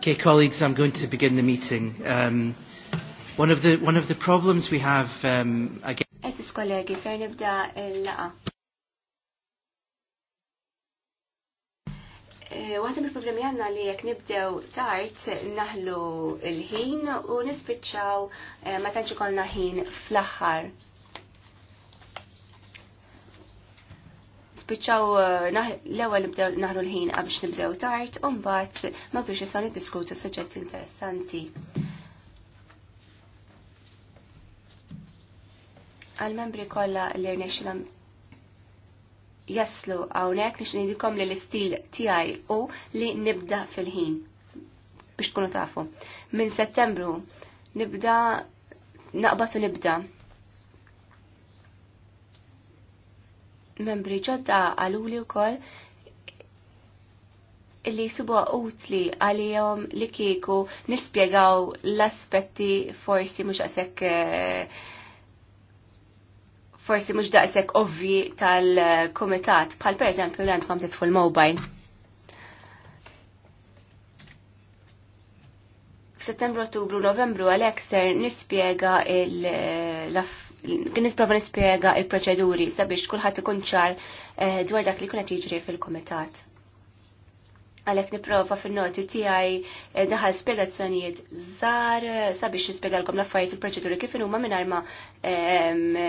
Okay, colleagues, I'm going to begin the meeting. Um, one, of the, one of the problems we have um, again... Esis kollegi, ser nibda il-laqa. Eh, waħda mill-problemi għanna li jek nibdew tard naħlu il-ħin u nispiċċaw eh, ma tantx ikollna ħin fl-aħħar. spiċċaw eh, l-ewwel nibdew naħlu l-ħin għabix nibdew tard u mbagħad ma kienx jistgħu niddiskutu suġġetti interessanti. Għal-membri kollha l rnexxilhom jaslu hawnhekk biex nidikom li l-istil tiegħi u li nibda fil-ħin biex tkunu tafu. Minn Settembru nibda naqbatu nibda membri ġodda għaluli u koll li jisubu utli għalijom li kieku nispiegaw l-aspetti forsi mux għasek eh, forsi mux daqsek ovvi tal-komitat, bħal per eżempju li għandkom titful mobile. F'Settembru, Ottubru, Novembru għal ser nispiega l-aff kien nisprofa nispjega il-proċeduri sabiex kulħadd ikun ċar eh, dwar dak li kun qed jiġri fil-kumitat. Għalhekk nipprova fin-noti tiegħi eh, daħal spjegazzjonijiet żgħar eh, sabiex nispjegalkom l-affarijiet il-proċeduri kif huma mingħajr ma ehm,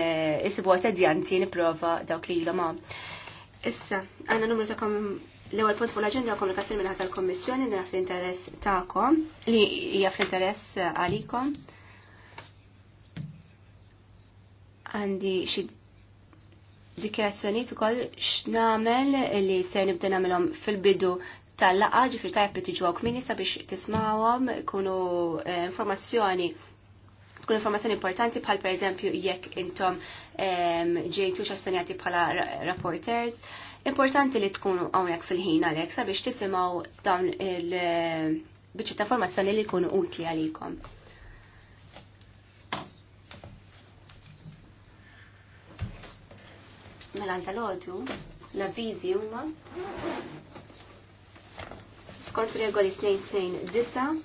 isibu tedjanti nipprova dawk li ilhom Issa, għandna numru ta' l-ewwel punt fuq l-aġenda komunikazzjoni minn ħadd tal-Kommissjoni li naf l-interess tagħkom li hija fl-interess għalikom. għandi xi dikjerazzjoniet ukoll x'namel li ser nibda nagħmelhom fil-bidu tal-laqa ġifir tajb li tiġu kmini sabiex tismawhom kunu eh, informazzjoni tkun informazzjoni importanti bħal eżempju jekk intom ġejtu x'assenjati bħala rapporters. Importanti li tkunu hawnhekk fil-ħin għalhekk sabiex tisimgħu dawn il-biċċa ta' informazzjoni li jkunu utli għalikom. mela dal odju l-avvizi huma skont regoli 229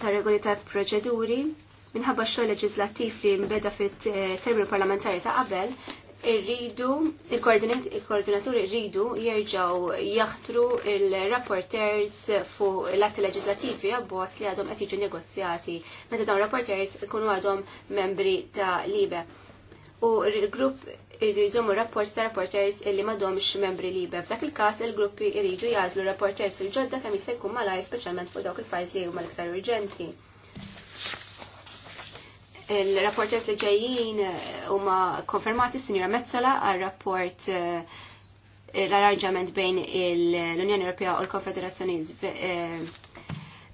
ta' regoli ta' proċeduri minħabba xogħol leġislattiv li mbeda fit-terminu parlamentari ta' qabel irridu, il-koordinaturi irridu jirġaw jaħtru il-rapporters fuq l-atti leġislattivi għabbot li għadhom qed jiġu negozjati meta dawn rapporters ikunu għadhom membri ta' Libe u il-grupp irridu jżommu rapport ta' rapporters illi madhom membri li F'dak Dak il-kas il-gruppi irriġu jazlu rapporters il-ġodda kemm jista' jkun malajr speċjalment fuq dawk il-fajs li huma l-iktar urġenti. Il-rapporters li ġejjin eh, huma konfermati s-Sinjora Mezzola għal-rapport eh, l-arranġament bejn l-Unjoni Ewropea u l-Konfederazzjoni eh,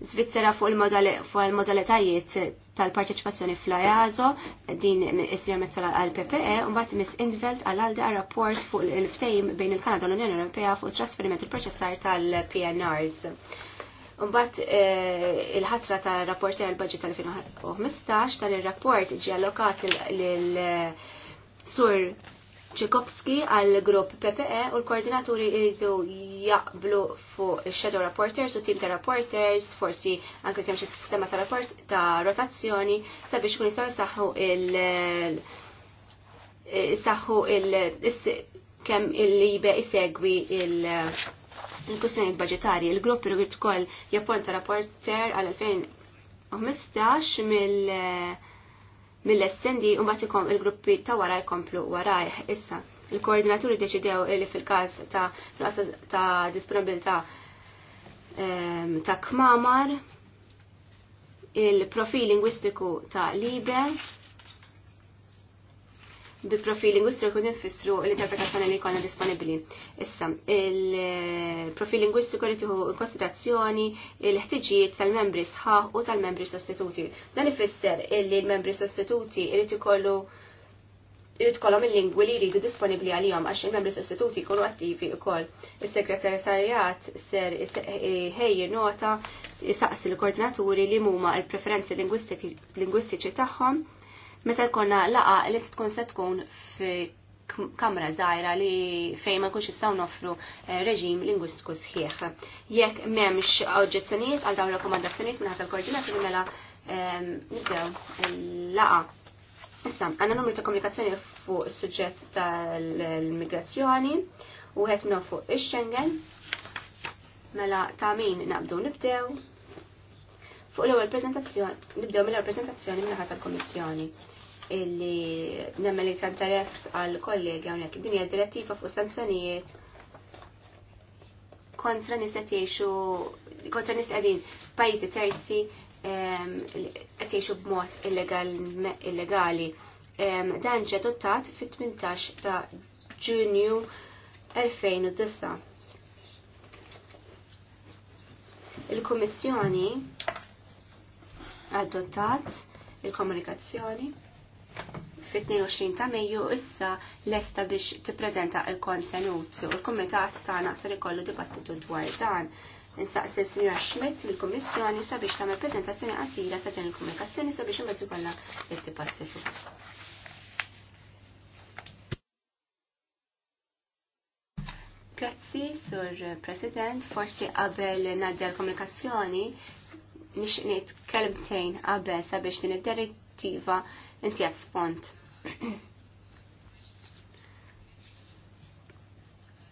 Svizzera fuq il-modalitajiet tal-parteċipazzjoni fl-IASO, e din isir mezzola għal-PPE, un bat mis Invelt għal-għalde għal-rapport fuq il-ftejm bejn il-Kanada u l-Unjoni Ewropea fuq trasferiment il-proċessar tal-PNRs. Mbatt eh, il-ħatra ta' rapporti għal budget tal-2015 tal-rapport ġi allokat l-sur Ċikowski għal grupp PPE u l-koordinaturi iridu jaqblu fuq shadow rapporters u tim ta' rapporters, forsi anke kemm xi sistema ta' rapport ta' rotazzjoni sabiex kun jistgħu saħħu il- saħħu il- kemm il-libe isegwi il- il-kussjonijiet Il-grupp irid ukoll japponta rapporter għal 2015 mill- mill-essendi u matikom il-gruppi ta' wara jkomplu warajh issa. Il-koordinaturi deċidew li fil-każ ta' ta' disponibilità ehm, ta' kmamar il-profil lingwistiku ta' libe bi profili lingwistiku kun infissru l-interpretazzjoni li jkollna disponibbli. Issa, il-profil lingwistiku li tieħu konsiderazzjoni l-ħtiġijiet tal-membri sħaħ u tal-membri sostituti. Dan ifisser li l-membri sostituti jrid ikollu jrid kollhom il-lingwi li jridu disponibbli għalihom għax il-membri sostituti jkunu attivi wkoll. Is-segretarjat ser ħejjer nota saqs il koordinaturi li huma l-preferenzi lingwistiċi tagħhom meta jkollna laqa li se tkun se tkun fi kamra zaħira li fejn ma kunx jistgħu nofru eh, reġim lingwistiku sħiħ. Jekk m'hemmx oġġezzjonijiet għal dawn rakkomandazzjonijiet minn ħadd il mela ehm, nibdew laqa. Issa, għandna numru ta' komunikazzjoni fuq is-suġġett tal-migrazzjoni u qed fuq ix-Schengen. Mela ta' min naqbdu nibdew. Fuq l-ewwel preżentazzjoni, nibdew mill-ewwel preżentazzjoni minn ħadd tal kummissjoni illi nemmel ta' interess għal kollegi hawnhekk. Din hija direttiva fuq sanzjonijiet kontra nies qed kontra nies qegħdin pajjiżi terzi ehm, qed jgħixu b'mod illegali. Ehm, dan ġed uttat fit-18 ta' Ġunju 2009. Il-Kummissjoni adottat il-komunikazzjoni fit-22 ta' Mejju issa lesta biex tippreżenta il-kontenut u l-Kumitat tagħna ser ikollu dibattitu dwar dan. Insaqsi Sinjora Schmidt mill-Kummissjoni sabiex tagħmel preżentazzjoni qasira ta' din il-komunikazzjoni sabiex imbagħad ikollha id-dibattitu. Grazzi, Sur President. Forsi qabel nadja l-komunikazzjoni nixqniet kelmtejn qabel sabiex din id effettiva inti jaspont.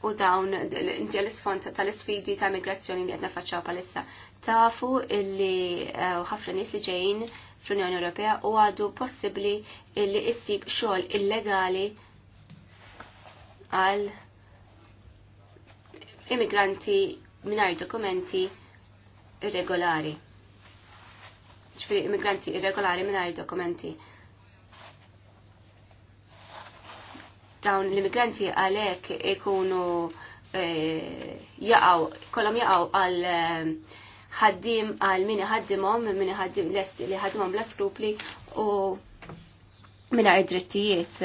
u dawn inti l-isfond tal-isfidi ta' migrazzjoni li qed faċċaw palissa. Tafu illi eh, ħafna nies li ġejn fl-Unjoni Ewropea u għadu possibbli illi issib xogħol illegali għal immigranti mingħajr dokumenti irregolari ċifiri immigranti irregolari mingħajr dokumenti. Dawn l-immigranti għalhekk ikunu e, jaqgħu kolom jaqgħu għal e, ħaddim għal min ħaddimhom min ħaddim li ħaddimom bla skrupli u mingħajr drittijiet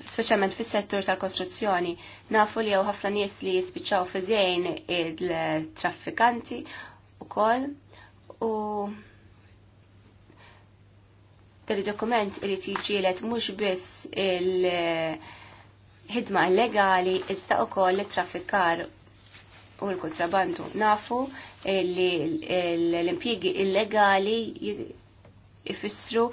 speċjalment fis-settur tal-kostruzzjoni, nafu li għaw ħafna nies li jispiċċaw fidejn id traffikanti kol. u il-dokument irid jiġielet mhux biss il-ħidma illegali iżda wkoll it-traffikar u l-kontrabandu. Nafu li l-impjiegi illegali ifissru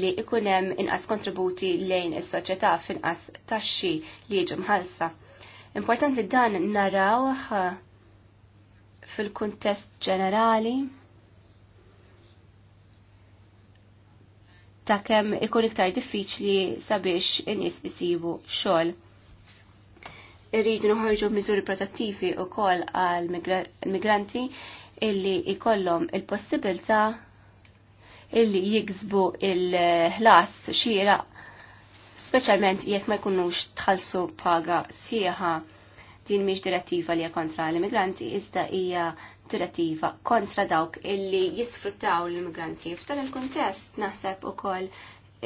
li ikun hemm inqas kontributi lejn is-soċjetà f'inqas taxxi li jiġu mħallsa. Importanti dan naraw fil-kuntest ġenerali. ta' kem ikun iktar diffiċli sabiex in-nies isibu xogħol. Irridu noħorġu miżuri protettivi wkoll għal migranti illi ikollhom il-possibilità illi jiksbu il-ħlas xira, speċjalment jekk ma jkunux tħallsu paga sieħa din miex direttiva li kontra l-immigranti, iżda hija direttiva kontra dawk illi jisfruttaw l-immigranti. F'dan il-kontest naħseb ukoll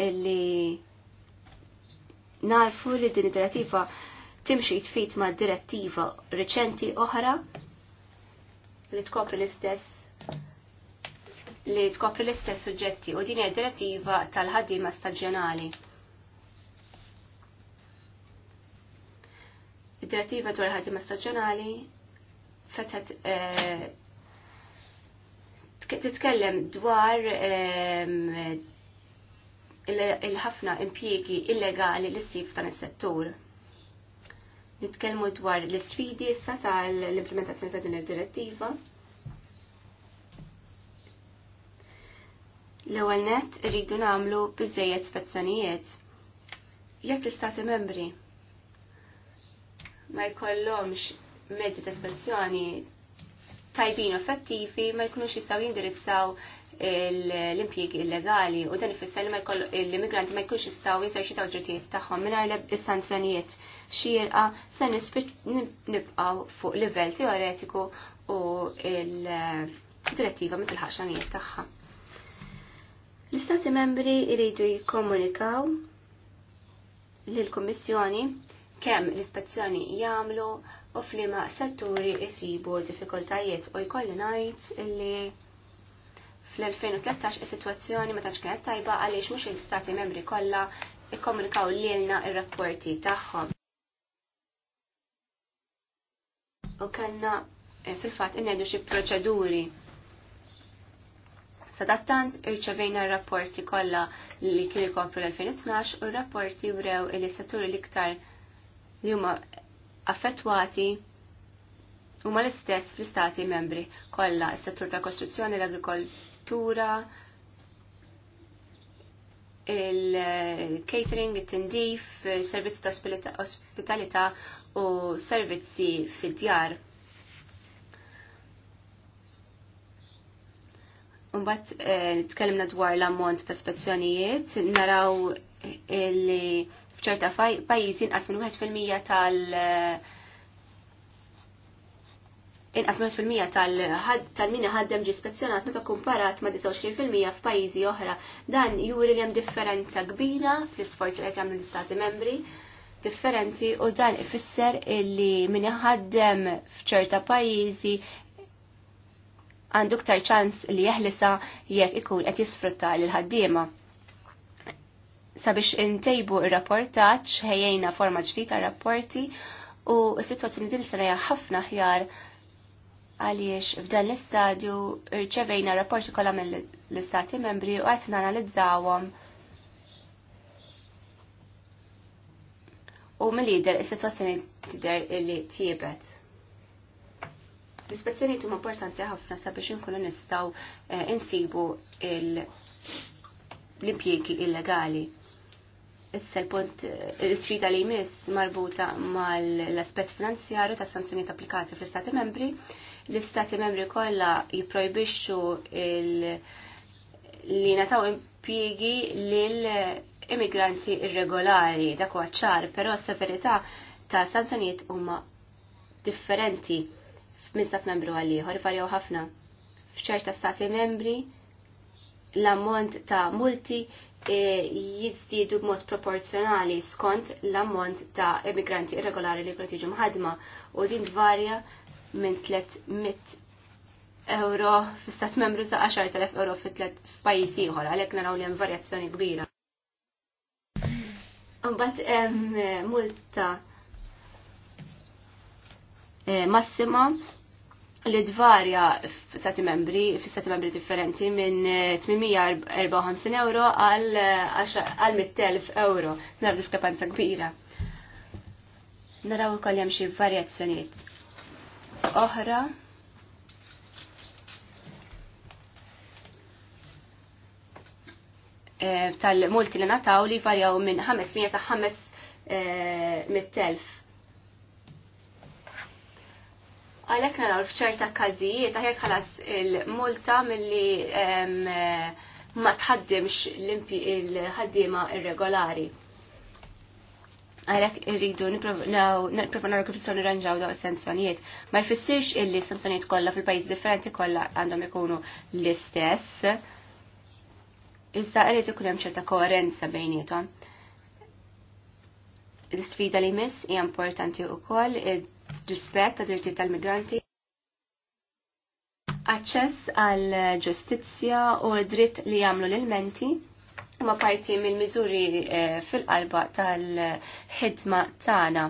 illi narfu li din id-direttiva timxi tfit ma' direttiva reċenti oħra li tkopri l-istess li tkopri l-istess suġġetti u din hija direttiva tal-ħaddiema staġjonali. Id-direttiva dwar ħadima staġjonali fetħet eh, titkellem dwar ehm, il-ħafna impjiegi illegali li ssib f'dan is-settur. Nitkellmu dwar l-sfidi issa tal-implementazzjoni ta' din id-direttiva. L-ewwel nett irridu nagħmlu biżejjed spezzjonijiet jekk l-istati membri ma jkollhomx mezzi ta' spazzjoni tajbin effettivi ma jkunux jistgħu jindirizzaw l-impjiegi illegali u dan ifisser li l-immigranti ma jkunx jistgħu jeżerċitaw drittijiet tagħhom mingħajr is-sanzjonijiet xierqa se nibqgħu fuq livell teoretiku u l-direttiva ma tilħaqx tagħha. L-Istati membri jridu jikkomunikaw lill-Kummissjoni kemm l-ispezzjoni jagħmlu u f'liema setturi jisibu diffikultajiet u jkolli ngħid li fl-2013 is-sitwazzjoni ma tantx kienet tajba għaliex mhux il-stati membri kollha ikkomunikaw lilna ir-rapporti tagħhom. U kellna eh, fil-fatt innedu xi proċeduri Sadattant irċevejna r-rapporti kollha li kien ikopru l-2012 u r-rapporti wrew li settur l-iktar li huma affettwati huma l-istess fl-istati membri kollha is-settur tal-kostruzzjoni, l-agrikoltura, il-catering, it-tindif, il servizzi ta' ospitalità u servizzi fid-djar. Umbat eh, tkellimna dwar l-ammont ta' spezzjonijiet, naraw li f'ċerta pajjiżi inqas minn fil-mija tal- inqas minn fil-mija tal-min ħaddem ġi spezzjonat meta kumparat ma' 29% f'pajjiżi oħra. Dan juri li hemm differenza kbira fl-isforz li qed jagħmlu l-istati membri differenti u dan ifisser illi min ħaddem f'ċerta pajjiżi għandu ktar ċans li jeħlisa jekk ikun qed jisfrutta l ħaddiema sabiex intejbu il rapportaċ ħejjejna forma ġdida rapporti u s-situazzjoni din sarajja ħafna ħjar għaliex f'dan l-istadju rċevejna rapporti kollha mill-istati membri u qed nanalizzawhom u mill-lider is-sitwazzjoni tidher li tiebet. L-ispezzjonijiet huma importanti ħafna sabiex inkunu nistgħu eh, insibu l-impjiegi illegali Issa l-punt sfida li jmiss marbuta mal-aspett finanzjarju ta' sanzjoniet applikati fl-Istati membri. L-Istati membri kollha jipprojbixxu li nataw impjiegi lil immigranti irregolari dak huwa ċar, però s-severità ta' sanzjonijiet huma differenti minn stat membru għal ieħor varjaw ħafna. F'ċerta stati membri l-ammont ta' multi E, jizdidu b'mod proporzjonali skont l-ammont ta' emigranti irregolari li protiġu mħadma u din varja minn 300 euro fi stat membru sa' 10.000 euro fi tlet f'pajjiż ieħor għalhekk naraw li hemm varjazzjoni kbira. Mbagħad hemm multa e, massima li f-sati membri, f-sati membri differenti minn 854 eh, euro għal 100.000 euro. nara diskrepanza kbira. Naraw ukoll hemm xi varjazzjonijiet oħra. Eh, tal-multi li nataw li varjaw minn 500 sa 500.000 Għalhekk naraw f'ċerta każijiet aħjar tħallas il-multa milli ma tħaddimx l-ħaddiema irregolari. Għalhekk irridu niprofa naraw kif nistgħu nirranġaw daw s-sanzjoniet, Ma jfissirx illi sanzjoniet kollha fil-pajjiż differenti kollha għandhom ikunu l-istess. Iżda qed ikun hemm ċerta koerenza bejnietom l-sfida li mis hija importanti wkoll rispett ta' drittijiet tal-migranti, aċċess għal ġustizzja u dritt li jagħmlu lil menti ma parti mill-miżuri eh, fil-qalba tal-ħidma tagħna.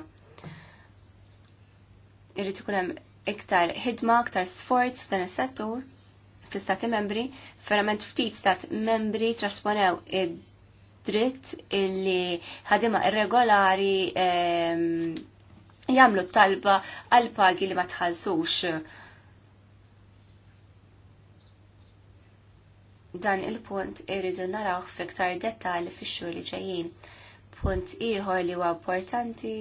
Irrid ikun hemm iktar ħidma, iktar sforz f'dan is-settur fl-istati membri, verament ftit stat membri trasponew id-dritt illi ħadima irregolari ehm, jamlu talba għal pagi li ma tħallsux. Dan il-punt irridu narawh fiktar dettal fix-xhur li ġejjin. Punt ieħor li huwa importanti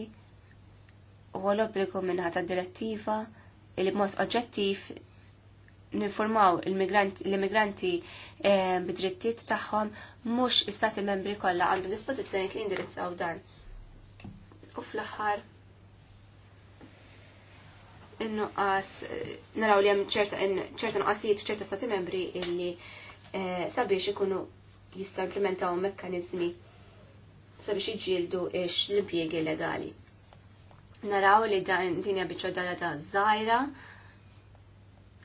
huwa l-obbligu minħata direttiva li b'mod oġġettiv nifurmaw l-immigranti eh, bidrittijiet tagħhom mhux istati membri kollha għandu dispożizzjoni li jindirizzaw dan. U fl-aħħar innuqqas eh, naraw li hemm ċerta nuqqasijiet u ċerta stati membri illi eh, sabiex ikunu jista' implementaw mekkaniżmi sabiex iġildu ix l-impjiegi legali. Naraw li dan dinja biċċa dara ta' żgħira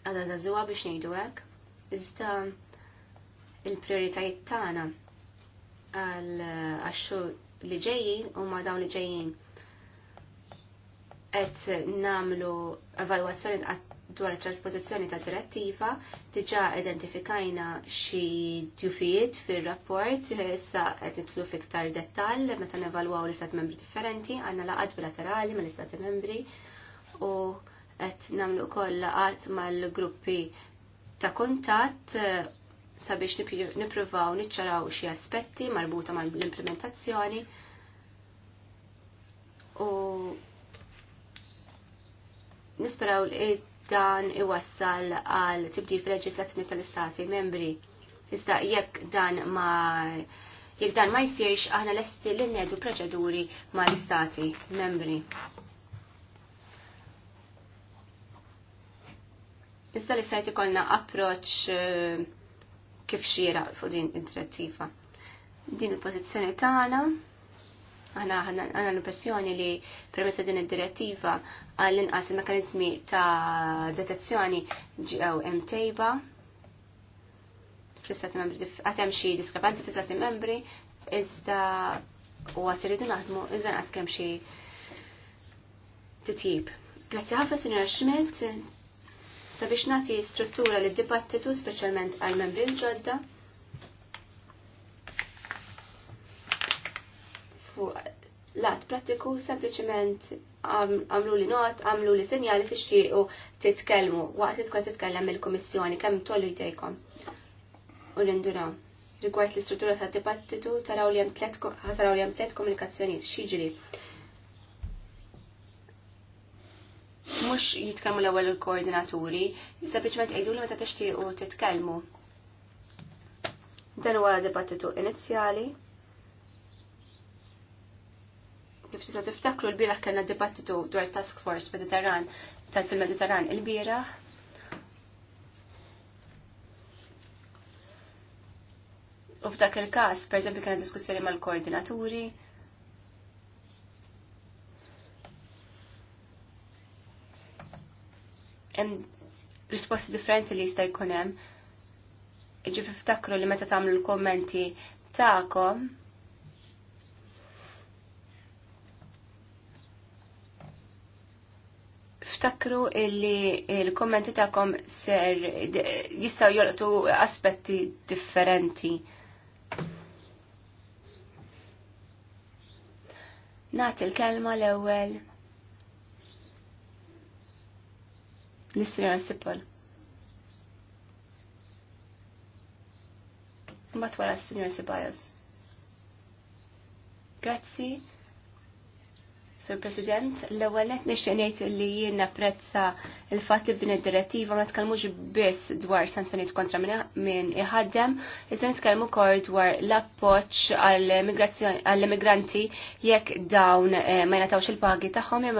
għadha ta' żuwa biex ngħidu hekk, iżda il-prioritajiet tagħna għal eh, għaxxu li ġejjin huma dawn li ġejjin qed namlu evalwazzjoni dwar it-trasposizzjoni ta' direttiva diġa identifikajna xi djufijiet fir-rapport issa qed nitlu fiktar dettall meta nevalwaw l-istat membri differenti għandna laqgħat bilaterali mill-istati membri u qed nagħmlu wkoll laqgħat mal-gruppi ta' kuntatt eh, sabiex nippruvaw niċċaraw xi aspetti marbuta mal-implementazzjoni u nisperaw li dan iwassal għal tibdi fil-leġislazzjoni tal-istati membri. Iżda jekk dan ma jekk dan ma jsirx aħna lesti li nedu proċeduri ma l-istati membri. Iżda l istati kolna approċ eh, kif xira fuq din id-direttiva. Din il-pożizzjoni tagħna Aħna għandna l-impressjoni li premessa din id-direttiva għall-inqas il-mekanizmi ta' detezzjoni ġew hemm tejba fl-istati membri għatem xi diskrepanzi fl-istati membri iżda u għat irridu naħdmu iżda naqas kemm xi titjib. Grazzi ħafna Sinjora Schmidt sabiex nagħti struttura lid dibattitu speċjalment għal membri l-ġodda. fuq lat pratiku sempliciment għamlu li not, għamlu li sinjali tixtiequ titkellmu waqt tkun titkellem il-Kummissjoni kemm tollu jdejkom u l-induraw. Rigward l-istruttura ta' dibattitu taraw li hemm tliet komunikazzjonijiet xieġri. Mhux jitkellmu l-ewwel il-koordinaturi, sempliċement jgħidu li meta tixtiequ titkellmu. Dan huwa dibattitu inizjali. kif tista' tiftakru l-bieraħ kellna dibattitu dwar task force Mediterran tal fil-Mediterran il-bieraħ. U f'dak il-każ, eżempju, kena diskussjoni mal-koordinaturi, hemm risposti differenti li jista' jkun hemm. Ġifri ftakru li meta tagħmlu l-kommenti tagħkom, niftakru illi il-kommenti ta'kom ser jistaw jolqtu aspetti differenti. Nat il-kelma l-ewel. l s-sippol. Mbat wara s-signor Sibajos. Grazzi. Sur President, l-ewwel qed nixtieq li jien napprezza l-fatt li b'din id-direttiva ma tkellmux biss dwar sanzjonijiet kontra min iħaddem, iżda nitkellmu wkoll dwar l-appoġġ għall-immigranti jekk dawn eh, ma jnatawx il-pagi tagħhom jew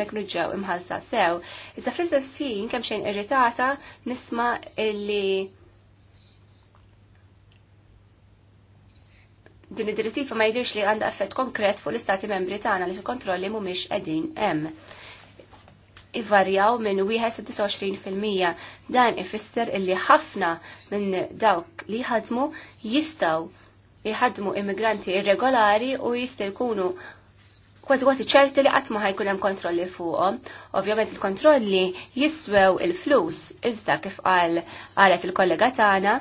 ma jkunux ġew imħallsa sew. Iżda fl-istess ħin kemm xejn irritata nisma' li din id-direttiva ma jidirx li għandha effett konkret fuq l-istati membri tagħna li kontrolli mhumiex qegħdin hemm. Ivarjaw minn 1-29%. Dan ifisser illi ħafna minn dawk li ħadmu jistaw jħadmu immigranti irregolari u jistaw jkunu kważi kważi ċerti li qatt ma ħajkun hemm kontrolli fuqhom. Ovvjament il-kontrolli jiswew il-flus iżda kif qalet il-kollega tagħna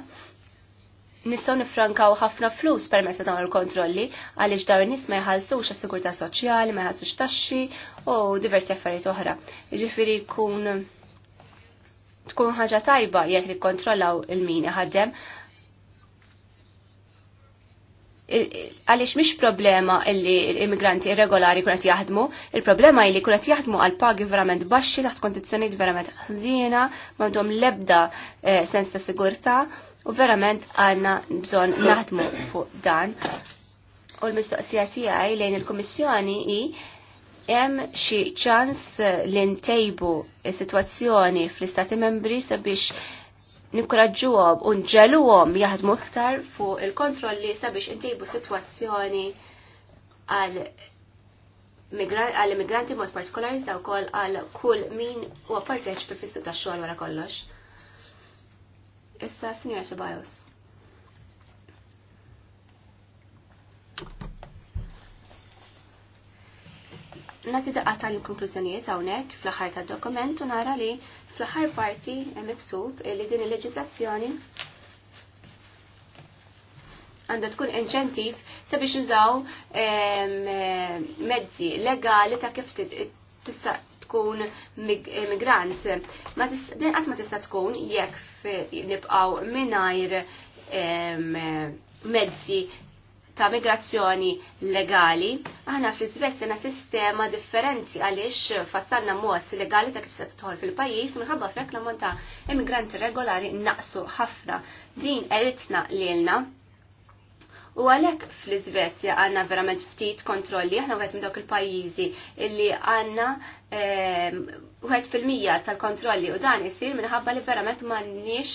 nistgħu nifrankaw ħafna flus permezz ta' dawn il-kontrolli għaliex dawn nies ma jħallsux għas-sigurtà soċjali, ma jħallsux taxxi u diversi affarijiet oħra. Jiġifieri jkun tkun ħaġa tajba jekk nikkontrollaw il-min ħaddem għalix mhix problema illi l-immigranti irregolari kunet jaħdmu, il-problema illi kunet jaħdmu għal pagi verament baxxi taħt kondizjoniet verament ħżiena, l lebda eh, sens ta' sigurta U verament għanna bżon naħdmu fuq dan. U l-mistoqsija tiegħi lejn il-Kummissjoni i hemm xi ċans li ntejbu situazzjoni sitwazzjoni fl-Istati Membri sabiex ninkoraġġuhom u għom jaħdmu iktar fuq il-kontrolli sabiex intejbu sitwazzjoni għal għal immigranti mod partikolari iżda wkoll għal kull min huwa parteċipi fis-suq tax-xogħol wara kollox. Issa, Signora Sabajos. Nati daqqa l konklużjonijiet hawnhekk fl-aħħar tad-dokument u nara li fl-aħħar parti hemm miktub li din il-leġiżlazzjoni għandha tkun inċentiv sabiex użaw ehm, mezzi legali ta' kif tista' tkun migrant. Ma qas ma tista' tkun jekk nibqgħu mingħajr mezzi ta' migrazzjoni legali, aħna fl-Svezja na sistema differenti għaliex fassanna mod legali ta' kif se tidħol fil-pajjiż minħabba fek l-ammont ta' immigranti regolari naqsu ħafna. Din eritna lilna U għalek fl-Izvezja għanna verament ftit kontrolli, għanna għet minn il-pajizi illi għanna għet ehm, fil-mija tal-kontrolli u dan jisir minnħabba li verament mannix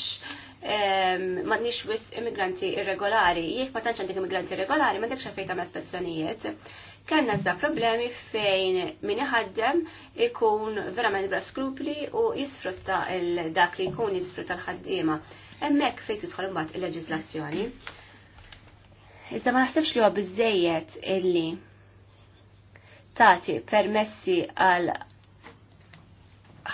mannix ehm, wis immigranti irregolari. Jek ma tanċan dik immigranti irregolari, ma dik xafejta ma spezzjonijiet. Kenna zda problemi fejn min iħaddem ikun verament bra skrupli u jisfrutta dak li jkun jisfrutta l-ħaddima. Emmek fejn tidħol mbagħad il-leġislazzjoni Iżda ma naħsibx li huwa biżejjed illi tagħti permessi għal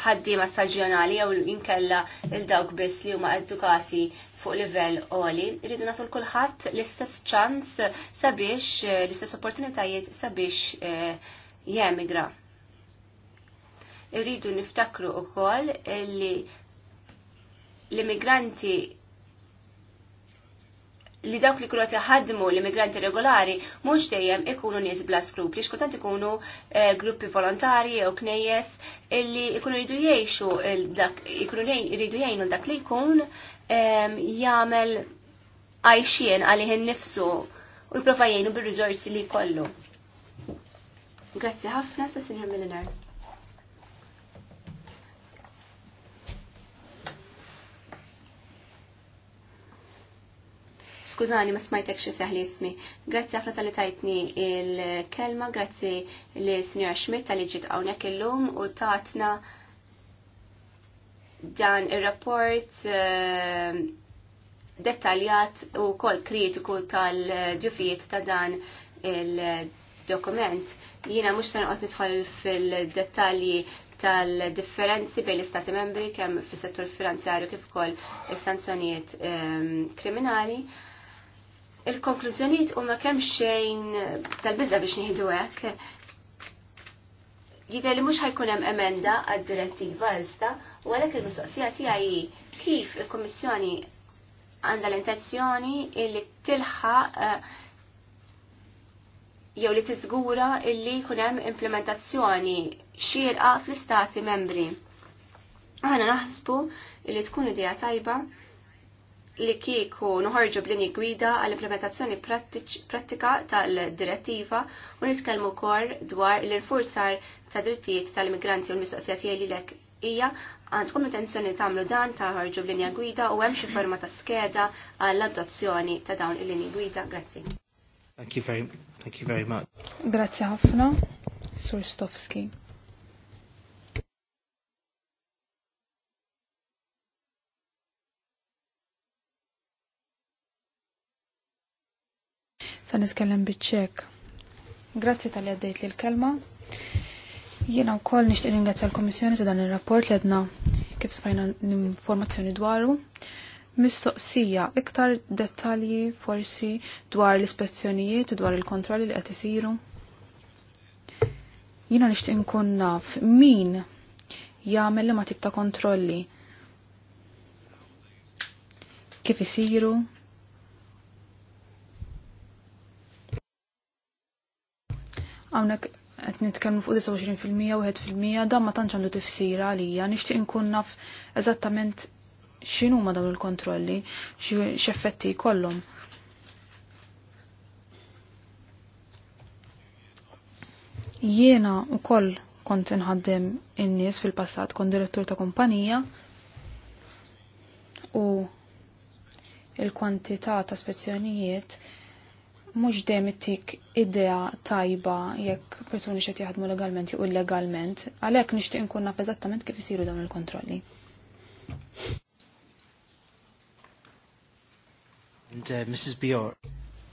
ħaddiema staġjonali jew jinkella il dawk biss li huma edukati fuq livell għoli, rridu nagħtu l-kulħadd l-istess ċans sabiex l-istess opportunitajiet sabiex eh, jemigra. Irridu niftakru ukoll li l-immigranti li dawk li kulot ħadmu l-immigranti regolari mhux dejjem ikunu nies bla li xkotant ikunu eh, gruppi volontari jew knejjes illi ikunu jridu jgħixu ikunu ridu jgħinu dak li jkun ehm, jagħmel għajxien għalih innifsu u jipprova jgħinu bir-riżorsi li kollu. Grazzi ħafna sa Sinjor Skużani, ma smajtek xie seħli ismi. Grazzi ħafna tal-li tajtni il-kelma, grazzi li Sinjora Schmidt tal-li ġit għawnek il-lum u taħtna dan il-rapport eh, dettaljat u kol kritiku tal-ġufijiet ta' dan il-dokument. Jina mux sanqot nidħol fil-dettalji tal-differenzi bejn l-Istati membri kemm fis-settur finanzjarju kif ukoll is-sanzjonijiet ehm, kriminali. Um, Il-konklużjonijiet huma kemm xejn tal-bidla biex nieħdu hekk. Jidher li mhux ħajkun hemm emenda għad-direttiva iżda u għalhekk il-mistoqsija tiegħi kif il-Kummissjoni għandha l-intenzjoni li tilħaq eh, jew li tiżgura illi jkun hemm implementazzjoni xierqa fl-istati membri. Aħna naħsbu li tkun idea tajba li kieku nħorġu b'linji gwida għall-implementazzjoni prattika tal-direttiva u nitkellmu kor dwar l-infurzar ta' drittijiet tal-immigranti u l-mistoqsija tiegħi lek hija għandkom intenzjoni tagħmlu dan ta' ħorġu b'linja gwida u hemm xi forma ta' skeda għall-adozzjoni ta' dawn il-linji gwida. Grazzi. Thank you very, thank you very much. Grazzi ħafna, Sur Stofski. se niskellem biċ Grazzi tal-li għaddejt li l-kelma. Jiena wkoll nixtieq ringrazzja l komissjoni ta' dan ir-rapport li għedna kif sfajna l-informazzjoni dwaru. Mistoqsija iktar dettalji forsi dwar l-ispezzjonijiet u dwar il-kontrolli li qed isiru. Jiena nixtieq inkun naf min jagħmel li ma tip ta' kontrolli kif isiru, Hawnhekk qed nitkellmu fuq 29% u 1% dan ma tantx għandu tifsira għalija nixtieq inkun naf eżattament x'inhu ma dawn il-kontrolli, x'effetti jkollhom. Jiena ukoll kont inħaddem in-nies fil-passat kont direttur ta' kumpanija u il-kwantità ta' spezzjonijiet mhux dejjem idea tajba jekk persuni xed jaħdmu legalment jgħu illegalment, għalhekk nixtieq inkun naf eżattament kif isiru dawn il-kontrolli. And uh, Mrs. Bjork.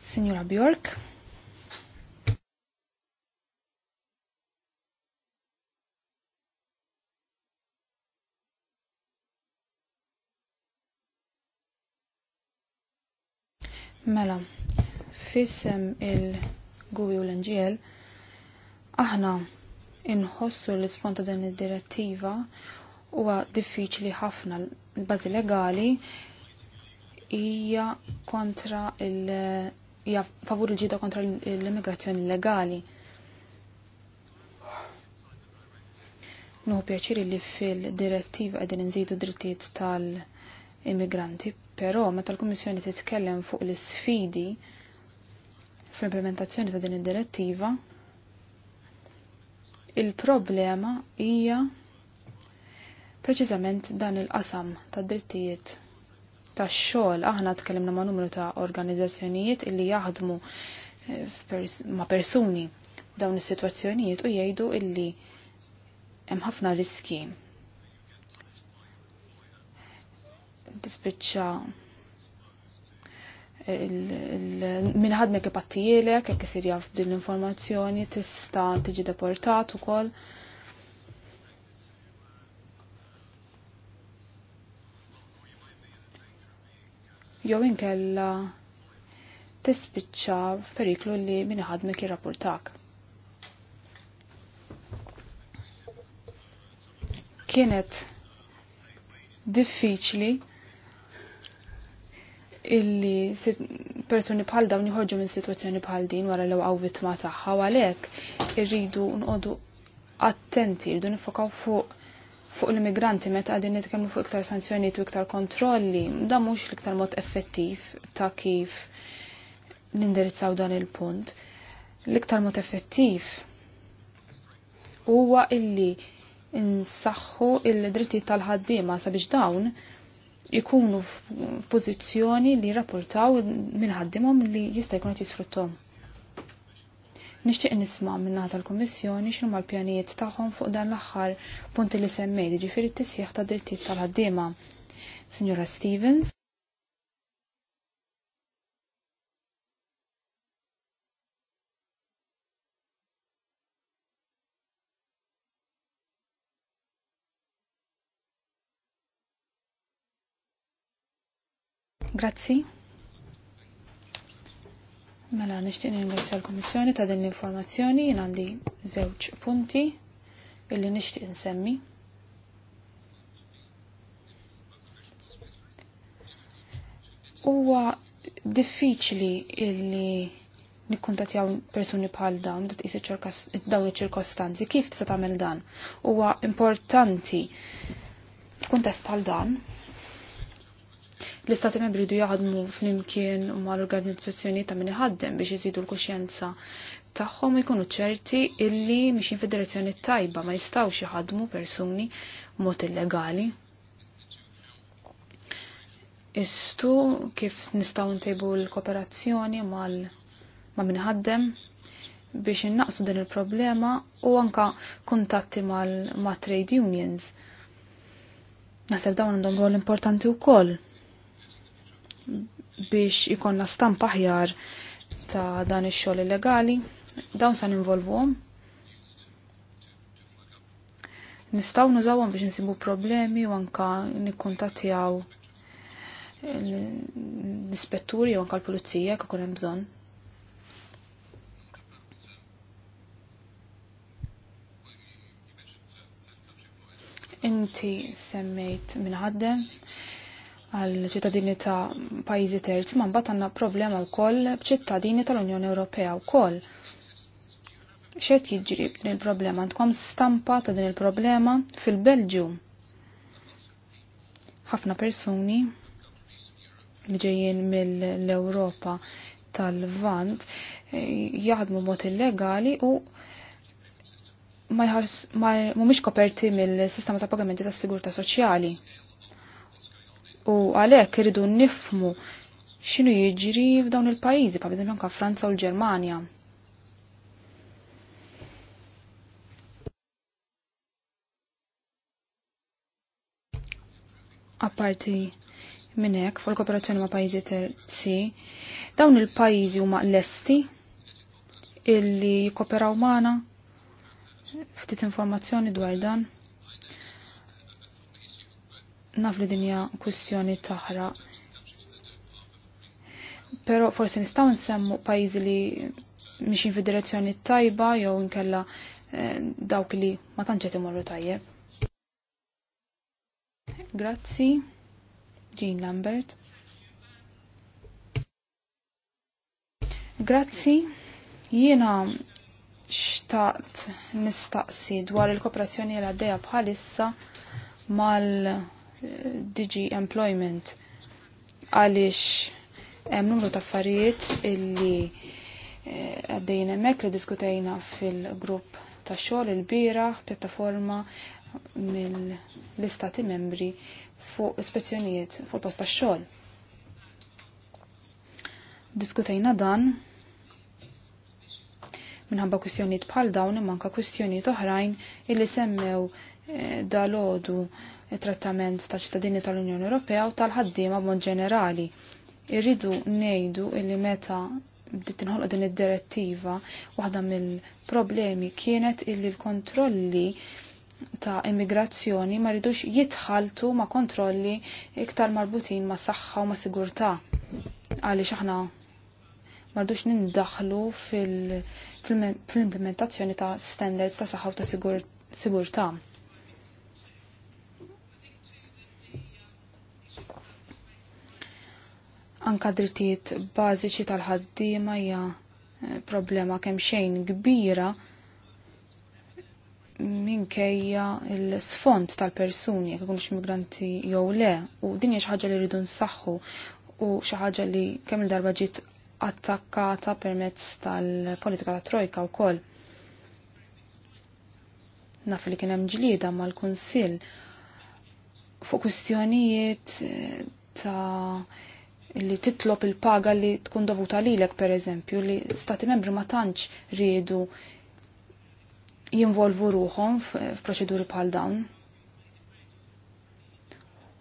Signora Bjork. Mela, fissem il-GUI u l-NGL, aħna inħossu l-isfond ta' din id-direttiva huwa diffiċli ħafna l-bażi legali hija kontra il- hija favur il-ġida kontra l-immigrazzjoni legali. Nuhu pjaċiri li fil-direttiva għedin nżidu drittijiet tal-immigranti, pero meta l-Kummissjoni titkellem fuq l-sfidi fl-implementazzjoni ta' din id-direttiva, il-problema hija preċiżament dan il-qasam ta' drittijiet ta' xogħol aħna tkellimna ma' numru ta' organizzazzjonijiet illi jaħdmu eh, ma' persuni dawn is-sitwazzjonijiet u jgħidu illi hemm ħafna riski. Tispiċċa minħadmek ipattijielek, jekk jisir jaf din l-informazzjoni, tista' tiġi deportat ukoll. Jew inkella tispiċċa f'periklu li minħadmek jirrapportak. Kienet diffiċli illi persuni bħal dawn jħorġu minn situazzjoni bħal din wara li għaw vittma tagħha u għalhekk irridu nqogħdu attenti, irridu nifokaw fuq fuq l-immigranti meta għadin nitkellmu fuq iktar sanzjonijiet u iktar kontrolli, da mhux l-iktar mod effettiv ta' kif nindirizzaw dan il-punt. L-iktar mod effettiv huwa illi insaħħu il-dritti tal-ħaddiema sabiex dawn ikunu f'pożizzjoni li rapportaw minn ħaddimhom li jista' jkun qed jisfruttom. Nixtieq nisma' minn naħa tal-Kummissjoni x'huma l-pjanijiet tagħhom fuq dan l-aħħar punti li semmejt, jiġifieri t-tisjieħ ta' drittijiet tal-ħaddiema. Signora Stevens, Grazzi. Mela, nishtiq ningrazzja l kummissjoni ta' din l-informazzjoni jien għandi żewġ punti illi nixtieq insemmi. Huwa diffiċli illi nikkuntatjaw persuni bħal dawn, da tqis dawn iċ-ċirkostanzi, kif tista' tagħmel dan? Huwa importanti kuntest bħal dan L-istati membri jdu jaħdmu flimkien mal-organizzazzjoni ta' min ħaddem biex iżidu l-kuxjenza tagħhom ikunu ċerti illi mixin fid-direzzjoni tajba ma jistgħux jaħdmu persuni mod illegali. Istu kif nistgħu ntejbu l-kooperazzjoni mal ma' ħaddem biex innaqsu din il-problema u anka kuntatti mal ma' trade unions. Naħseb dawn għandhom rol importanti u koll biex ikonna stampa ħjar ta' dan ix-xogħol illegali, dawn sa ninvolvuhom. Nistgħu nużawhom biex nsibu problemi u anka nikkuntattjaw l-ispetturi u anka l-pulizija jekk ikun hemm bżonn. Inti semmejt minħaddem għal ċittadini ta' pajjiżi terzi, ma mbagħad għandna problema wkoll b'ċittadini tal-Unjoni Ewropea wkoll. Xejn jiġri din il-problema? Għandkom stampa ta' din il-problema fil-Belġju. Ħafna persuni li ġejjin mill-Ewropa tal-Vant eh, jaħdmu mod illegali u ma mhumiex koperti mill-sistema ta' pagamenti tas-sigurta soċjali U għalhekk irridu nifmu x'inhu jiġri f'dawn il-pajjiżi, pa' eżempju anke Franza u l-Ġermanja. Apparti minn hekk fuq kooperazzjoni ma' pajizi terzi, dawn il-pajjiżi huma lesti illi jikkoperaw mana ftit informazzjoni dwar dan naf li dinja kustjoni taħra. Pero forsi nistaw nsemmu pajizi li mixin fid-direzzjoni tajba jew nkella eh, dawk li ma tantx imorru tajjeb. Grazzi, Jean Lambert. Grazzi, jiena xtaqt nistaqsi dwar il-kooperazzjoni l-għaddeja bħalissa mal digi Employment għaliex hemm numru ta' affarijiet illi eh, għaddejjin hemmhekk li diskutejna fil-grupp ta' xogħol il-bieraħ pjattaforma mill-istati membri fuq ispezzjonijiet fuq post ta' xogħol. Diskutejna dan minħabba kwistjonijiet bħal dawn imma anke kwistjonijiet oħrajn illi semmew eh, dalodu it-trattament ta' ċittadini tal-Unjoni Ewropea u tal-ħaddiema b'mod ġenerali. Irridu ngħidu illi meta bdiet inħolqu din id-direttiva waħda mill-problemi kienet illi l-kontrolli ta' immigrazzjoni ma rridux jitħaltu ma' kontrolli iktar marbutin ma' saħħa u ma' sigurtà. Għaliex aħna ma rridux nindaħlu fil-implementazzjoni ta' standards ta' saħħa u ta' sigurtà. anka drittijiet bażiċi tal-ħaddiema hija eh, problema kemm xejn kbira minkejja l-sfond tal-persuni jekk ikunux migranti jew le u din hija xi ħaġa li rridu nsaħħu u xi ħaġa li kemm il-darba ġiet attakkata permezz tal-politika ta' trojka wkoll. Naf li kien hemm ġlieda mal-Kunsill fuq kwistjonijiet eh, ta' li titlob il-paga li tkun dovuta lilek per eżempju li stati membri ma tantx riedu jinvolvu ruħom f'proċeduri bħal dawn.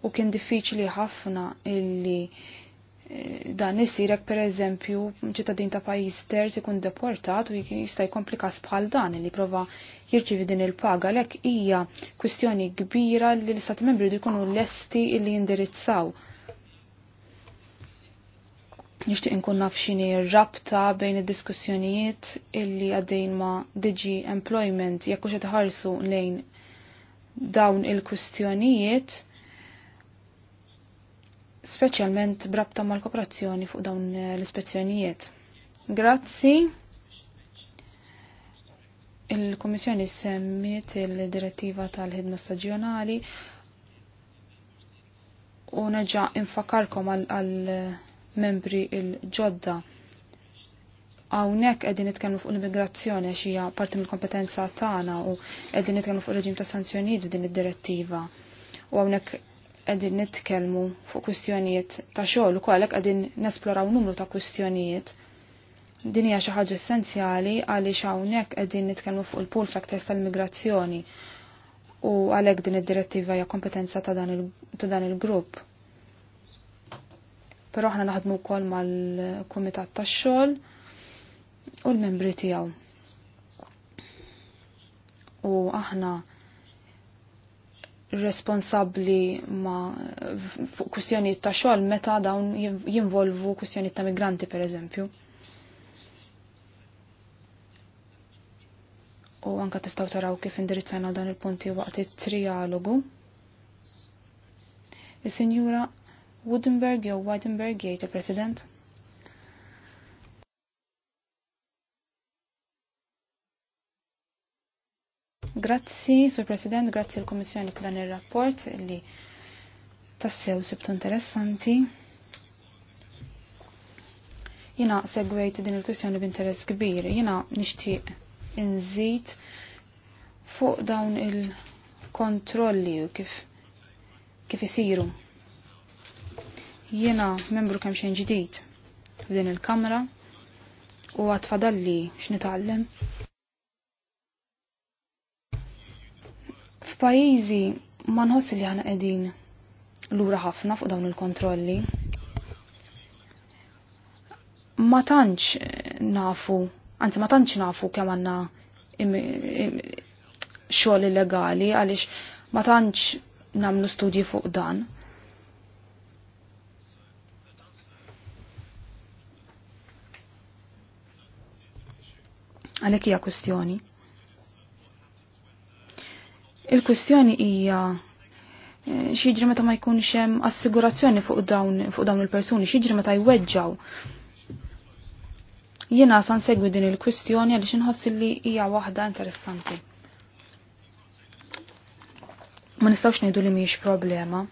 U kien diffiċli ħafna illi eh, dan isirek per eżempju ċittadin ta' pajis terz ikun deportat u jista' jkompli bħal dan li prova jirċivi din il-paga lek hija kwistjoni kbira li l-istati membri jkunu lesti li jindirizzaw. Nixtieq inkun naf x'inhi rabta bejn id-diskussjonijiet illi għaddejn ma' DG Employment jekk hux ħarsu lejn dawn il-kwistjonijiet speċjalment brabta mal-kooperazzjoni fuq dawn l-ispezzjonijiet. Grazzi. Il-Komissjoni semmiet il-direttiva tal-ħidma staġjonali u nerġa' infakarkom għal membri il-ġodda. Hawnhekk qegħdin nitkellmu fuq l-immigrazzjoni għax hija parti mill-kompetenza tagħna u qegħdin nitkellmu fuq reġim ta' sanzjonijiet din id-direttiva. U hawnhekk qegħdin nitkellmu fuq kwistjonijiet ta' xogħol ukoll għalhekk qegħdin nesploraw numru ta' kwistjonijiet. Din hija xi ħaġa essenzjali għaliex hawnhekk qegħdin nitkellmu fuq il-pull factors tal immigrazzjoni u għalhekk din id-direttiva hija kompetenza ta' dan il-grupp. il grupp Pero aħna naħdmu wkoll mal-Kumitat tax-xogħol u l-membri tiegħu. U aħna responsabli ma' fuq ta' xogħol meta dawn jinvolvu kustjoni ta' migranti pereżempju. U anka tistgħu taraw kif indirizzajna dan il-punti waqt it-trialogu. Is-Sinjura Woodenberg jew Weidenberg jgħid il-President. Grazzi, Sur President, grazzi l-Komissjoni f'dan il-rapport li tassew sibtu interessanti. Jina segwejt din il-kwistjoni b'interess kbir. Jina nixtieq inżid fuq dawn il-kontrolli u kif kif isiru. Jiena membru kemm xejn ġdid f'din il-kamra u għatfadalli x'nitgħallem. F'pajjiżi ma nħoss li ħana qegħdin lura ħafna fuq dawn il-kontrolli. Ma tantx nafu, anzi ma tantx nafu kemm għandna xogħol illegali għaliex ma tantx namlu studji fuq dan. għalhekk hija kustjoni. il kustjoni hija eh, xieġri meta ma jkunx hemm assigurazzjoni fuq dawn fuq dawn il-persuni, xieġri meta jweġġaw. Jiena san segwi din il kustjoni għaliex inħoss li hija waħda interessanti. Ma nistgħux ngħidu li mhijiex problema.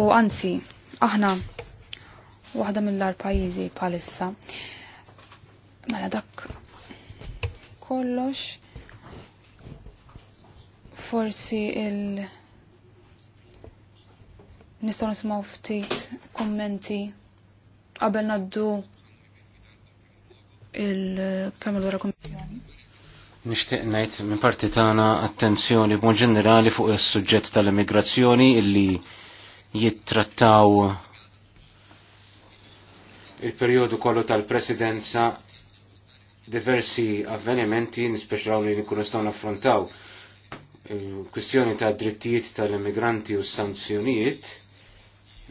U anzi, aħna waħda mill-ar pajjiżi bħalissa. Mela dak kollox forsi il- nistaw nismaw ftit kommenti qabel naddu il-kemm wara kommissjoni. Nixtieq ngħid minn parti tagħna attenzjoni b'mod ġenerali fuq is-suġġett tal-immigrazzjoni illi jittrattaw il-perjodu kollu tal-presidenza diversi avvenimenti nispeċraw li nikun nistaw naffrontaw eh, kwistjoni ta' drittijiet tal-immigranti u sanzjonijiet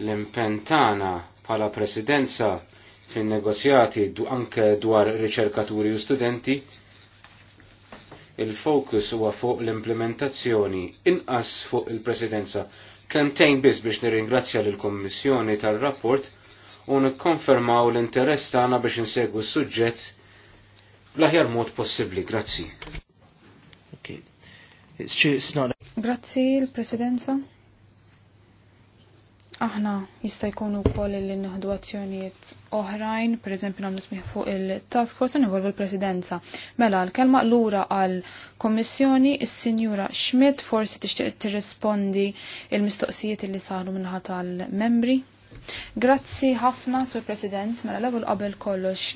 l-impentana pala presidenza fin negozjati du anke dwar riċerkaturi u studenti il-fokus huwa fuq l-implementazzjoni inqas fuq il-presidenza klemtejn biss biex nirringrazzja l kommissjoni tal-rapport u nikkonfermaw l-interess tagħna biex insegwu s-suġġett bl-aħjar mod possibbli. Grazzi. Grazzi l-Presidenza. Aħna jista' jkunu wkoll li nieħdu azzjonijiet oħrajn, pereżempju nagħmlu smih fuq il-task force involvu l-Presidenza. Mela l-kelma lura għal Kommissjoni is-Sinjura Schmidt forsi tixtieq tirrispondi il-mistoqsijiet li saru minħa tal-membri. Grazzi ħafna, Sur President, mela l-ewwel qabel kollox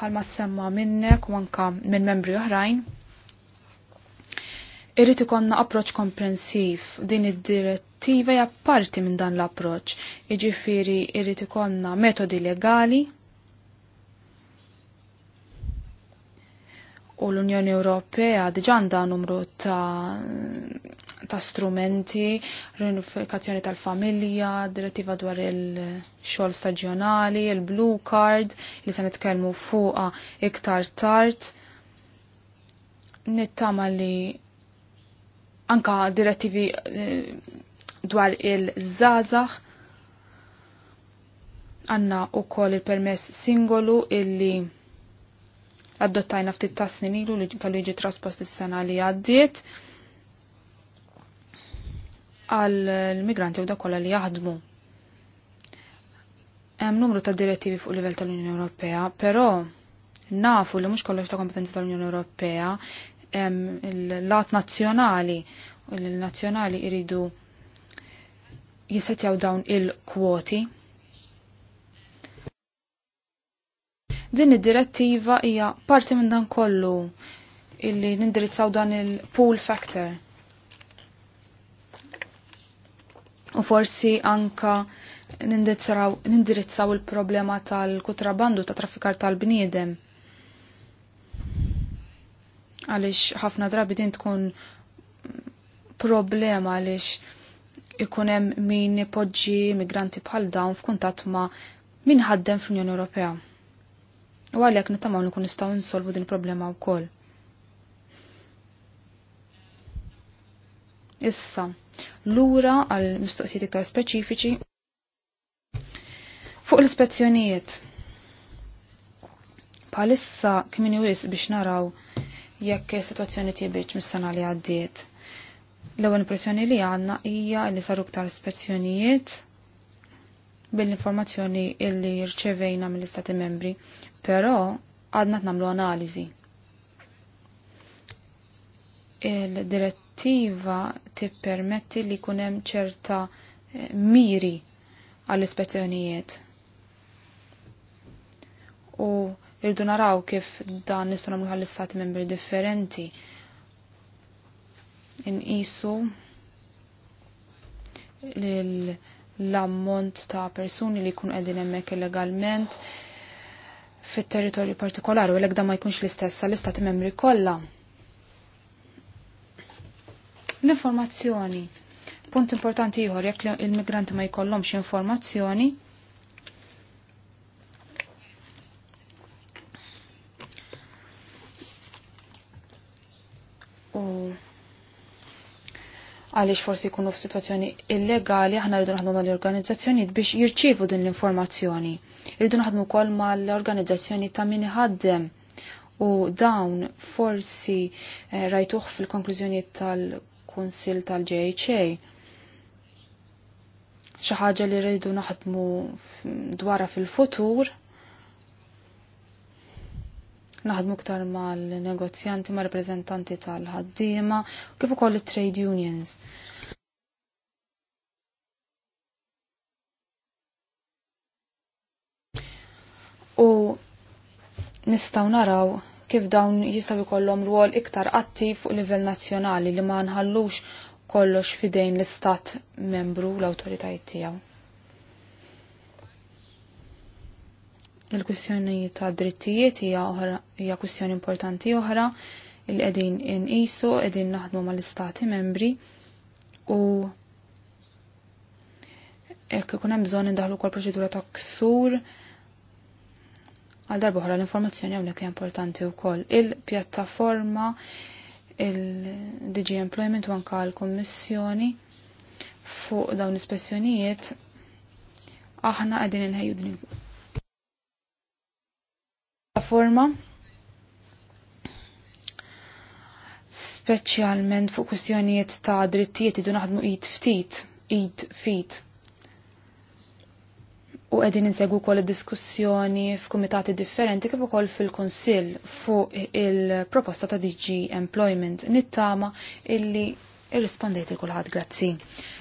bħalma semma minnek u anka minn membri oħrajn. Irrid ikonna approċ komprensiv din id-direttiva hija parti minn dan l-approċ. Jiġifieri irrid ikonna metodi legali u l-Unjoni Ewropea diġan da numru ta' ta' strumenti, reunifikazzjoni tal-familja, direttiva dwar il-xol staġjonali, il-blue card, li se nitkellmu fuqa iktar tard. Nittama li anka direttivi eh, dwar il-żazax għanna u koll il-permess singolu illi adottajna ftit ta' snin ilu li kellu jiġi traspost is-sena li għaddiet għall-migranti u da kolla li jaħdmu. Hemm numru ta' direttivi fuq livell tal-Unjoni Ewropea, però nafu li mhux kollox ta' kompetenza tal-Unjoni Ewropea hemm l-lat nazzjonali u l-nazzjonali iridu jisetjaw dawn il-kwoti. Din id-direttiva hija parti minn dan kollu illi nindirizzaw dan il-pool factor forsi anka nindirizzaw il-problema tal-kutrabandu ta' traffikar tal-bniedem. Għalix ħafna drabi din tkun problema għalix ikunem min poġġi migranti bħal dawn f'kuntatt ma' min ħaddem fl-Unjoni Ewropea. U għalhekk nittamaw nkun nistgħu nsolvu din problema wkoll. Issa, lura għal mistoqsijiet iktar speċifiċi. Fuq l-ispezzjonijiet, palissa kmin wis biex naraw jekk situazzjoni tibiċ mis-sena li għaddiet. L-ewwel impressjoni li għandna hija li saru ktar ispezzjonijiet bil-informazzjoni illi rċevejna mill-Istati membri, però għadna nagħmlu analiżi. Il-dirett direttiva tippermetti li kunem ċerta eh, miri għall-ispezzjonijiet. U irdu naraw kif dan nistuna nagħmlu għall-istati membri differenti. Inqisu l-ammont ta' persuni li kun qegħdin hemmhekk illegalment fit-territorju partikolari u l-ek ma jkunx l-istess l istati membri kollha. L-informazzjoni. Punt importanti ieħor jekk il-migranti ma jkollhomx informazzjoni, għaliex forsi jkunu f'sitwazzjoni illegali aħna rridu naħdmu mal-organizzazzjonijiet biex jirċievu din l-informazzjoni. Rridu naħdmu wkoll mal-organizzazzjoni ta' min iħaddem u dawn forsi eh, rajtuħ fil-konklużjoni tal kunsil tal-JHA. Xi ħaġa li rridu naħdmu dwarha fil-futur. Naħdmu ktar mal-negozjanti, ma' reprezentanti tal-ħaddiema, kif ukoll it-trade unions. U nistaw naraw kif dawn jistaw ikollhom ruol iktar attiv fuq livell nazzjonali li ma nħallux kollox fidejn l-istat membru l-awtoritajiet tiegħu. Il-kwistjoni ta' drittijiet hija kwistjoni importanti oħra li qegħdin inqisu qegħdin naħdmu mal-istati membri u jekk ikun hemm bżonn indaħlu wkoll proċedura ta' ksur għal darba oħra l-informazzjoni hawnhekk li importanti wkoll. Il-pjattaforma il-DG Employment u anka l-Kommissjoni fuq dawn l ispessjonijiet aħna qegħdin inħejju din il-pjattaforma speċjalment fuq kwistjonijiet ta' drittijiet idu naħdmu id ftit, id fit u qegħdin insegwu wkoll id-diskussjoni f'kumitati differenti kif ukoll fil-Kunsill fuq il-proposta ta' DG Employment nittama illi irrispondejt il kulħadd grazzi.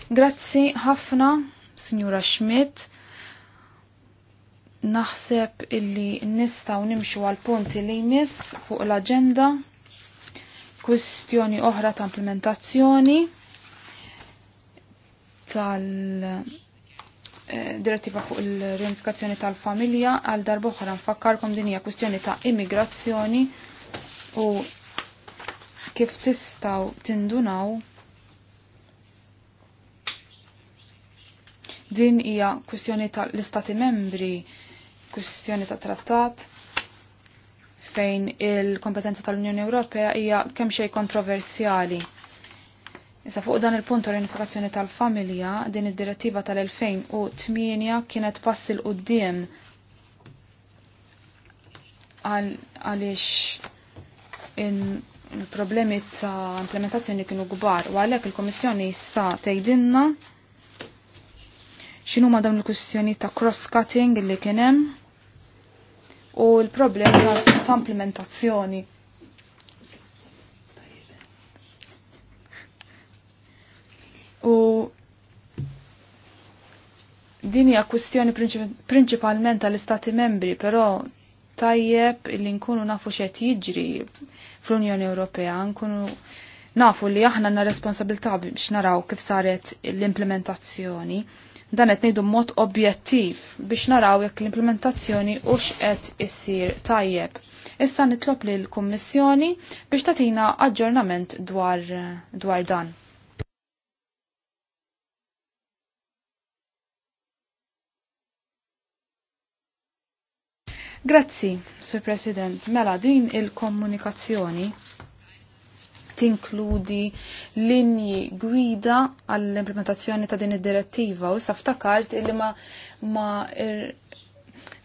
Grazzi ħafna, Sinjura Schmidt. Naħseb illi nistaw nimxu għal punti li jmiss fuq l-agenda kwistjoni oħra ta' implementazzjoni tal- direttiva fuq il-reunifikazzjoni tal-familja għal darboħra nfakkarkom din hija kwistjoni ta' immigrazzjoni u kif tistaw tindunaw din hija kwistjoni ta' l-istati membri, kwistjoni ta' trattat fejn il-kompetenza tal-Unjoni Ewropea hija kemm xejn kontroversjali Issa fuq dan il-punt tal-unifikazzjoni tal-familja, din id-direttiva tal-2008 kienet passi l-qoddim għaliex il-problemi ta' implementazzjoni kienu gbar u għalhekk il-Komissjoni issa tgħidilna xinu ma dawn il-kwistjoni ta' cross-cutting li kien hemm u l-problemi ta' implementazzjoni. Din hija kwistjoni prinċipalment tal-Istati membri, però tajjeb li nkunu nafu x'qed jiġri fl-Unjoni Ewropea, nkunu nafu li aħna għandna responsabilità biex naraw kif saret l-implementazzjoni. Dan qed ngħidu mod objettiv biex naraw jekk l-implementazzjoni u x'qed issir tajjeb. Issa nitlob lill kummissjoni biex tagħtina aġġornament dwar, dwar dan. Grazzi, Sir President. Mela, din il-komunikazzjoni tinkludi linji gwida għall-implementazzjoni ta' din id-direttiva u saftakart illi ma, ma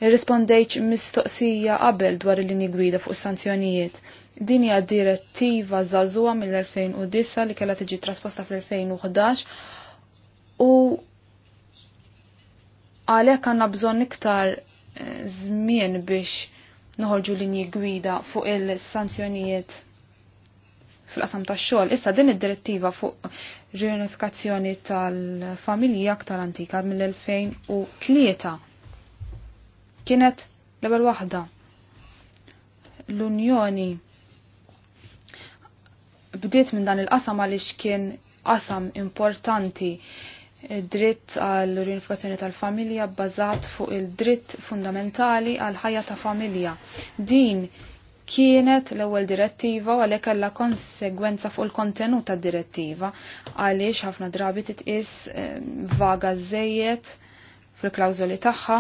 irrispondejċ mistoqsija qabel dwar il-linji gwida fuq sanzjonijiet. Din hija direttiva żagħżugħa mill-2009 li kellha tiġi trasposta fl-2011 u għalhekk għandna bżonn iktar żmien biex noħorġu linji gwida fuq il-sanzjonijiet fil-qasam tax-xogħol. Issa din id-direttiva fuq riunifikazzjoni tal-familja aktar antika mill-2003 kienet level waħda. L-Unjoni bdiet minn dan il-qasam għaliex kien qasam importanti dritt għall unifikazzjoni tal-familja bbażat fuq il-dritt fundamentali għal ħajja ta' familja. Din kienet l-ewwel direttiva u għalhekk kellha konsegwenza fuq il-kontenut tad-direttiva għaliex ħafna drabi titqis ehm, vaga żejjed fil-klawżoli tagħha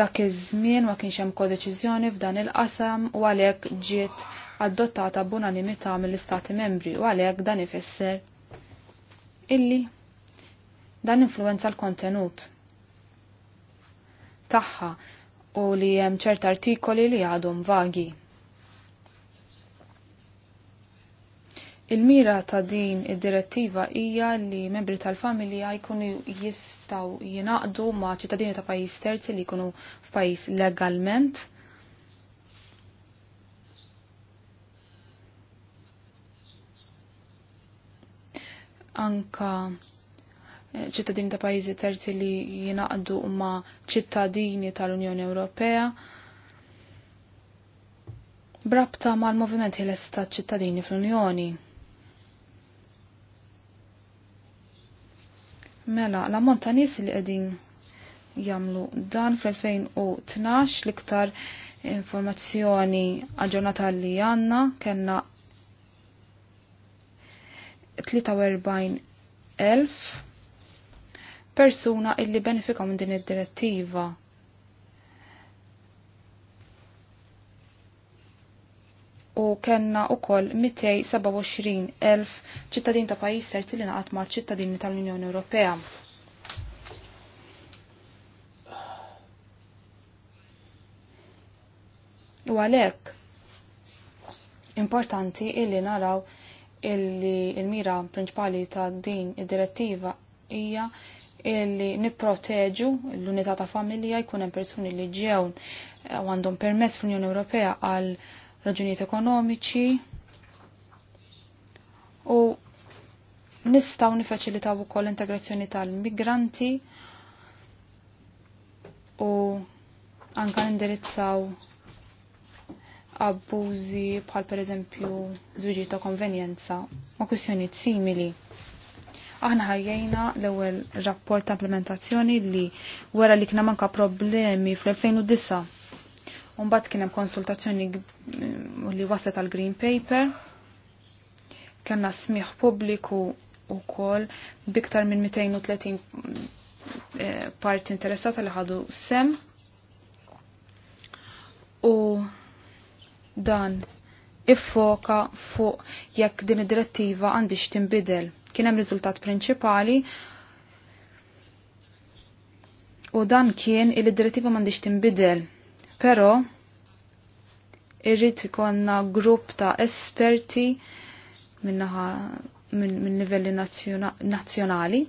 dak iż-żmien ma kienx hemm kodeċiżjoni f'dan il-qasam u għalhekk ġiet adottata b'unanimità mill-Istati membri u għalhekk dan ifisser illi dan influenza l-kontenut tagħha u li hemm ċert artikoli li għadhom vagi. Il-mira ta' din id-direttiva hija li membri tal-familja jkunu jistaw jinaqdu ma' ċittadini ta' pajjiż terzi li jkunu f'pajjiż legalment. Anka ċittadini ta' pajjiżi terzi li jinaqdu ma' ċittadini tal-Unjoni Ewropea brabta mal movement ħiles ta' ċittadini fl-Unjoni. Mela, l-ammont ta' nies li qegħdin jagħmlu dan fl-2012 l-iktar informazzjoni ġurnata li għandna kellna 43,000 persuna illi benefika minn din id-direttiva. u kenna u koll 227.000 ċittadin ta' pajis serti li naqat ma' ċittadini tal-Unjoni Ewropea. U għalek, importanti illi naraw illi il-mira prinċipali ta' din id-direttiva hija illi nipproteġu l-unità ta' familja jkun hemm persuni li ġew għandhom permess fl-Unjoni Ewropea għal raġunijiet ekonomiċi u nistgħu nifaċilitaw ukoll integrazzjoni tal-migranti u anka indirizzaw abbużi bħal pereżempju żwiġi ta' konvenjenza ma' kwistjonijiet simili. Aħna ħajjajna l-ewwel rapport ta' implementazzjoni li wara li kna manka problemi fl-2009. Umbagħad kien hemm konsultazzjoni mm, li waslet għal Green Paper. Kellna publiku pubbliku wkoll biktar minn 230 mm, eh, parti interessata li ħadu sem. U dan iffoka fuq jekk din id-direttiva għandix tinbidel. Kien hemm riżultat prinċipali u dan kien il direttiva m'għandix tinbidel. Però irrid ikonna grupp ta' esperti minnaħa minn min livelli nazzjonali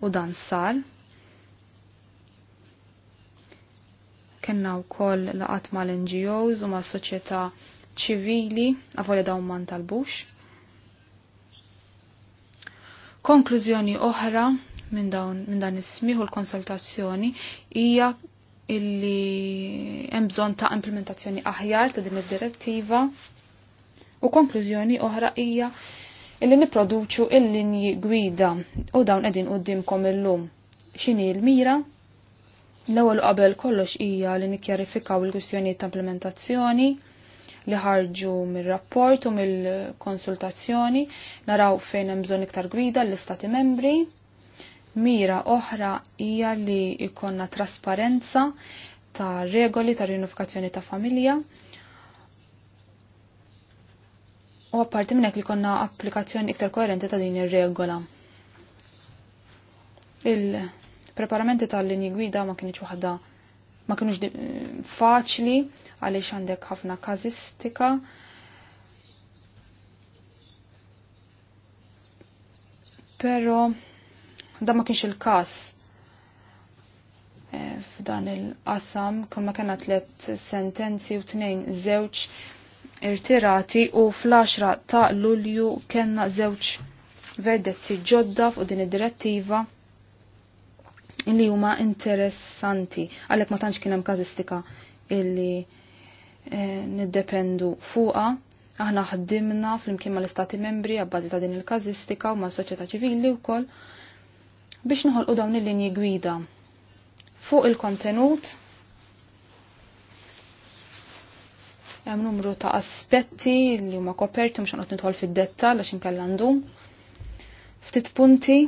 u dan sar. Kenna wkoll laqat mal-NGOs u mas-soċjetà ċivili, għavolja dawn man talbux. Konklużjoni oħra minn dan is-smieħ u l-konsultazzjoni hija illi hemm bżonn ta' implementazzjoni aħjar ta' din id-direttiva u konklużjoni oħra hija illi nipproduċu il-linji gwida u dawn qegħdin qudiemkom illum. X'inhi l-mira? L-ewwel qabel kollox hija li nikkjarifikaw il-kwistjonijiet ta' implementazzjoni li ħarġu mir-rapport u mill-konsultazzjoni, naraw fejn hemm bżonn iktar gwida l-istati membri. Mira oħra hija li jkollna trasparenza ta' regoli ta' rinifikazzjoni ta' familja. U apparti minnek li konna applikazzjoni iktar koerenti ta' din ir-regola. Il-preparamenti tal-linji gwida ma kienx waħda ma kienux faċli għaliex għandek ħafna kazistika. Pero da ma kienx il-kas eh, f'dan il-qasam kon ma kena tlet sentenzi u tnejn żewġ irtirati u fl-10 ta' Lulju kena żewġ verdetti ġodda fuq din id-direttiva li huma interessanti għalhekk ma tantx kien hemm każistika illi eh, niddependu fuqa aħna ħaddimna flimkien mal-istati membri għabbażi ta' din il-każistika u mas-soċjetà ċivili wkoll biex noħolqu dawn il-linji gwida fuq il-kontenut hemm numru ta' aspetti li huma koperti mhux qed nidħol fid-dettall għax inkella ndum ftit punti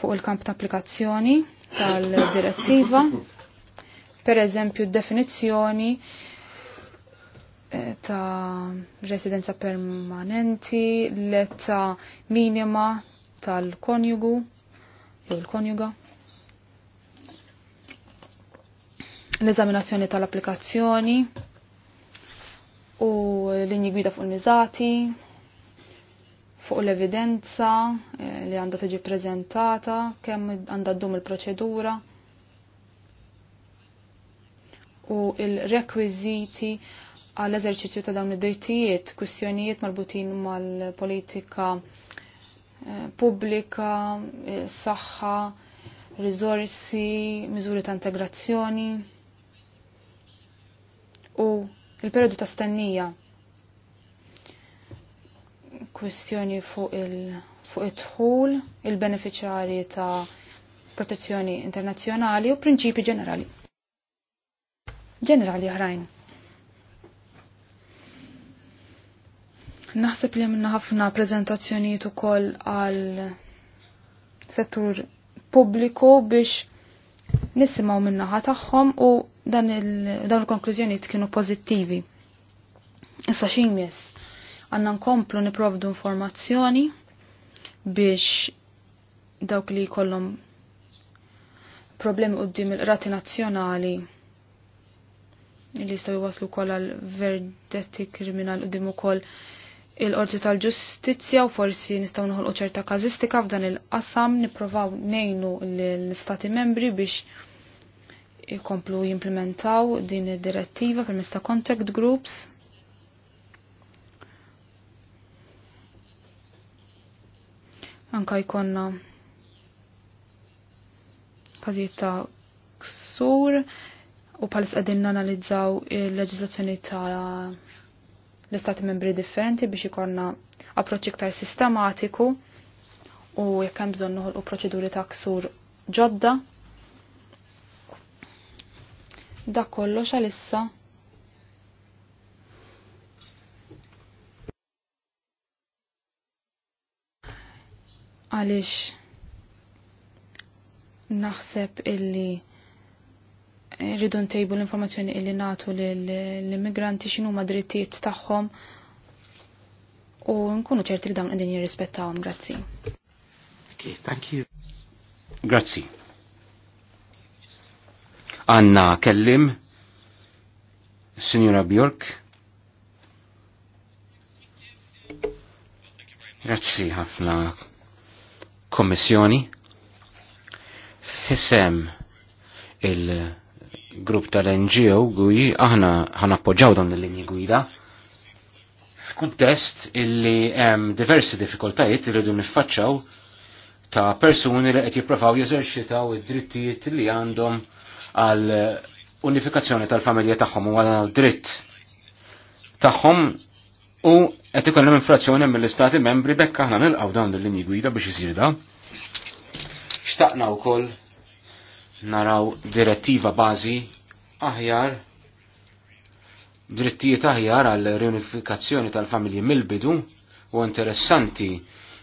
fuq il-kamp ta' applikazzjoni tal-direttiva, per eżempju definizzjoni eh, ta' residenza permanenti, l-età minima tal-konjugu, jew l-konjuga. L-eżaminazzjoni tal-applikazzjoni u l-linji gwida fuq il-miżati, fuq l-evidenza eh, li għandha tiġi preżentata, kemm għandha ddum il-proċedura u il rekwiziti għall eżerċizzju ta' dawn id-drittijiet, kwistjonijiet marbutin mal-politika eh, pubblika, eh, saħħa, rizorsi, miżuri ta' integrazzjoni u il-periodu ta' stennija kwestjoni fuq il- fuq it-tħul, il-beneficjari ta' protezzjoni internazzjonali u prinċipi ġenerali. Ġenerali ħrajn. Naħseb li minna ħafna prezentazzjonijiet ukoll għal settur pubbliku biex nisimgħu min-naħa tagħhom u dan il-konklużjonijiet kienu pożittivi. Issa xi jmiss għanna nkomplu niprovdu informazzjoni biex dawk li kollom problemi qoddim il-rati nazzjonali li jistaw waslu kol għal verdetti kriminal qoddim u kol il-qorti tal-ġustizja u forsi nistaw nħol ċerta kazistika f'dan il-qasam niprovaw nejnu l-istati membri biex ikomplu jimplementaw din id-direttiva per ta' contact groups anka jkonna każijiet ta' ksur u palis qegħdin nanalizzaw il leġislazzjoni ta' l-istati membri differenti biex ikonna approċċ iktar sistematiku u jekk hemm bżonn noħolqu proċeduri ta' ksur ġodda. Dak kollox għalissa għaliex naħseb illi rridu ntejbu l-informazzjoni illi natu l-immigranti xinu ma drittijiet tagħhom u nkunu ċerti li dawn qegħdin jirrispettawhom. Grazzi. Okay, thank you. Grazzi. Anna kellim, Signora Bjork. Grazzi ħafna Kommissjoni, fissem il-grupp tal-NGO gwi aħna ħana appoġġaw dan il-linji gwida f'kuntest illi hemm diversi diffikultajiet irridu niffaċċaw ta' persuni li qed jipprovaw jeżerċitaw id-drittijiet li għandhom għal unifikazzjoni tal-familja tagħhom u għal dritt tagħhom u qed ikollhom infrazzjoni mill-istati membri bekk aħna nilqgħu dawn il-linji gwida biex isir da. Xtaqna wkoll naraw direttiva bażi aħjar drittijiet aħjar għall reunifikazzjoni tal-familji mill-bidu u interessanti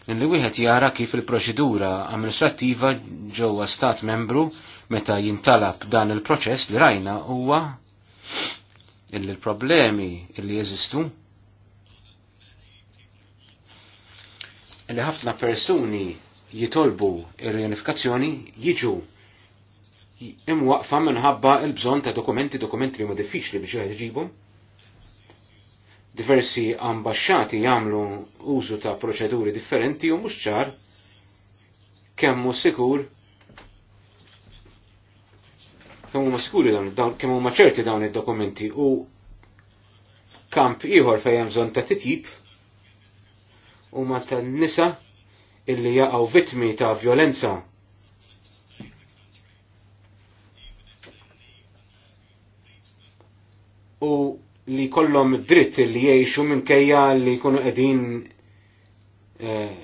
li wieħed jara kif il-proċedura amministrattiva ġewwa stat membru meta jintalab dan il-proċess li rajna huwa il problemi illi jeżistu li ħafna persuni jitolbu il reunifikazzjoni jiġu imwaqfa minħabba il-bżon ta' dokumenti, dokumenti li ma diffiċli biex għed iġibhom. Diversi ambasċati jagħmlu użu ta' proċeduri differenti u mhux ċar Kemmu sikur kemm huma sikuri dawn kemm huma ċerti dawn id-dokumenti u kamp ieħor fejn hemm bżonn ta' titjib ma tan-nisa illi jaqgħu vittmi ta' violenza. U li kollhom dritt li jgħixu minkejja li jkunu qegħdin eh,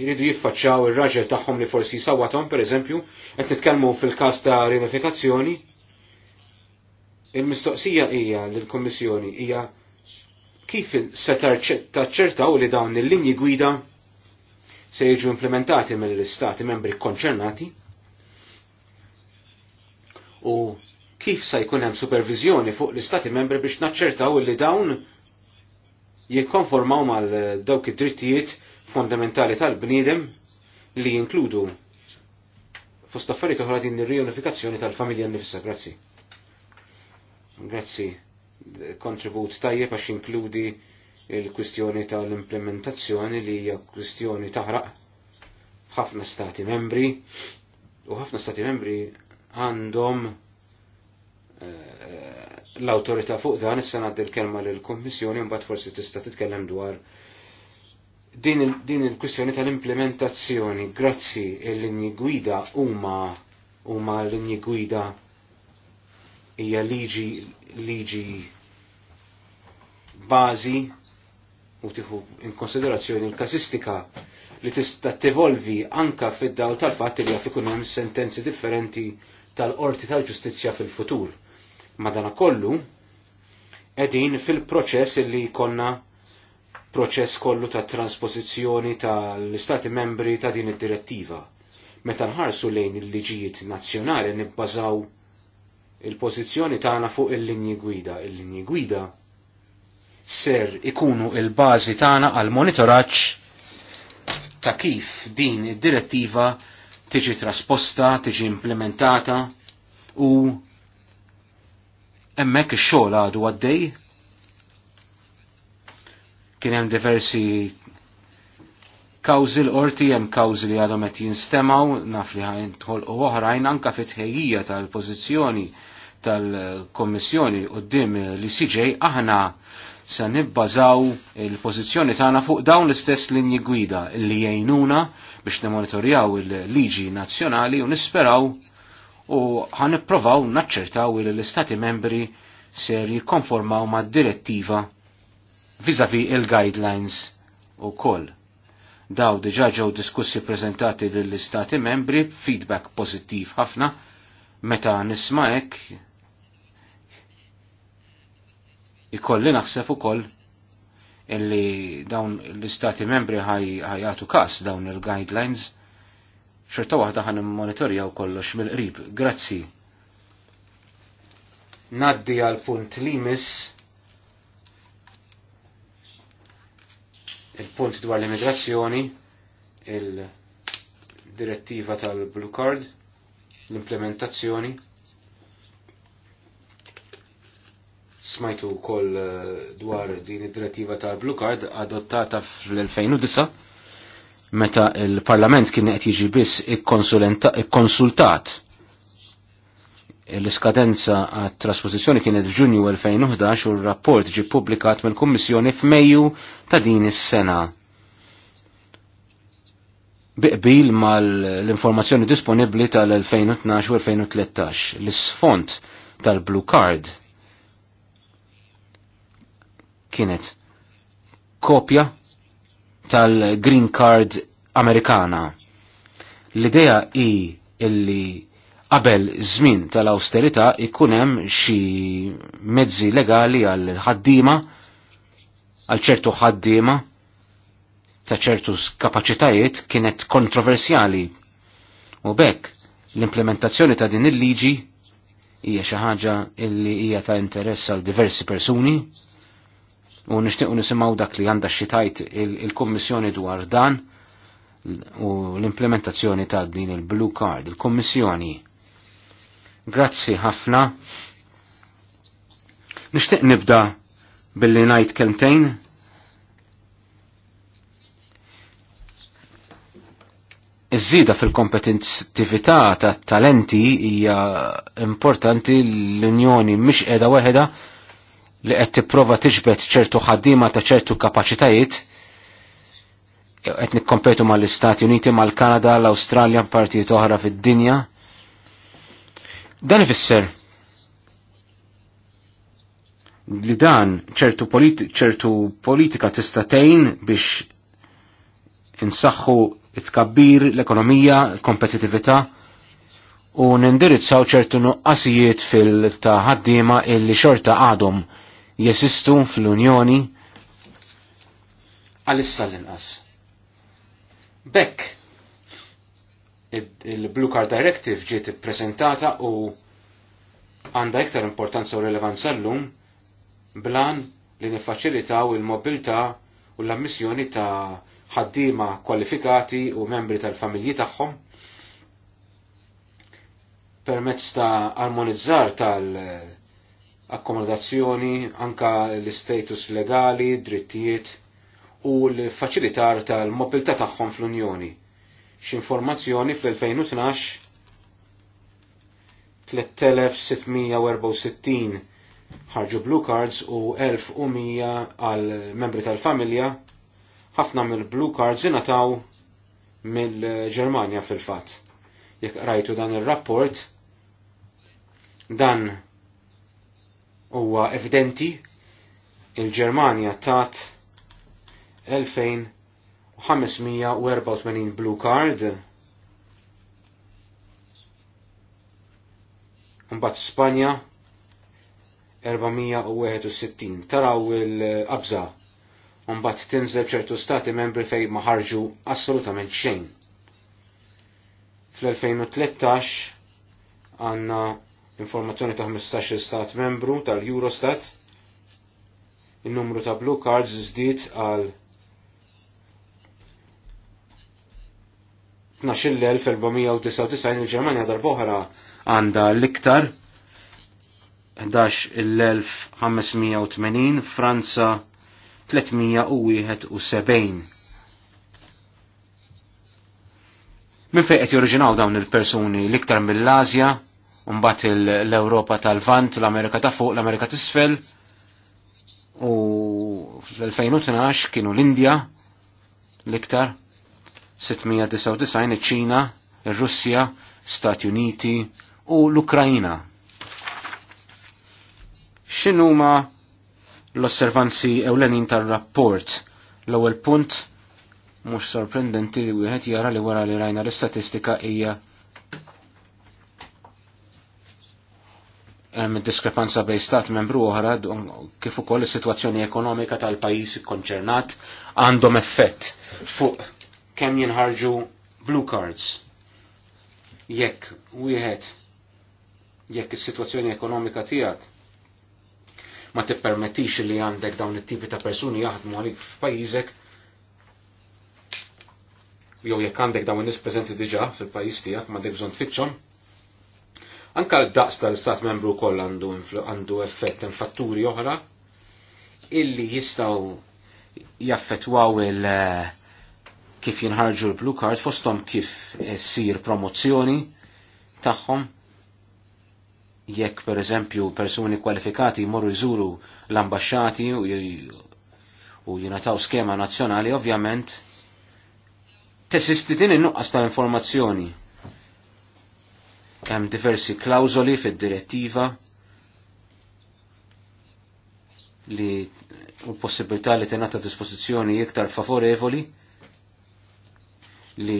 jridu jiffaċċaw ir-raġel tagħhom li forsi sawatom, pereżempju, qed nitkellmu fil-każ ta' rimifikazzjoni. Il-mistoqsija hija lill-Kummissjoni hija Kif se taċċertaw li dawn il-linji gwida se jiġu implementati mill-istati membri konċernati? U kif se jkun hemm supervizjoni fuq l-istati membri biex naċċertaw li dawn jikkonformaw mal eh, dawk id-drittijiet fondamentali tal-bniedem li jinkludu fost affarijiet oħra din ir-riunifikazzjoni tal-familja nifissa. Grazzi. Grazzi kontribut tajjeb għax inkludi il-kwistjoni tal-implementazzjoni li hija kwistjoni taħraq ħafna stati membri u ħafna stati membri għandhom eh, l-autorità fuq dan issa ngħaddi l-kelma lill-Kummissjoni mbagħad forsi tista' titkellem dwar din il-kwistjoni tal-implementazzjoni. Grazzi l linji gwida huma huma l-linji gwida hija liġi liġi bażi u tieħu inkonsiderazzjoni l-kazistika li tista' tevolvi anka fid-dawl tal-fatt li jaf ikun hemm sentenzi differenti tal-qorti tal-ġustizzja fil-futur. Madana kollu qegħdin fil-proċess li konna proċess kollu ta' transpożizzjoni tal-Istati membri ta' din id-direttiva. Meta nħarsu lejn il-liġijiet nazzjonali nibbażaw il-pożizzjoni tagħna fuq il-linji gwida. Il-linji gwida ser ikunu il-bażi tagħna għal monitoraġġ ta' kif din id-direttiva tiġi trasposta, tiġi implementata u emmek ix-xogħol għadu għaddej. Kien hemm diversi kawżi l-qorti hemm kawżi li għadhom qed jinstemaw naf li ħajntħolqu oħrajn anka fit-tħejjija tal-pożizzjoni tal-Kommissjoni d-dim li CJ aħna se nibbażaw il-pożizzjoni tagħna fuq dawn l-istess linji gwida li jgħinuna biex nimonitorjaw il-liġi nazzjonali u nisperaw u ħan nipprovaw naċċertaw li l-Istati membri ser jikkonformaw mad-direttiva vis-a-vis il-guidelines u koll daw diġa ġew diskussi prezentati lill-istati membri feedback pożittiv ħafna meta nisma' hekk ikolli naħseb ukoll illi dawn l-istati membri ħajatu kas dawn il-guidelines xorta waħda ħan monitorja u kollox mill-qrib. Grazzi. Naddi għal punt limis il-punt dwar l-immigrazzjoni il-direttiva tal-Blue Card l-implementazzjoni smajtu kol eh, dwar din id-direttiva tal-Blue Card adottata fl-2009 meta il-Parlament kien qed jiġi biss ikkonsultat l-iskadenza għat trasposizzjoni kienet f'Ġunju 2011 u r-rapport ġi publikat mill-Kummissjoni f'Mejju ta' din is-sena. Biqbil mal-informazzjoni disponibbli tal-2012 u 2013, l isfond tal-Blue Card kienet kopja tal-Green Card Amerikana. L-idea i illi qabel żmien tal-austerità ikun hemm xi mezzi legali għal ħaddiema għal ċertu ħaddiema ta' ċertu kapaċitajiet kienet kontroversjali. U bekk l-implementazzjoni ta' din il-liġi hija xi ħaġa illi hija ta' interess għal diversi persuni u nishtiqu nisimaw dak li għanda xitajt il-Kommissjoni dwar dan u l-implementazzjoni ta' din il-Blue Card, il-Kommissjoni. Grazzi ħafna. Nishtiq nibda billi najt kelmtejn Iż-żida fil-kompetittività tat talenti hija importanti l-Unjoni mhix qiegħda weħeda li qed tipprova tiġbed ċertu ħaddiema ta' ċertu kapaċitajiet qed nikkompetu mal-Istati Uniti, mal-Kanada, l-Awstralja, partijiet oħra fid-dinja. Dan ifisser li dan ċertu, politi ċertu politika tista' tgħin biex insaħħu it-kabbir, l-ekonomija, l-kompetitività u nindirizzaw ċertu nuqqasijiet fil-ta' ħaddiema illi xorta għadhom jesistu fl-Unjoni għalissa l-inqas. Bekk, il-Blue Card Directive ġiet ippreżentata u għandha iktar importanza u rilevanza llum blan li u il-mobilta u l-ammissjoni ta' ħaddiema kwalifikati u membri tal-familji tagħhom permezz ta' armonizzar tal-, -familji akkomodazzjoni, anka l-status legali, drittijiet u l-faċilitar tal mobilta tagħhom fl-Unjoni. X'informazzjoni fl-2012 3664 ħarġu blue cards u 1100 għal membri tal-familja, ħafna mill-blue cards inataw mill-Ġermanja fil-fat. Jekk rajtu dan il-rapport, dan huwa evidenti il-Ġermanja tat 2584 blue card Mbagħad Spanja 461. Taraw il-qabża mbagħad tinżel ċertu stati membri fejn ma ħarġu assolutament xejn. Fl-2013 għandna informazzjoni ta' 15 stat membru tal-Eurostat. Il-numru ta' blue cards żdied għal 12.499 il-Ġermanja darboħra għanda l-iktar 11.580, Franza 371. Min fejn qed jorġinaw dawn il-persuni l-iktar mill azja Mbagħad l-Europa tal-Vant, l-Amerika ta' fuq, l-Amerika tisfel. U fl-2012 kienu l-Indja l-iktar, 699 iċ-Ċina, ir-Russja, Stati Uniti u l-Ukrajina. X'inhuma l-osservanzi ewlenin tar-rapport? L-ewwel punt mhux sorprendenti li wieħed jara li wara li rajna l-istatistika hija hemm diskrepanza bejn stat membru oħra um, kif ukoll is-sitwazzjoni ekonomika tal-pajjiż konċernat għandhom effett fuq kemm jinħarġu blue cards. Jekk wieħed jekk is-sitwazzjoni ekonomika tiegħek ma tippermettix li għandek dawn it-tipi ta' persuni jaħdmu għalik f'pajjiżek jew jekk għandek dawn nies preżenti diġà fil-pajjiż tiegħek ma dek bżonn tfittxhom Anka l-daqs tal-Stat membru koll għandu effett hemm fatturi oħra illi jistaw jaffetwaw il- eh, kif jinħarġu l-blue card fostom kif eh, sir promozzjoni tagħhom jekk per eżempju persuni kwalifikati jmorru jżuru l-ambasċati u jinataw skema nazzjonali ovvjament tesisti din in-nuqqas ta' informazzjoni Hemm diversi klawżoli fid-direttiva li u possibilità li tenata dispożizzjoni iktar favorevoli li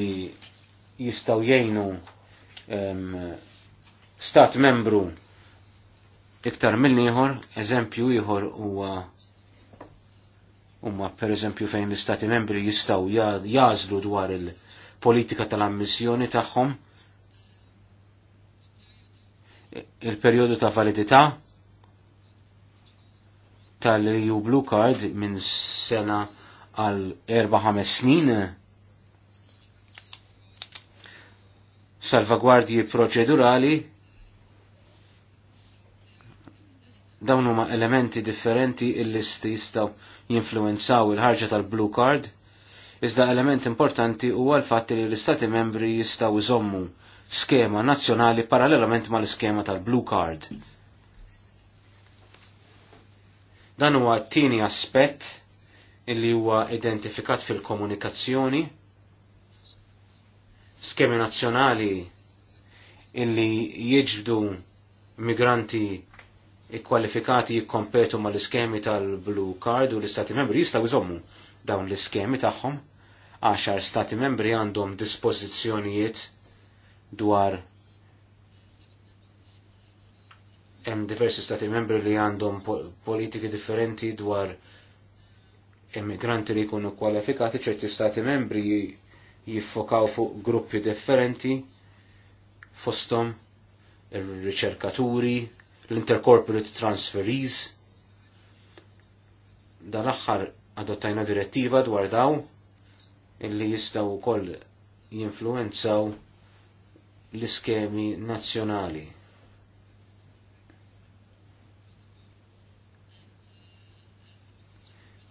jistaw jgħinu um, stat membru iktar mill-ieħor, eżempju ieħor huwa huma per eżempju fejn l-istati membri jistaw jażlu dwar il-politika tal-ammissjoni tagħhom il-periodu ta' validità tal-EU Blue Card minn sena għal 4-5 snin salvagwardji proċedurali dawn huma elementi differenti illi jistgħu jinfluenzaw il-ħarġa tal-blue card, iżda element importanti huwa l-fatt li l-istati membri jistgħu iżommu skema nazzjonali parallelament mal-iskema tal-Blue Card. Dan huwa t-tieni aspett illi huwa identifikat fil-komunikazzjoni skemi nazzjonali illi jiġbdu migranti ikkwalifikati jikkompetu ma l-iskemi tal-Blue Card u l-Istati Membri jistaw jżommu dawn l-iskemi tagħhom. 10 Stati Membri għandhom dispożizzjonijiet dwar hemm diversi stati membri li għandhom politiki differenti dwar immigranti li jkunu kwalifikati, ċerti stati membri jiffokaw fuq gruppi differenti fostom il-riċerkaturi, l-intercorporate transferees. Dan aħħar adottajna direttiva dwar daw illi jistaw ukoll jinfluenzaw l-iskemi nazzjonali.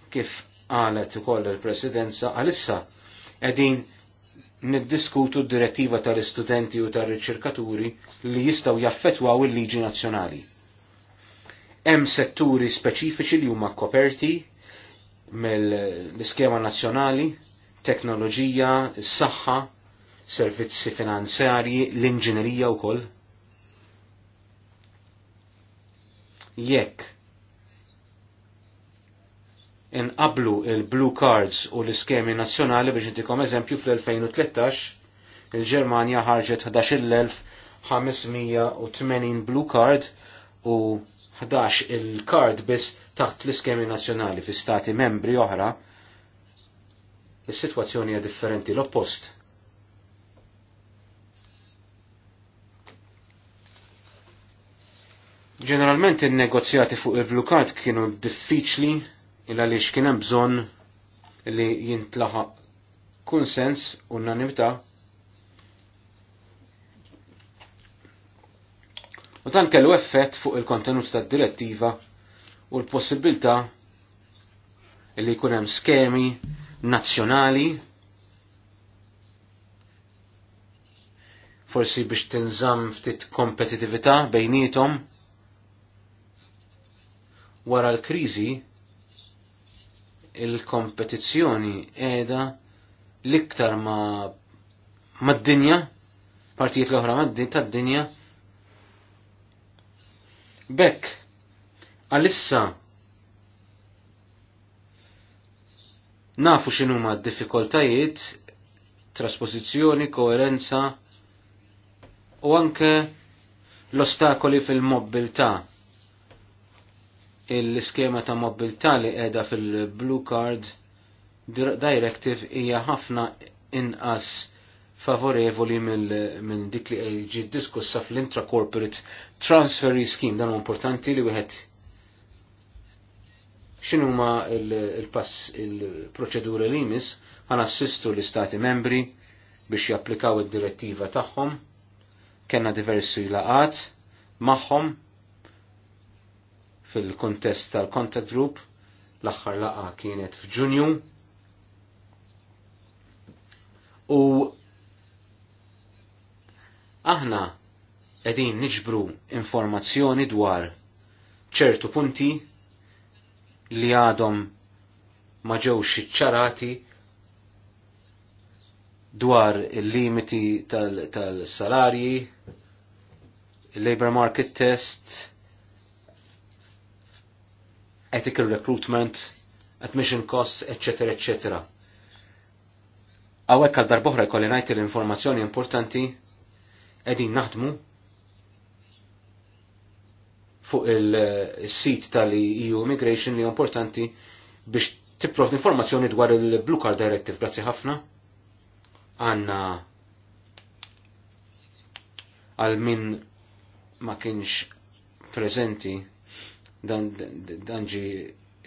Kif għalet ukoll il-presidenza għalissa qegħdin niddiskutu d-direttiva tal-istudenti u tal-riċerkaturi li jistaw jaffetwaw il-liġi nazzjonali. Hemm setturi speċifiċi li huma koperti mill-iskema nazzjonali, teknoloġija, s-saħħa, servizzi finanzjarji, l-inġinerija wkoll. Jekk inqablu il-blue cards u l-iskemi nazzjonali biex intikom eżempju fl-2013 il-Ġermanja ħarġet 11.580 blue card u 11 il-kard biss taħt l-iskemi nazzjonali fi stati membri oħra, is-sitwazzjoni hija differenti l-oppost. Ġeneralment in-negozjati fuq il-blukat kienu diffiċli il għaliex kien hemm bżonn li jintlaħaq kunsens unanimità. U dan kellu effett fuq il-kontenut tad-direttiva u l-possibilità li jkun hemm skemi nazzjonali forsi biex tinżamm ftit kompetitività bejnietom wara l-kriżi il-kompetizzjoni qiegħda l-iktar ma mad-dinja, partijiet l-oħra mad-din tad-dinja. Bekk, għalissa nafu x'inhuma d diffikoltajiet trasposizzjoni, koerenza u anke l-ostakoli fil-mobilità l-iskema ta' mobilità li qiegħda fil-Blue Card Directive hija ħafna inqas favorevoli minn dik li ġi diskussa fl-intracorporate transfer scheme dan importanti li wieħed x'inhu ma il-pass il-proċedura li jmiss ħan assistu l-istati membri biex japplikaw id-direttiva tagħhom. Kenna diversi laqat magħhom fil-kontest tal-contact group l-axħar laqa kienet f'Ġunju u aħna qegħdin niġbru informazzjoni dwar ċertu punti li għadhom ma ġewx iċċarati dwar il-limiti tal-salarji, tal il-labor market test, ethical recruitment, admission costs, etc. etc. Għawek għal darboħra jkolli najt l-informazzjoni importanti edin naħdmu fuq il-sit tal-EU Immigration li importanti biex tipprov informazzjoni dwar il-Blue Card Directive. Grazzi ħafna. Għanna għal min ma kienx prezenti dan ġi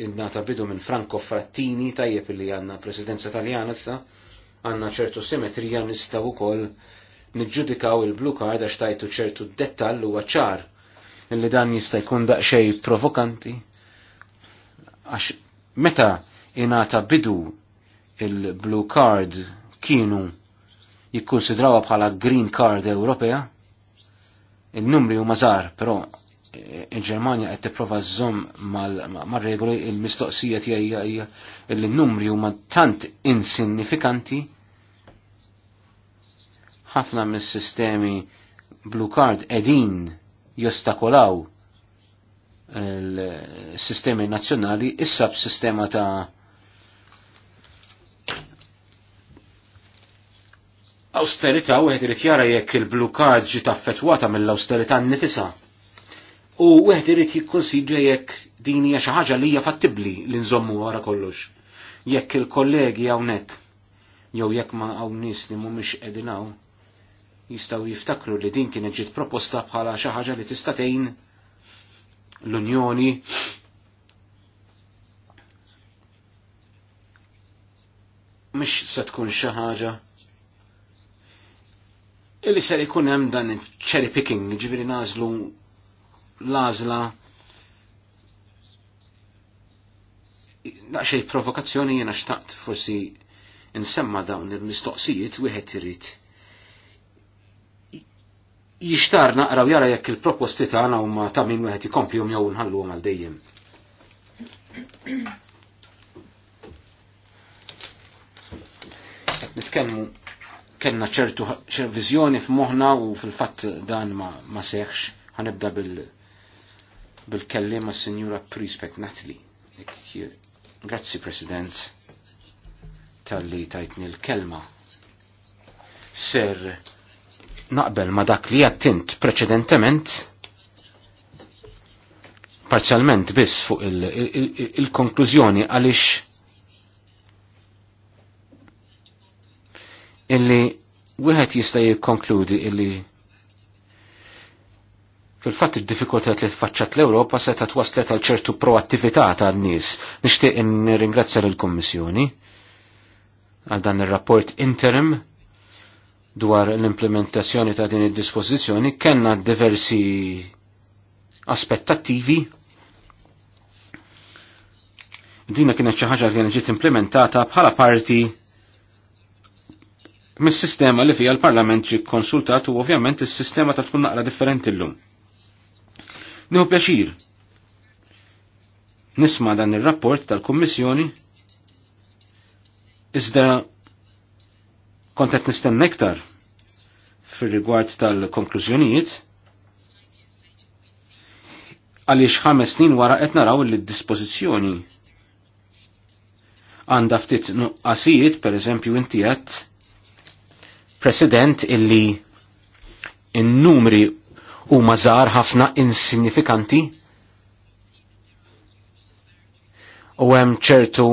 innata bidu minn Franco Frattini tajjeb li għanna presidenza taljana sa għanna ċertu simetrija nistaw ukoll nġudikaw il-blue card għax tajtu ċertu dettall u ċar illi dan jista' jkun daqsxej provokanti għax meta inata bidu il-blue card kienu jikkonsidrawa bħala green card Ewropea il-numri huma żgħar però il t qed tipprova żżomm mar-regoli il-mistoqsija tiegħi hija li n-numri huma tant insignifikanti ħafna mis-sistemi blue card qegħdin jostakolaw il-sistemi nazzjonali issa b'sistema ta' austerita u għed jara jekk il-blue card ġiet affettwata mill n nifisa u wieħed irid jikkonsidra jekk din hija xi ħaġa li hija fattibbli li nżommu wara kollox. Jekk il-kollegi hawnhekk jew jekk ma hawn nies li mhumiex qegħdin hawn jistgħu jiftakru li din kienet ġiet proposta bħala xi ħaġa li tista' tgħin l-Unjoni mhix se tkun xi ħaġa illi ser ikun hemm dan cherry picking, ġifieri nażlu l-għażla naqxej provokazzjoni jiena xtaqt forsi insemma dawn il-mistoqsijiet wieħed irid jixtar naqraw jara jekk il-proposti tagħna huma ta' min wieħed ikompli jew nħalluhom għal dejjem. Qed nitkellmu kellna ċertu viżjoni f'moħħna u fil-fatt dan ma, ma seħħx ħanibda bil- bil-kellim ma' Signora Prispek Natli. Grazzi, President, tal-li tajtni l-kelma. Ser, naqbel ma' dak li jattint preċedentement, parzialment biss fuq il-konklużjoni il, il, il għalix illi wieħed jista' jikkonkludi illi Fil-fatt id-diffikultat li tfaċċat l-Ewropa se ta' twaslet għal ċertu proattività tan nies Nixtieq nirringrazzja lill-Kummissjoni għal dan ir-rapport interim dwar l-implementazzjoni ta' din id-dispożizzjoni kellna diversi aspettattivi dina kienet xi ħaġa li kienet ġiet implementata bħala parti mis-sistema li fija l-Parlament ġi konsultat u ovvjament is-sistema ta' tkun naqra differenti llum. Nieħu pjaċir nisma dan ir-rapport tal-Kummissjoni iżda kont qed nektar iktar fir-rigward tal-konklużjonijiet għaliex ħames snin wara qed naraw li d-dispożizzjoni għandha ftit nuqqasijiet, pereżempju inti President illi in-numri huma żgħar ħafna insignifikanti u hemm ċertu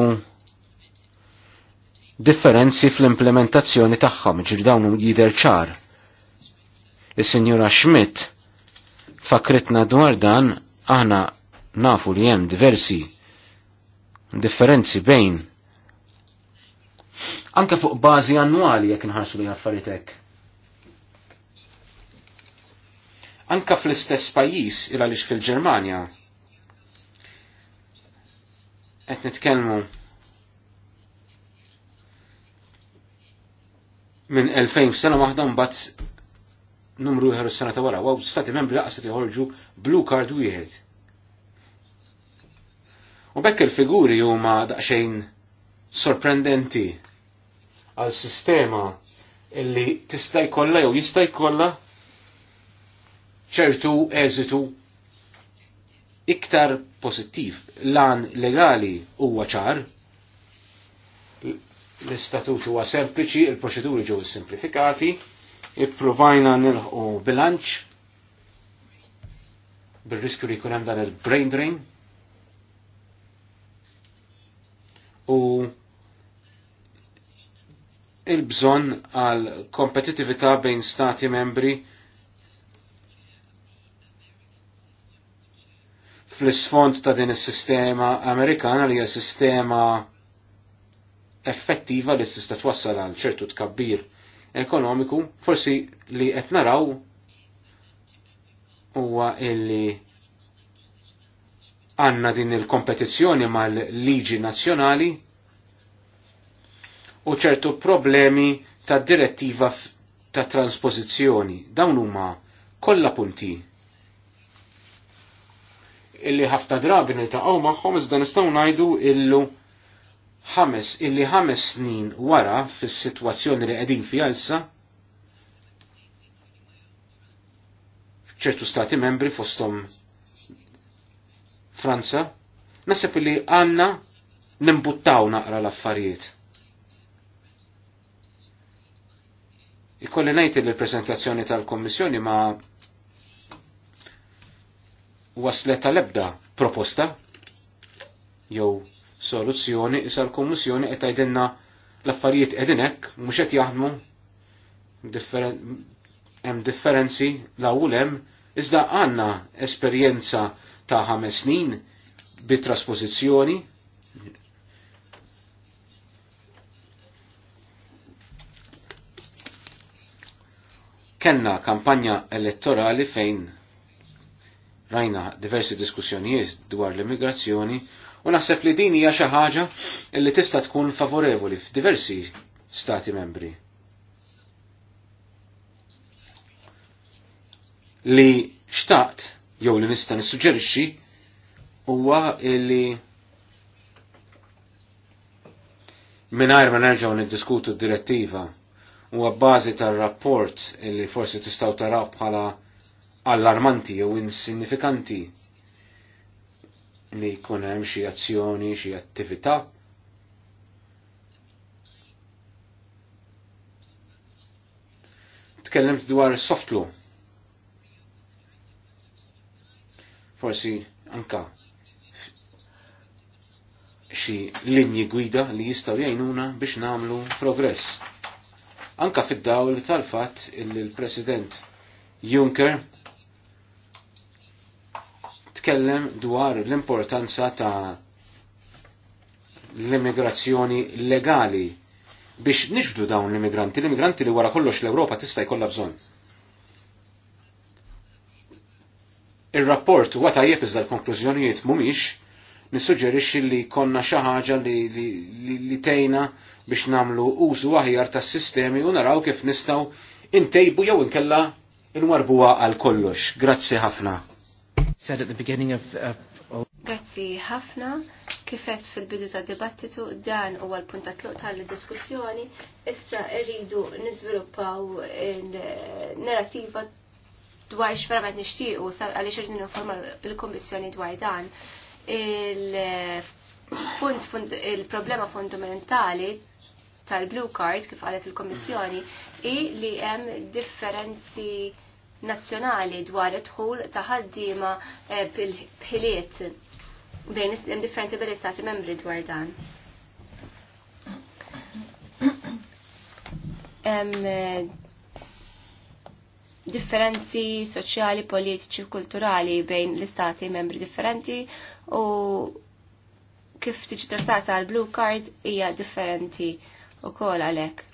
differenzi fl-implementazzjoni tagħhom, ġir dawn jidher ċar. Is-Sinjura Schmidt fakritna dwar dan aħna nafu li hemm diversi differenzi bejn anke fuq bażi annwali jekk inħarsu li affarijiet hekk. anka fl-istess pajjiż il għaliex fil-Ġermanja. Et nitkellmu minn 2000 sena waħda mbagħad numru ieħor s-sena ta' wara, għaw stati membri qed joħorġu blue card wieħed. U bekk il-figuri huma daqsxejn sorprendenti għal sistema illi tista' jkollha jew jista' jkollha ċertu eżitu iktar pozittiv. Lan legali huwa ċar, l-istatut huwa sempliċi, il-proċeduri ġew simplifikati, ipprovajna nilħu bilanċ bil-riskju li jkun hemm dan il-brain drain u il-bżonn għal kompetitività bejn stati membri fl-isfond ta' din is-sistema Amerikana li hija sistema effettiva li tista' twassal għal ċertu tkabbir ekonomiku, forsi li qed naraw huwa illi għanna din il-kompetizzjoni mal-liġi nazzjonali u ċertu problemi ta' direttiva ta' transpożizzjoni. Dawn huma kollha punti illi ħafna drabi niltaqgħu magħhom iżda nistgħu ngħidu illu ħames illi ħames snin wara fis-sitwazzjoni li qegħdin fiha issa ċertu stati membri fostom Franza, nasib illi għanna nimbuttaw naqra l-affarijiet. Ikolli najt li l-prezentazzjoni tal-Kommissjoni ma waslet tal-ebda proposta jew soluzzjoni issa l-Kummissjoni qed tgħidilna l-affarijiet qegħdin hekk mhux qed jaħdmu hemm differenzi l-ewwel hemm iżda għandna esperjenza ta' ħames snin bit-trasposizzjoni kenna kampanja elettorali fejn Rajna diversi diskussjonijiet dwar l-immigrazzjoni u naħseb li din hija xi ħaġa li tista' tkun favorevoli f'diversi stati membri. Li xtaqt jew li nista' nissuġġerixxi huwa li mingħajr ma nerġgħu niddiskutu d-direttiva u għabbażi tar-rapport li forsi tistgħu taraw bħala allarmanti jew insignifikanti li jkun hemm xi azzjoni, xi attività. Tkellimt dwar soft law. Forsi anka xi linji gwida li jistgħu jgħinuna biex nagħmlu progress. Anka fid-dawl tal-fatt il-President Juncker tkellem dwar l-importanza ta' l-immigrazzjoni legali biex nixbdu dawn l-immigranti, l-immigranti li wara kollox l-Ewropa tista' jkollha bżonn. Ir-rapport huwa tajjeb iżda l-konklużjonijiet mhumiex nissuġġerixxi li konna xi ħaġa li, li, li, li tejna biex namlu użu aħjar tas-sistemi u naraw kif nistgħu intejbu jew inkella inwarbuha għal kollox. Grazzi ħafna. Said at the beginning of... uh Grazzi ħafna kifet fil-bidu ta' dibattitu dan huwa l-punt ta' tluq tal-diskussjoni issa rridu niżviluppaw il-narrativa dwar x'verament nixtiequ għaliex irridu ninforma l-Kummissjoni dwar dan il-punt il-problema fundamentali tal-blue card kif qalet il-Kommissjoni i li hemm differenzi nazzjonali dwar id-dħul ta' ħaddiema eh, bil-ħiliet bejn hemm differenti bil istati membri dwar dan. Eh, differenzi soċjali, politiċi, kulturali bejn l-istati membri differenti u kif tiġi trattata l-blue card hija differenti u kol għalhekk.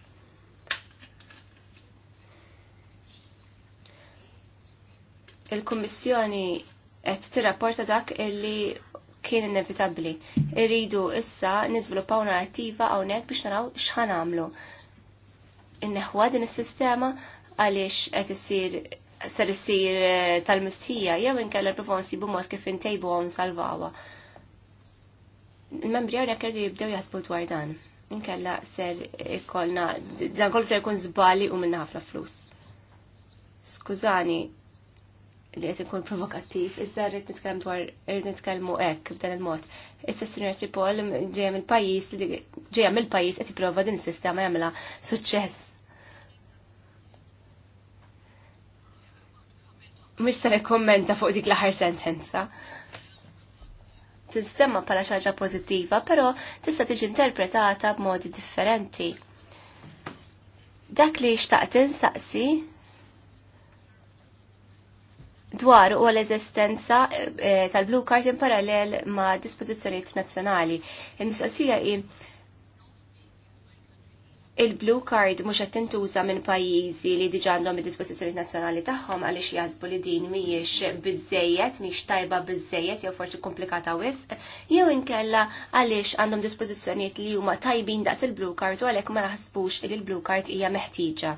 il-Kummissjoni qed tirrapporta dak illi kien inevitabbli. Irridu issa niżviluppaw narrativa hawnhekk biex naraw x'ħan għamlu. Inneħwa din is-sistema għaliex qed issir ser issir eh, tal-mistija jew inkella nipprovaw nsibu mod kif intejbu għom salvawa. Il-membri għarja irdu jibdew jasbu dwar dan. Inkella ser ikollna dan kollu ser kun zbali u minna ħafna flus. Skużani, li qed ikun provokattiv, iżda rrit nitkellem dwar rrit nitkellmu hekk b'dan il-mod. Issa Sinjor Tipol ġejja mill-pajjiż li ġejja mill-pajjiż qed jipprova din is-sistema jagħmilha suċċess. Mhux se kommenta fuq dik l-aħħar sentenza. Tinstemma bħala xi ħaġa pożittiva, però tista' tiġi interpretata b'modi differenti. Dak li xtaqt insaqsi dwar u l-eżistenza eh, eh, tal-Blue Card in parallel ma' dispożizzjonijiet nazzjonali. Nisqasija mistoqsija hi il-blue card mhux qed tintuża minn pajjiżi li diġà għandhom id nazjonali nazzjonali tagħhom għaliex jazbu li din mhijiex biżejjed, miex tajba biżejjed jew forsi komplikata wisq, jew inkella għaliex għandhom dispożizzjonijiet li huma tajbin daqs il-blue card u għalhekk ma jaħsbux li l-blue card hija meħtieġa.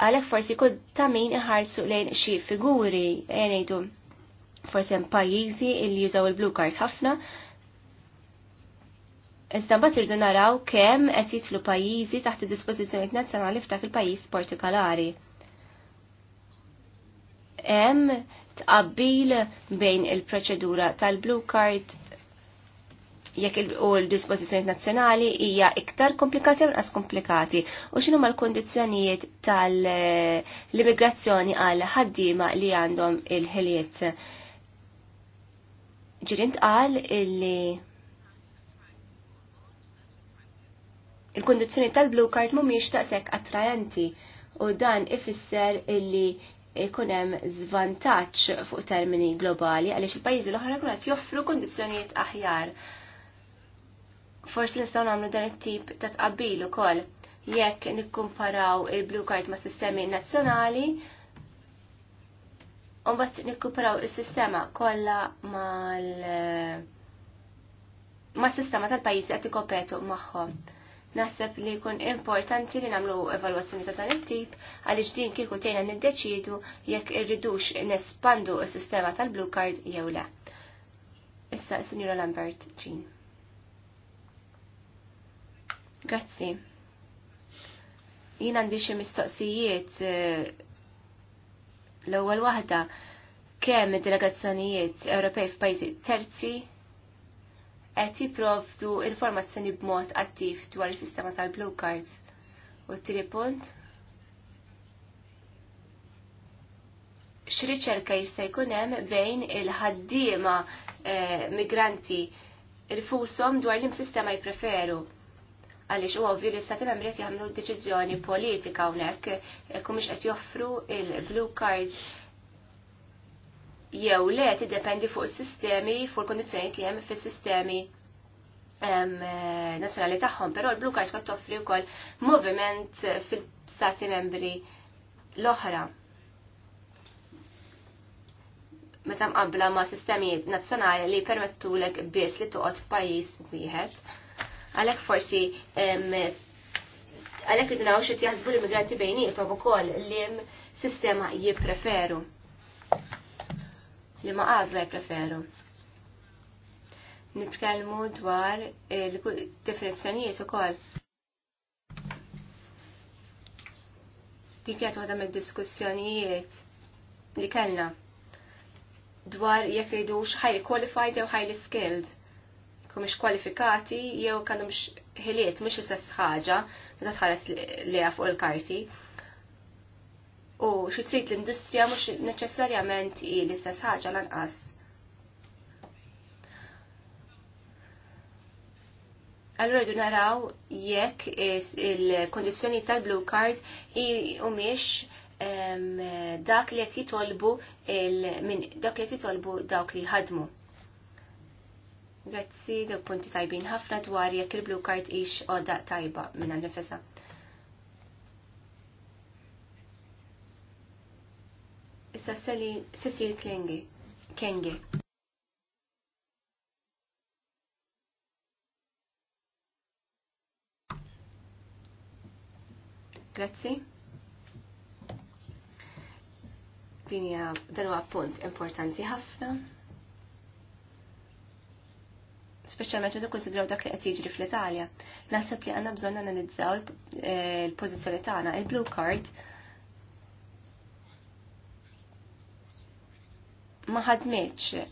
għalek forsi kod tamin iħarsu lejn xi figuri jenejdu eh, forsi hemm pajjiżi li jużaw il-blue card ħafna. Iżda mbagħad irdu naraw kemm qed jitlu pajjiżi taħt id-dispożizzjonijiet nazzjonali f'dak il-pajjiż partikolari. Hemm tqabbil bejn il-proċedura tal-blue card jekk u l-dispożizzjoni nazzjonali hija iktar komplikati u nqas komplikati u x'inhu l kundizzjonijiet tal-immigrazzjoni għal ħaddiema li għandhom il-ħiliet. Ġirint qal illi il-kondizzjoni tal-blue card mhumiex taqsek attrajenti u dan ifisser illi ikun hemm żvantaġġ fuq termini globali għaliex il-pajjiżi l-oħra kunet joffru kondizzjonijiet aħjar forsi nistgħu nagħmlu dan it-tip ta' tqabbil ukoll jekk nikkumparaw il-blue card ma' sistemi nazzjonali u mbagħad nikkumparaw is-sistema kollha mal ma' sistema tal-pajjiż qed ikopetu magħhom. Naħseb li jkun importanti li nagħmlu evalwazzjoni ta' dan it-tip għaliex din kieku tgħinha niddeċidu jekk irridux nespandu s-sistema tal-blue card jew le. Issa, Signora Lambert, Jean. Grazzi. Jien għandi xi mistoqsijiet eh, l-ewwel waħda kemm id-delegazzjonijiet Ewropej f'pajjiżi terzi qed jipprovdu informazzjoni b'mod attiv dwar is-sistema tal-blue cards. U t-tieni punt, x'riċerka jista' jkun hemm bejn il-ħaddiema eh, migranti rfushom dwar l-im sistema jpreferu għaliex u għovju li stati membri qed jagħmlu deċiżjoni politika hawnhekk kumiex qed joffru il-blue card jew le tiddependi fuq is-sistemi, fuq il-kondizzjonijiet li hemm fis-sistemi nazzjonali tagħhom, però l-Blue Card tkun toffri wkoll moviment fil-stati membri l-oħra. Meta mqabbla ma' sistemi nazzjonali li l-ek biss li toqgħod f'pajjiż wieħed. Għalhekk forsi għalhekk rridu naraw xi jaħsbu l-immigranti bejnietom ukoll li hemm sistema jippreferu. Li ma għażla jippreferu. Nitkellmu dwar il-definizzjonijiet ukoll. Dik qed waħda mid-diskussjonijiet li kellna dwar jekk jridux highly qualified jew highly skilled kumiex kwalifikati jew kanu mx ħiliet mx istess ħaġa meta tħares leja fuq il-karti. U xi trid l-industrija mhux neċessarjament hi l-istess ħaġa lanqas. Allura du naraw jekk il kondizjoni tal-blue card i umiex ehm, dak li jtitolbu dak li jtitolbu jitolbu dawk li ħadmu. Grazzi, dawk punti tajbin ħafna dwar jekk il-blue card ix oda tajba minna nifesa. Issa Cecil Klengi, Kengi. Grazzi. Dinja dan huwa punt importanti ħafna speċjalment meta konsidraw dak li qed jiġri fl-Italja. Naħseb li għandna bżonn analizzaw eh, il-pożizzjoni tagħna, il-blue card ma ħadmitx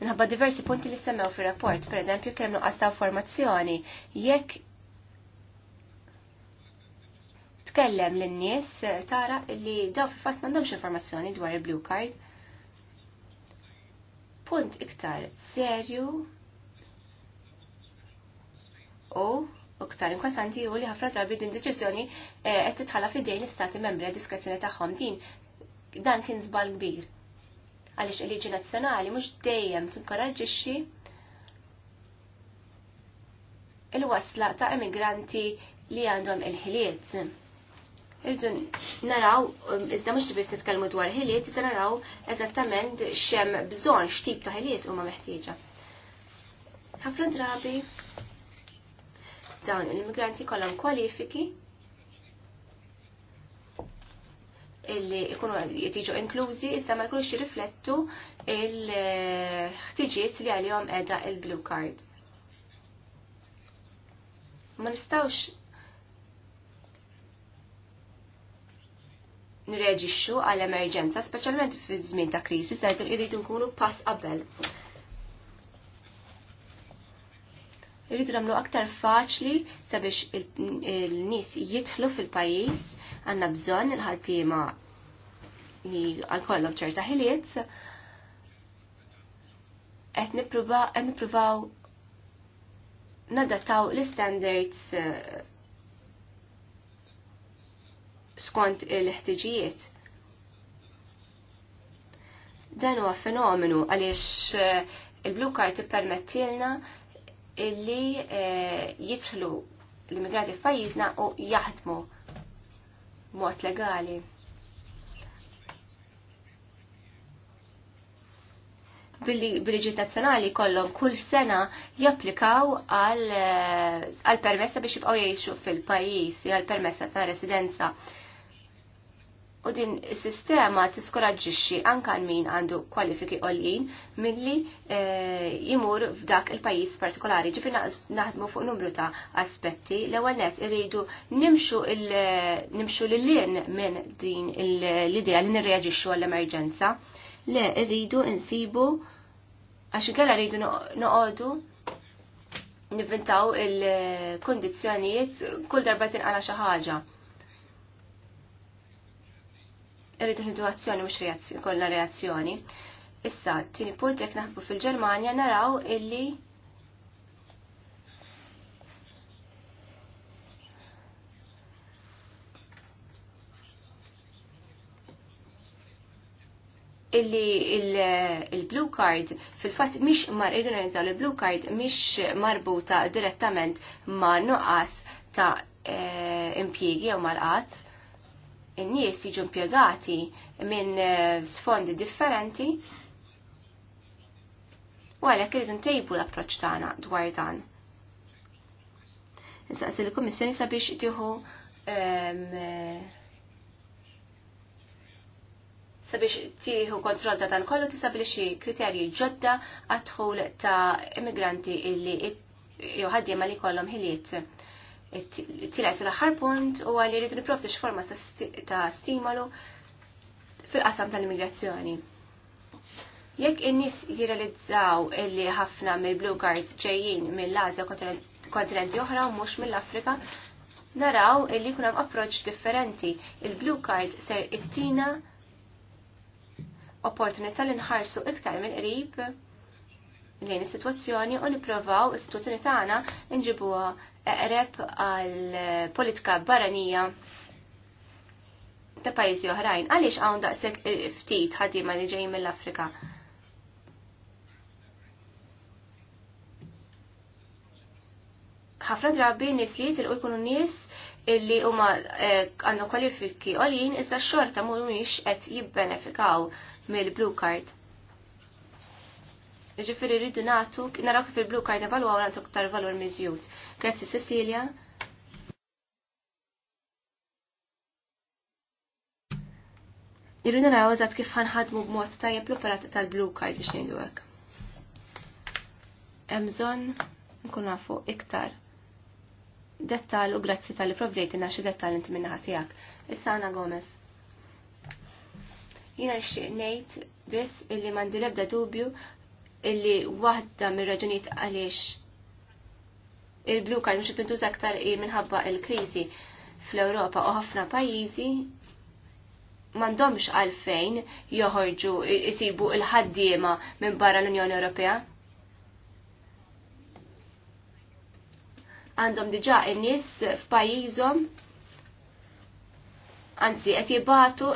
minħabba diversi punti li semmew fir-rapport, pereżempju kemm nuqqas ta' formazzjoni, jekk tkellem lin-nies tara li daw fil-fatt m'għandhomx informazzjoni dwar il-blue card, punt iktar serju u iktar inkwetanti u li ħafna drabi din deċiżjoni eh, qed titħalla fidejn l-istati membri diskrezzjoni tagħhom din dan kien żball kbir. Għaliex il-liġi nazzjonali mhux dejjem tinkoraġġixxi il-wasla ta' emigranti li għandhom il-ħiliet. Irdu naraw, um, iżda mhux biss nitkellmu dwar ħiliet, iżda naraw eżattament xem bżonn x'tip ta' ħiliet huma meħtieġa. Ħafna drabi dawn il immigranti kollhom kwalifiki illi ikunu jtiġu inklużi iżda ma jkunux jirriflettu il-ħtiġiet li għalihom qiegħda il-blue card. Ma nistgħux nreġixxu għal emerġenza, speċjalment fiż żmien ta' kriżi, se irridu nkunu pass qabel. Irridu nagħmlu aktar faċli sabiex il-nies jidħlu fil-pajjiż għandna bżonn il-ħaddiema li għal kollhom ċerta ħiliet qed nippruvaw nadattaw l-standards skont il-ħtiġijiet. Dan huwa fenomenu għaliex eh, il-blue card tippermettilna illi eh, jidħlu l-immigrati f'pajjiżna u jaħdmu mod legali. bil-liġi nazzjonali kollhom kull sena japplikaw eh, għal permessa biex jibqgħu jgħixu fil-pajjiż, għal permessa ta' residenza u din is-sistema tiskoraġġixxi anke għal min għandu kwalifiki għoljin milli eh, jimur f'dak il-pajjiż partikolari. Ġifi naħdmu fuq numru ta' aspetti. L-ewwel net irridu nimxu nimxu lil minn din l-idea li nirreaġixxu għall-emerġenza. Le, iridu insibu għax kella rridu noqogħdu nivvintaw il-kondizzjonijiet kull darba tinqala xi ħaġa irridu situazzjoni mhux reazzjoni, kollha reazzjoni. Issa, tini punt jekk naħsbu fil-Ġermanja naraw illi illi il-blue card fil-fat mish mar irridu organizzaw il-blue card mish marbuta direttament ma' nuqqas ta' eh, impjiegi jew mal-qatt in-nies jiġu impjegati minn eh, sfondi differenti u għalhekk irid ntejbu l-approċċ tagħna dwar dan. Insaqsi l-Kummissjoni sabiex tieħu ehm, eh, sabiex tieħu kontroll ta' dan kollu tistabbilixxi kriterji ġodda għad-dħul ta' immigranti illi jew ħaddiema li kollhom ħiliet it-tielet l-aħħar punt u għalli rridu x forma ta' stimolu fil-qasam tal-immigrazzjoni. Jekk in-nies jirrealizzaw illi ħafna mill-Blue Guards ġejjin mill-Asja kontinenti oħra u mhux mill-Afrika, naraw illi kun hemm approċċ differenti. Il-Blue Card ser it-tina opportunità li nħarsu iktar mill-qrib lejn is-sitwazzjoni u nipprovaw is-sitwazzjoni tagħna nġibuha eqreb għal politika barranija ta' pajjiżi oħrajn. Għaliex hawn daqshekk ftit ħaddiema li ġejjin mill-Afrika? ħafna drabi nis li jitilqu jkunu nies illi huma eh, għandu kwalifiki għolin iżda xorta mhumiex qed jibbenefikaw mill-blue card. Ġifiri rridu natu, naraw kif il-blu karnaval u għawna tuktar valur mizjut. Grazzi Cecilia. Irridu naraw eżatt kif ħanħadmu b'mod tajjeb l-operata tal-blu card biex ngħidu hekk. Hemm bżonn nkun nafu iktar dettal u grazzi tal-li provdejtina xi dettal inti minna ħatijak. Issa Ana Gomez jina xieqnejt biss illi mandi lebda dubju illi waħda mir-raġunijiet għaliex il-blue card mhux tintuż aktar minħabba il-kriżi fl-Ewropa u ħafna pajjiżi m'għandhomx għalfejn joħorġu isibu il-ħaddiema minn barra l-Unjoni Ewropea. Għandhom diġà in-nies f'pajjiżhom anzi qed jibatu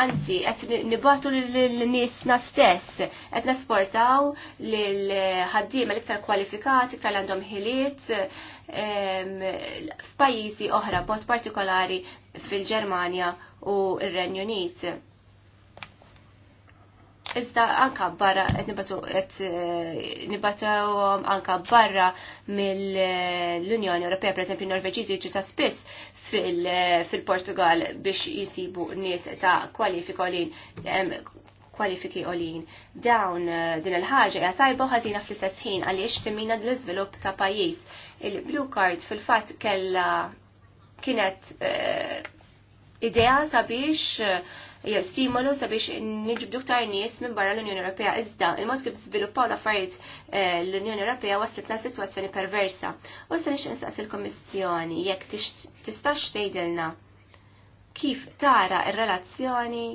anzi qed nibatu lin na stess, qed nesportaw lil ħaddiema l-iktar kwalifikati, iktar għandhom ħiliet ehm, f'pajjiżi oħra b'mod partikolari fil-Ġermanja u r-Renju Unit iżda anka barra qed nibatu qed eh, anka barra mill-Unjoni Ewropea, pereżempju Norveġiżi jiġu ta' spiss eh, fil-Portugal biex jisibu nies ta' kwalifika olin kwalifiki olin. Dawn eh, din il-ħaġa hija tajba ħażina fl-istess ħin għaliex timina l-iżvilupp ta' pajjiż. Il-blue card fil-fatt kellha kienet idea sabiex jew stimolu sabiex niġbdu ktar nies minn barra l-Unjoni Ewropea. Iżda, il-mod kif żviluppaw l-affarijiet eh, l-Unjoni Ewropea wasletna sitwazzjoni perversa. U se nix instaqs il-Kommissjoni jekk tistax tgħidilna kif tara r relazzjoni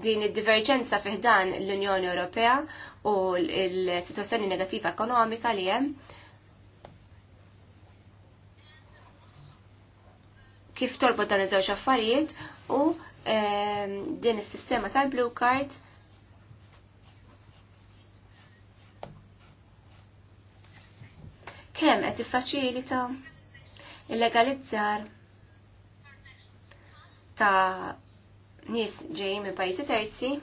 din id-diverġenza fiħdan l-Unjoni Ewropea u l-situazzjoni negattiva ekonomika li hemm kif torbod dan iż-żewġ affarijiet u ehm, din is-sistema tal-blue card kemm qed tiffaċilita il-legalizzar ta' nies ġejjin minn pajjiżi terzi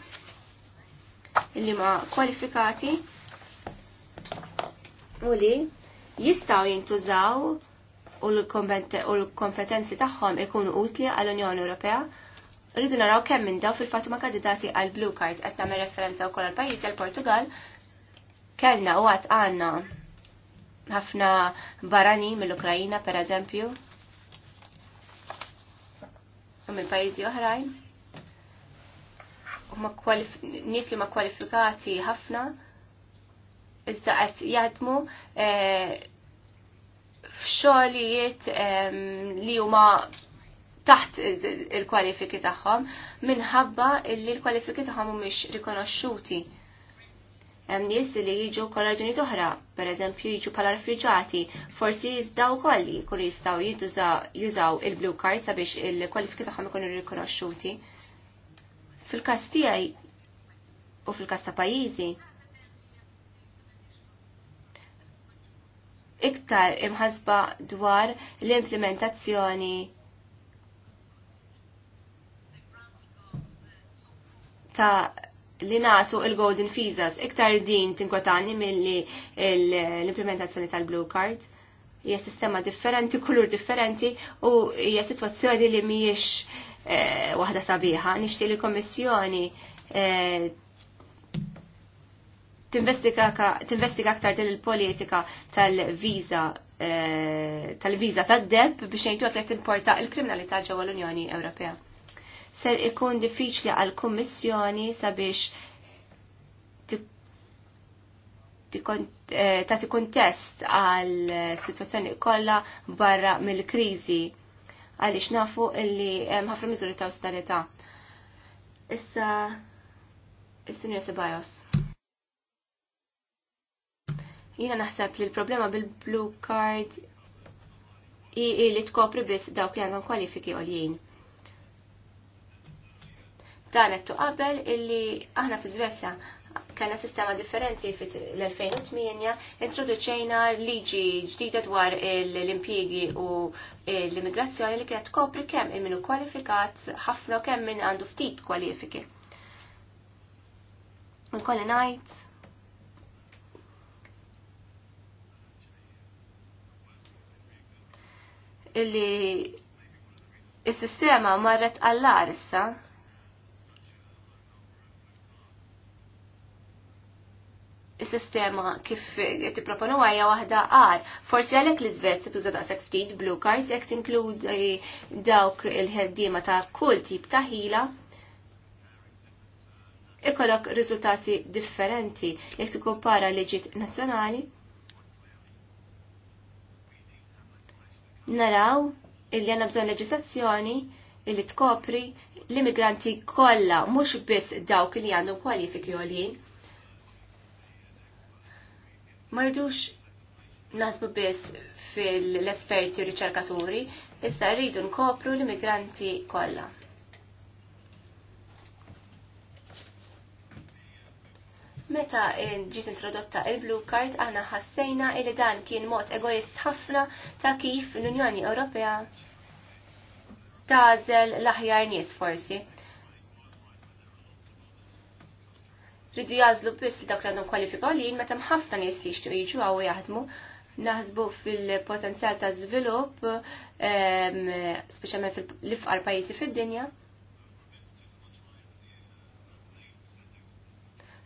li ma kwalifikati u li jistgħu jintużaw u l-kompetenzi tagħhom ikunu utli għall-Unjoni Ewropea. Rridu naraw kemm minn daw fil-fatt ma' kandidati għal Blue Card qed nagħmel referenza wkoll għal pajjiż għal Portugal kellna u għat għandna ħafna barani mill-Ukrajina pereżempju u minn pajjiżi oħrajn. Nies li ma kwalifikati ħafna iżda qed jaħdmu eh, f'xogħlijiet li huma taħt il-kwalifiki tagħhom minħabba li l-kwalifiki tagħhom mhumiex rikonoxxuti. Hemm nies li jiġu wkoll raġuni oħra, pereżempju jiġu bħala rifuġati, forsi jiżda wkoll jkunu jistgħu jużaw il-blue card sabiex il-kwalifiki tagħhom ikunu rikonoxxuti. Fil-każ tiegħi u fil-każ ta' pajjiżi, iktar imħasba dwar l-implementazzjoni ta' li natu il-Golden Visas, iktar din tinkotani mill-li l-implementazzjoni tal-Blue Card. Hija sistema differenti, kulur differenti u hija situazzjoni li mhijiex eh, waħda sabiħa. Nixtieq li kommissjoni eh, tinvestiga aktar din il-politika tal-viza eh, tal-viza tad-deb biex jgħidu li importa il-kriminalità ġewwa l-Unjoni Ewropea. Ser ikun diffiċli għal-Kummissjoni sabiex eh, ta' test għal situazzjoni kollha barra mill-kriżi għaliex nafu illi ħafna miżuri ta' austerità. Issa is-Sinjor Sebajos. Jiena naħseb li l-problema bil-blue card i li tkopri biss dawk li għandhom kwalifiki għoljien. Dan qed qabel illi aħna fi Svezja kena sistema differenti fit l-2008 introduċejna liġi ġdida dwar l-impjiegi u l-immigrazzjoni li kienet tkopri kemm il-minu kwalifikat ħafna kemm min għandu ftit kwalifiki. Nkolli ngħid illi il-sistema marret għallar issa. Il-sistema kif tipproponu għajja waħda għar. Forsi għalek li zvet se tuża daqshekk ftit blue cards jekk tinkludi dawk il ħeddima ta' kull tip ta' ħila ikollok riżultati differenti jekk tikkompara liġiet nazzjonali naraw illi għanna bżon leġislazzjoni illi tkopri l-immigranti kollha mhux biss dawk li għandhom kwalifiki għolin. Mardux nasbu biss fil-esperti u riċerkaturi, issa rridu nkopru l-immigranti kollha. Meta eh, ġiet introdotta il-Blue Card aħna ħassejna li dan kien mod egoist ħafna ta' kif l-Unjoni Ewropea tażel l-aħjar nies forsi. Ridu jażlu biss li dawk li għandhom kwalifikolin meta ħafna nies li jixtiequ jiġu għaw jaħdmu naħsbu fil-potenzjal ta' żvilupp, ehm, speċjalment fil-ifqar pajjiżi fid-dinja.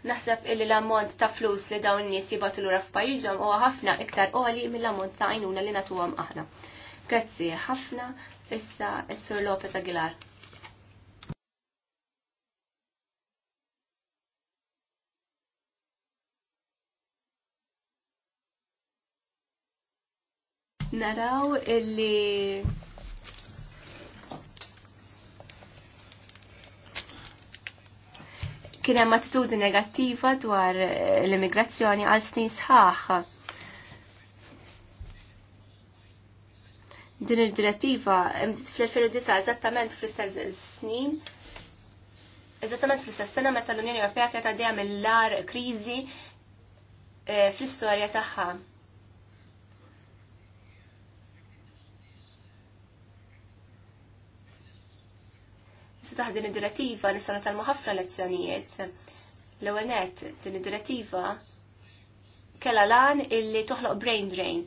Naħseb illi l-ammont ta' flus li dawn nies l lura f'pajjiżhom huwa ħafna iktar qoli mill-ammont ta' għajnuna li nagħtuhom aħna. Grazzi ħafna issa s-Sur Lopez Aguilar. Naraw illi kien hemm attitudi negattiva dwar eh, l-immigrazzjoni għal snin sħaħ. Din il-direttiva imdit fl-2009 eżattament fl-istess snin Eżattament fl-istess sena meta l-Unjoni Ewropea kienet għaddejja mill-lar kriżi eh, fl-istorja tagħha. taħt din id-direttiva sanat nitalmu ħafna lezzjonijiet. L-ewwel din id-direttiva kellha lan illi toħloq brain drain.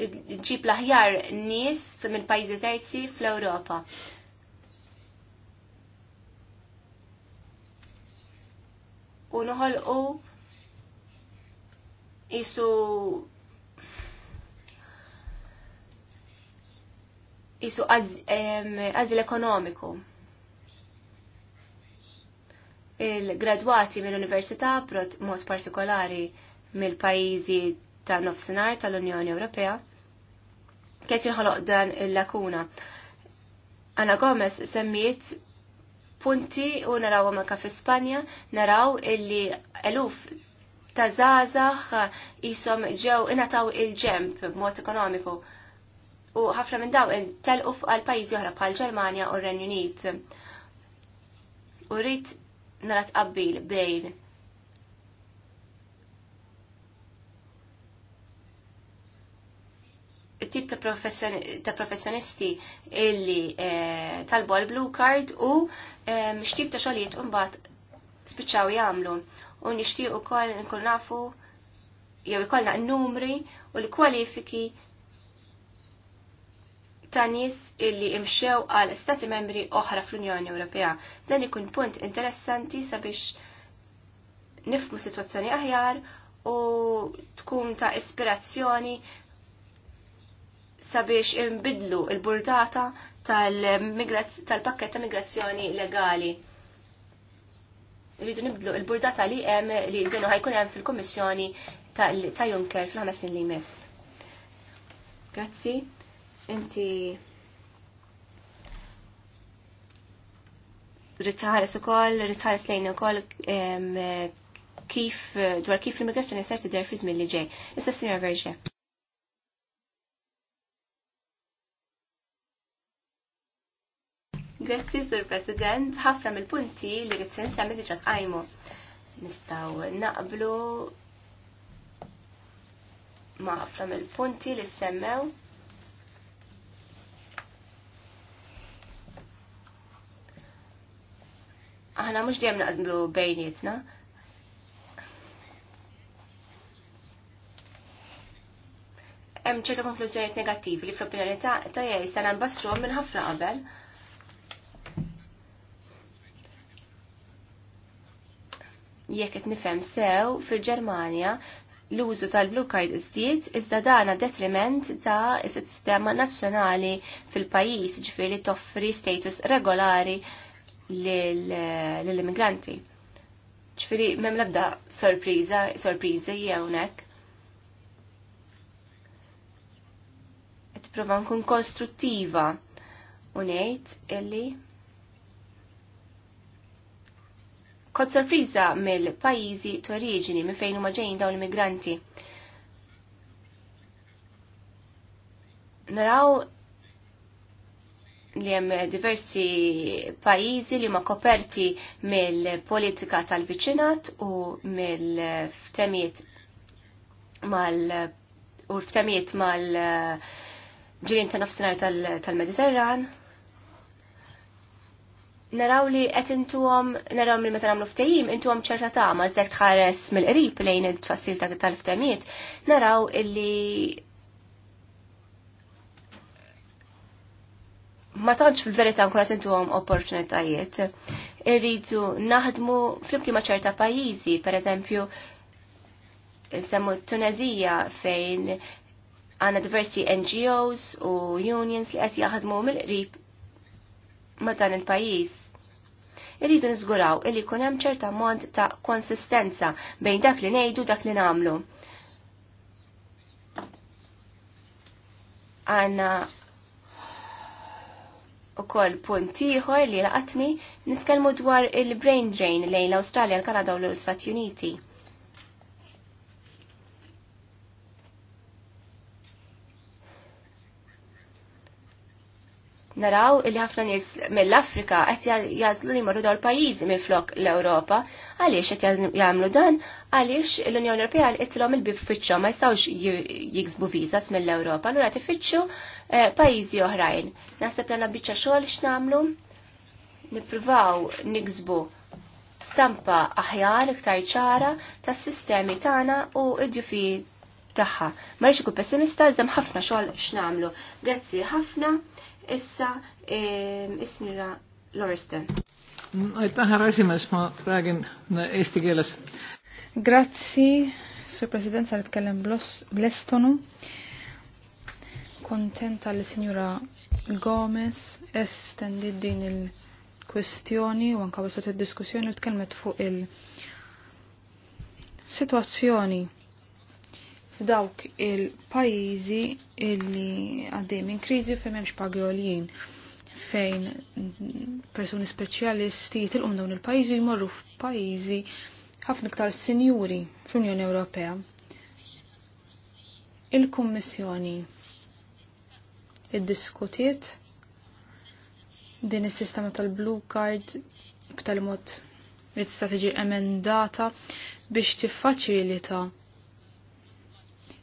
Ġib l-aħjar nies minn pajjiżi terzi fl-Ewropa. U noħolqu isu jisu għazil ekonomiku. Il-gradwati mill-Università mod partikolari mill-pajizi ta' nofsinar tal-Unjoni Ewropea kħet jinħoloq dan il-lakuna. Anna Gomez semmiet punti u naraw maka fi Spanja, naraw illi eluf ta' zazax jisom ġew inataw il-ġemp mod ekonomiku u ħafna minn daw telqu għal pajjiżi oħra bħal Ġermanja u r-Renju Unit. U rrid nara tqabbil bejn tip ta', profession, ta professjonisti illi eh, talbu għal blue card u eh, ta' xogħlijiet mbagħad spiċċaw jagħmlu u nixtieq ukoll nkun nafu jew ikollna n-numri u l-kwalifiki ta' nies illi imxew għal stati membri oħra fl-Unjoni Ewropea. Dan ikun punt interessanti sabiex nifmu situazzjoni aħjar u tkun ta' ispirazzjoni sabiex imbidlu il-burdata tal-pakket ta' migrazzjoni legali. Rridu nibdlu il-burdata li hemm li kienu ħajkun hemm fil-Kummissjoni ta' Juncker fl-ħames li jmiss. Grazzi inti ritħares u koll, ritħares lejn u koll kif, dwar kif l-immigrazzjoni ser tidher fi żmien li ġej. Issa sinja verġe. Grazzi, Sur President, ħafna mill-punti li rrid semmi diġà għajmu. Nistgħu naqblu ma' ħafna mill-punti li semmew Aħna mhux dejjem naqzmlu bejnietna. Hemm ċerta konklużjonijiet negattivi li fl-opinjoni ta' jgħid se nbassruhom minn ħafna qabel. Jekk qed nifhem sew fil-Ġermanja l-użu tal-blue card iżdied iżda dana detriment ta' is-sistema nazzjonali fil-pajjiż ġifieri toffri status regolari l-immigranti. ċifiri, mem labda sorpriza, sorprizi jgħonek. Et prova nkun konstruttiva unajt illi kod sorpriża mill-pajjiżi t-oriġini minn fejn huma ġejjin dawn l-immigranti. Naraw li hemm diversi pajjiżi li ma koperti mill-politika tal-viċinat u mill-ftemijiet mal u ftemiet mal ġirin ta' nofsinhar tal-Mediterran. Naraw li qed intuhom naraw li meta nagħmlu ftejim, intuhom ċerta ma' żdek tħares mill-qrib lejn it-tfassil tal ftemiet naraw illi ma tantx fil-verità nkun qed intuhom opportunitajiet. Irridu naħdmu flimkien ma' ċerta pajjiżi, pereżempju semmu Tunezija fejn għandna diversi NGOs u unions li qed jaħdmu mill-qrib ma' dan il-pajjiż. Irridu niżguraw illi jkun hemm ċerta mont ta' konsistenza bejn dak li ngħidu dak li nagħmlu. Għanna u kol punt ieħor li laqatni nitkellmu dwar il-brain drain lejn l-Awstralja, l-Kanada u l-Istati Uniti. naraw li ħafna nies mill-Afrika qed jażlu li marru dawn il pajjiżi minflok l-Ewropa. Għaliex qed jagħmlu dan? Għaliex l-Unjoni Ewropea lqitlhom il-bib fiċċhom ma jistgħux jiksbu viżas mill-Ewropa, allura tifittxu eh, pajjiżi oħrajn. Naħseb lana biċċa xogħol x'namlu? Nippruvaw niksbu stampa aħjar iktar ċara tas-sistemi tagħna u idju fi tagħha. Ma rridx ikun pessimista iżda ħafna xogħol x'namlu. Grazzi ħafna. Issa ehm, is-sinjura Lorsten. Taħar għasimax ma na äh, esti għelas. Grazzi, Sur President, sa' nitkellem bl-Estonu. Kontenta li Sinjura Gomez estendid din il-kwestjoni u anka wasat il-diskussjoni u tkellmet fuq il-situazzjoni f'dawk il-pajjiżi illi għaddej minn kriżi fejn m'hemmx pagi fejn persuni speċjalisti tilqum dawn il-pajjiżi jmorru f'pajjiżi ħafna iktar sinjuri fl-Unjoni Ewropea. Il-Kummissjoni iddiskutiet din is-sistema tal-Blue Card b'tal-mod li tista' tiġi emendata biex tiffaċilita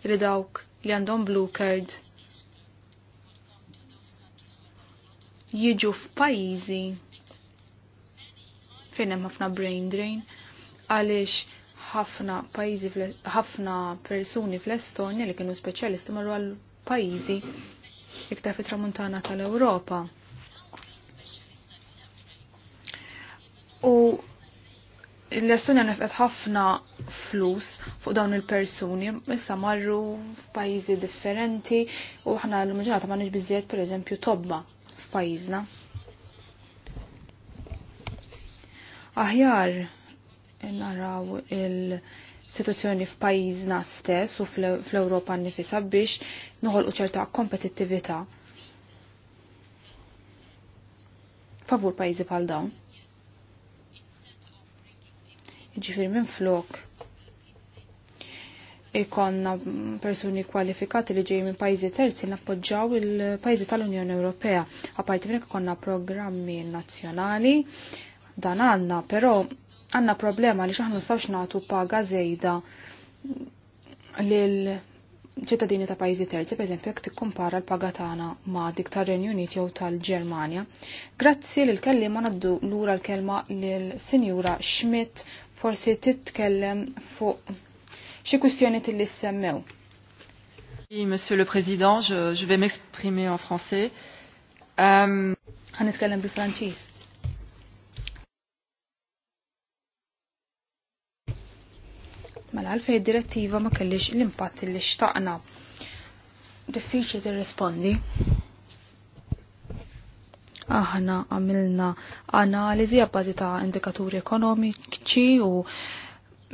li dawk li għandhom blue card jiġu f'pajjiżi fejn hemm ħafna brain drain għaliex ħafna pajjiżi ħafna persuni fl-Estonja li kienu speċjalisti marru għal pajjiżi iktar fit-tramuntana tal-Ewropa. U l-Estonja nefqet ħafna flus fuq dawn il-persuni, issa marru f'pajjiżi differenti u ħna l-immaġinata ma biżjed per eżempju tobba f'pajjiżna. Aħjar naraw il-situazzjoni f'pajjiżna stess u fl-Ewropa nifisa biex noħolqu ċerta kompetittività favur pajjiżi bħal dawn. Ġifir minn flok ikonna persuni kwalifikati li ġej minn pajjiżi terzi nappoġġaw il pajzi tal-Unjoni Ewropea. Aparti minn ikonna programmi nazzjonali dan għandna, però għandna problema li xaħna nistawx nagħtu paga żejda lil ċittadini ta' pajjiżi terzi, pereżempju jekk tikkumpara l-paga tagħna ma' dik tar-Renju Uniti jew tal-Ġermanja. Grazzi l-kelli kelliema naddu lura l-kelma lil Sinjura Schmidt forsi titkellem fuq xi kwistjoni li semmew. Monsieur le Président, je, je vais m'exprimer en français. Um... Euh, Għanitkellem bil-Franċiż. Mela għalfej direttiva ma kellix l-impatt li xtaqna. Diffiċli tirrispondi. rispondi Aħna għamilna analiżi għabbażi ta' indikaturi ekonomiċi u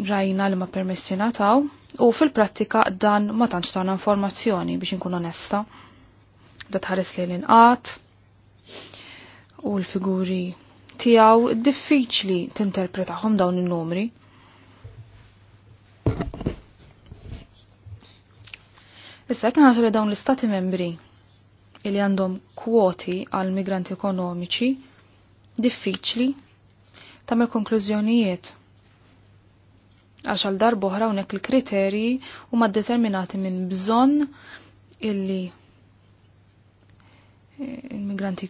rajna li ma permessi nataw u fil-prattika dan ma tantx tagħna informazzjoni biex inkun onesta. Da tħares li l-inqat u l-figuri tiegħu diffiċli tinterpretahom dawn in-numri. Issa kien li dawn l-istati membri li għandhom kwoti għal migranti ekonomiċi diffiċli tagħmel konklużjonijiet għax għal darboħra unek il-kriterji u ma determinati minn bżon illi il-migranti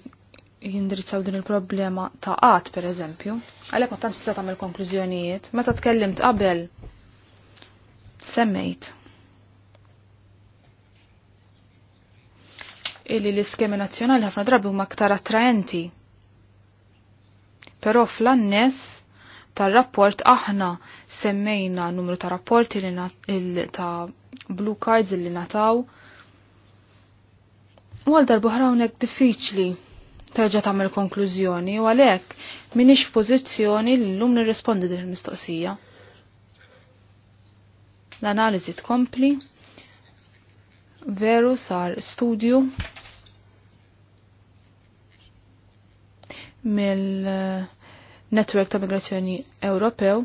jindirizzaw din il-problema ta' għat per eżempju. Għalek ma tantx tista' tagħmel konklużjonijiet, meta tkellimt qabel semmejt illi l-iskemi nazzjonali ħafna drabi huma aktar attraenti. Però fl-annes tar-rapport aħna semmejna numru ta' rapporti li ta' blue cards li nataw. U għal darbuħra hawnhekk diffiċli terġa' tagħmel konklużjoni u għalhekk m'iniex f'pożizzjoni li llum nirrispondi din il-mistoqsija. L-analiżi tkompli veru sar studju mill-Network eh, ta' Migrazzjoni Ewropew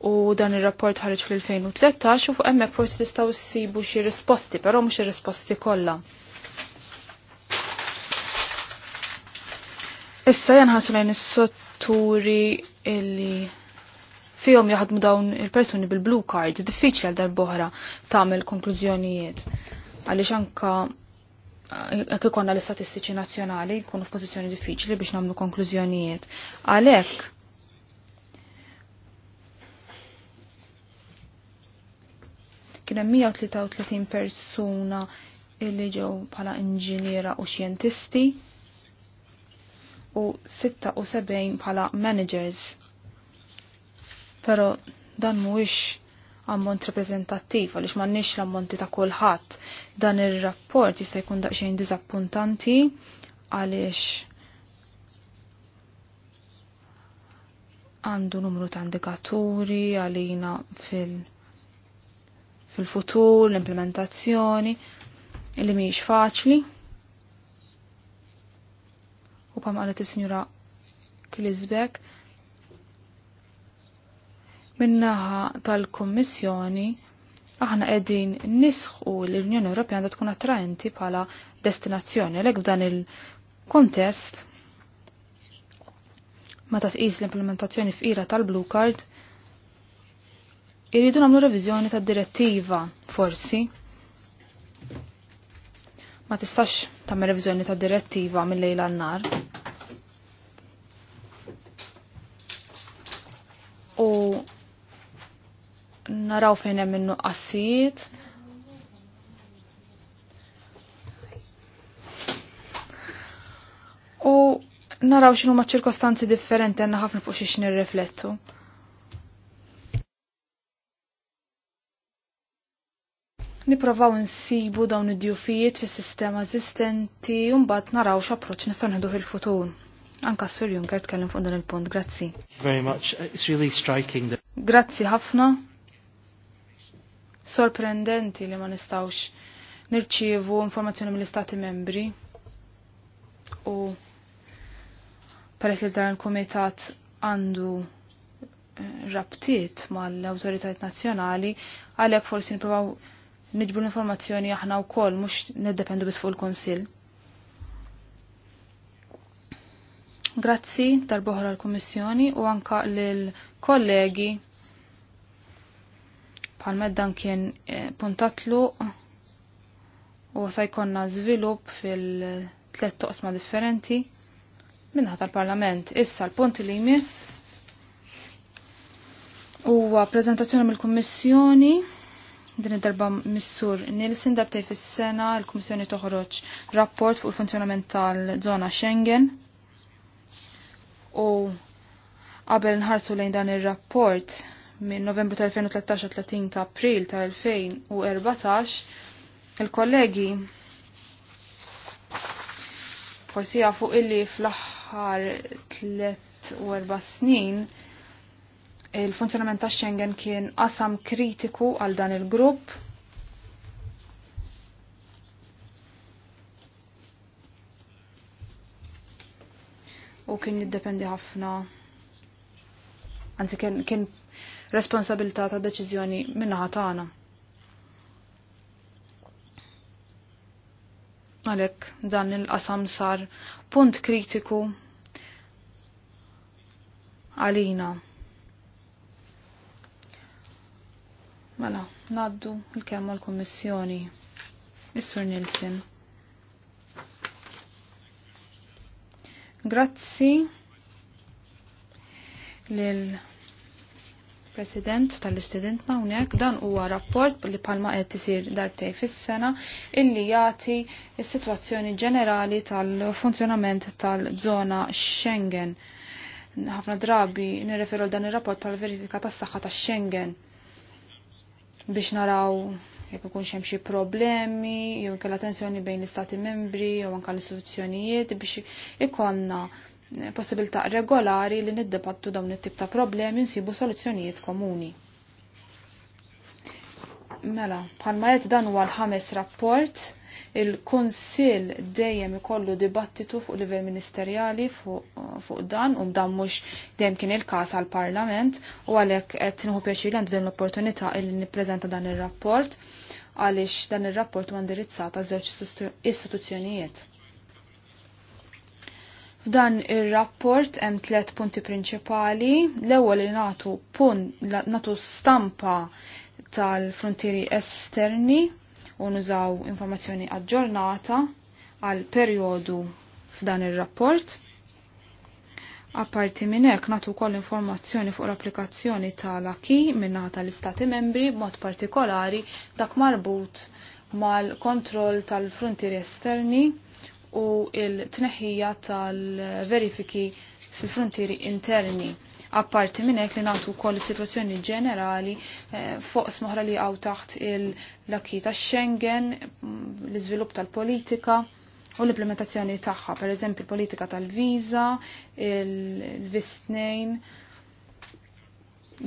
u dan ir-rapport ħareġ fl-2013 u fuq hemmhekk forsi tistgħu ssibu xi risposti, però mhux ir-risposti kollha. Issa jenħasu lejn is-sotturi illi fihom jaħdmu dawn il-persuni bil-blue card, diffiċli għal darboħra tagħmel konklużjonijiet. Għaliex anka eh, jekk ikonna l-istatistiċi nazzjonali jkunu f'pożizzjoni diffiċli biex nagħmlu konklużjonijiet. Għalhekk kien hemm 133 persuna illi ġew bħala inġiniera u xjentisti u 76 bħala managers. Pero dan mhuwiex ammont reprezentattiv għaliex m'għandniex l-ammonti ta' kulħadd. Dan ir-rapport jista' jkun daqsxejn diżappuntanti għaliex għandu numru ta' indikaturi għalina fil fil-futur, l-implementazzjoni, li miex faċli. U pam għalet il-Sinjura Klisbek, Minnaħa tal-Kommissjoni aħna qegħdin nisħu l-Unjoni Ewropea għandha tkun attraenti bħala destinazzjoni lek f'dan il-kontest meta tqis l-implementazzjoni f'ira tal-Blue Card irridu nagħmlu reviżjoni tad-direttiva forsi ma tistax tagħmel reviżjoni tad-direttiva mill lejla nar naraw fejn hemm in-nuqqassijiet. U naraw x'inhu ma' ċirkostanzi differenti għandna ħafna fuq xiex nirriflettu. Niprovaw insibu dawn id-djufijiet fis-sistema eżistenti u mbagħad naraw x'approċċ nistgħu nieħdu fil-futur. Anka Sur Juncker tkellem fuq dan il-punt, grazzi. Very much. It's really striking that Grazzi ħafna sorprendenti li ma nistawx nirċievu informazzjoni mill-istati membri u peress li dan il-komitat għandu eh, rabtiet mal autoritajt nazzjonali għalhekk forsi nippruvaw niġbu l-informazzjoni aħna wkoll mhux niddependu bis fuq il-Kunsill. Grazzi tal l-Kummissjoni u anka l kollegi bħal dan kien eh, puntatlu u sa jkonna żvilupp fil-tlet toqsma differenti minna tal-Parlament. Issa l-punt li jmiss huwa prezentazzjoni mill-Kummissjoni din id-darba missur Nilsen dabtej fis-sena l-Kummissjoni toħroġ rapport fuq il-funzjonament tal-żona Schengen u qabel nħarsu lejn dan ir-rapport minn novembru tal-2013 30 ta' april tal-2014 il-kollegi forsi għafu illi fl-aħħar 3 u 4 snin il-funzjonament ta' Schengen kien qasam kritiku għal dan il-grupp u kien jiddependi ħafna Anzi, kien, kien responsabilità ta' deċiżjoni minna tagħna. Għalhekk dan il-qasam sar punt kritiku għalina. Mela, naddu il-kemm għal-Kummissjoni. issur Nilsen. Grazzi lil President tal-istudentna unek dan huwa rapport li palma qed isir darbtej fis-sena illi jagħti s-sitwazzjoni ġenerali tal-funzjonament tal-żona Schengen. Ħafna drabi nirreferu dan ir-rapport pal verifika tas-saħħa tax-Schengen biex naraw jekk ikun hemm xi problemi jew inkella tensjoni bejn l-istati membri jew anke l-istituzzjonijiet biex ikonna possibilità regolari li niddebattu dawn it-tip ta' problemi nsibu soluzzjonijiet komuni. Mela, bħalma qed dan huwa l-ħames rapport, il-Kunsill dejjem ikollu dibattitu fuq livell ministerjali fuq, dan u dan mhux dejjem kien il-każ għall-Parlament u għalhekk qed tinħu pjaċir għandu din l-opportunità li nippreżenta dan ir-rapport għaliex dan ir-rapport huwa indirizzat għaż żewġ istituzzjonijiet. F'dan ir-rapport hemm tliet punti prinċipali. L-ewwel li nagħtu punt nagħtu stampa tal-frontieri esterni u nużaw informazzjoni aġġornata għal perjodu f'dan ir-rapport. Apparti minn hekk nagħtu wkoll informazzjoni fuq l-applikazzjoni tal-aki minnha tal-Istati Membri b'mod partikolari dak marbut mal-kontroll tal-frontieri esterni u il-tneħħija tal-verifiki fil-frontieri interni. Apparti minn hekk li nagħtu wkoll is-sitwazzjoni ġenerali eh, fuq smoħra li għaw taħt il-lakki tax-Schengen, l-iżvilupp tal-politika u l-implementazzjoni tagħha, per eżempju politika tal viza il vistnejn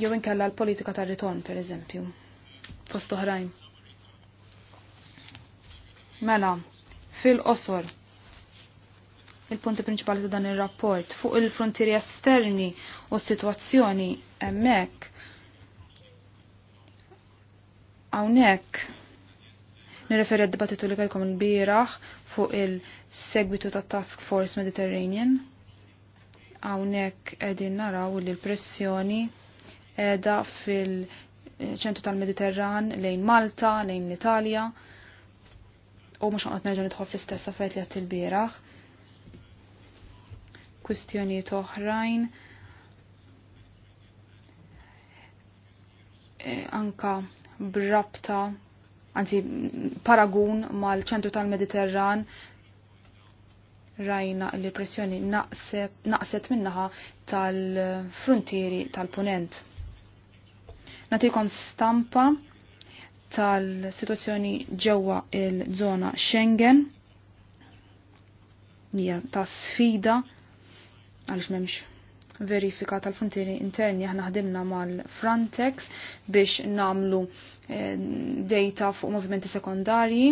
jew inkella l-politika tar-ritorn per eżempju, fost oħrajn. Mela, fil-qosor il-punti prinċipali ta' dan ir-rapport fuq il-frontieri esterni u s-sitwazzjoni hemmhekk hawnhekk nirreferi għad-dibattitu li kellkom il-bieraħ fuq il-segwitu ta' Task Force Mediterranean. Hawnhekk qegħdin naraw li l-pressjoni qiegħda fil-ċentru tal-Mediterran lejn Malta, lejn l-Italja u mux għanqot nerġan nidħol fl-istess affarijiet li għattil biraħ kwistjonijiet oħrajn. E, anka brabta, anzi paragun mal-ċentru tal-Mediterran rajna li pressjoni naqset, naqset minnaħa tal-frontieri tal-punent. Natikom stampa tal-situazzjoni ġewwa il-żona Schengen nija ta' sfida għalix memx verifika tal-frontieri interni aħna ħdimna mal-Frontex biex namlu eh, data fuq movimenti sekondarji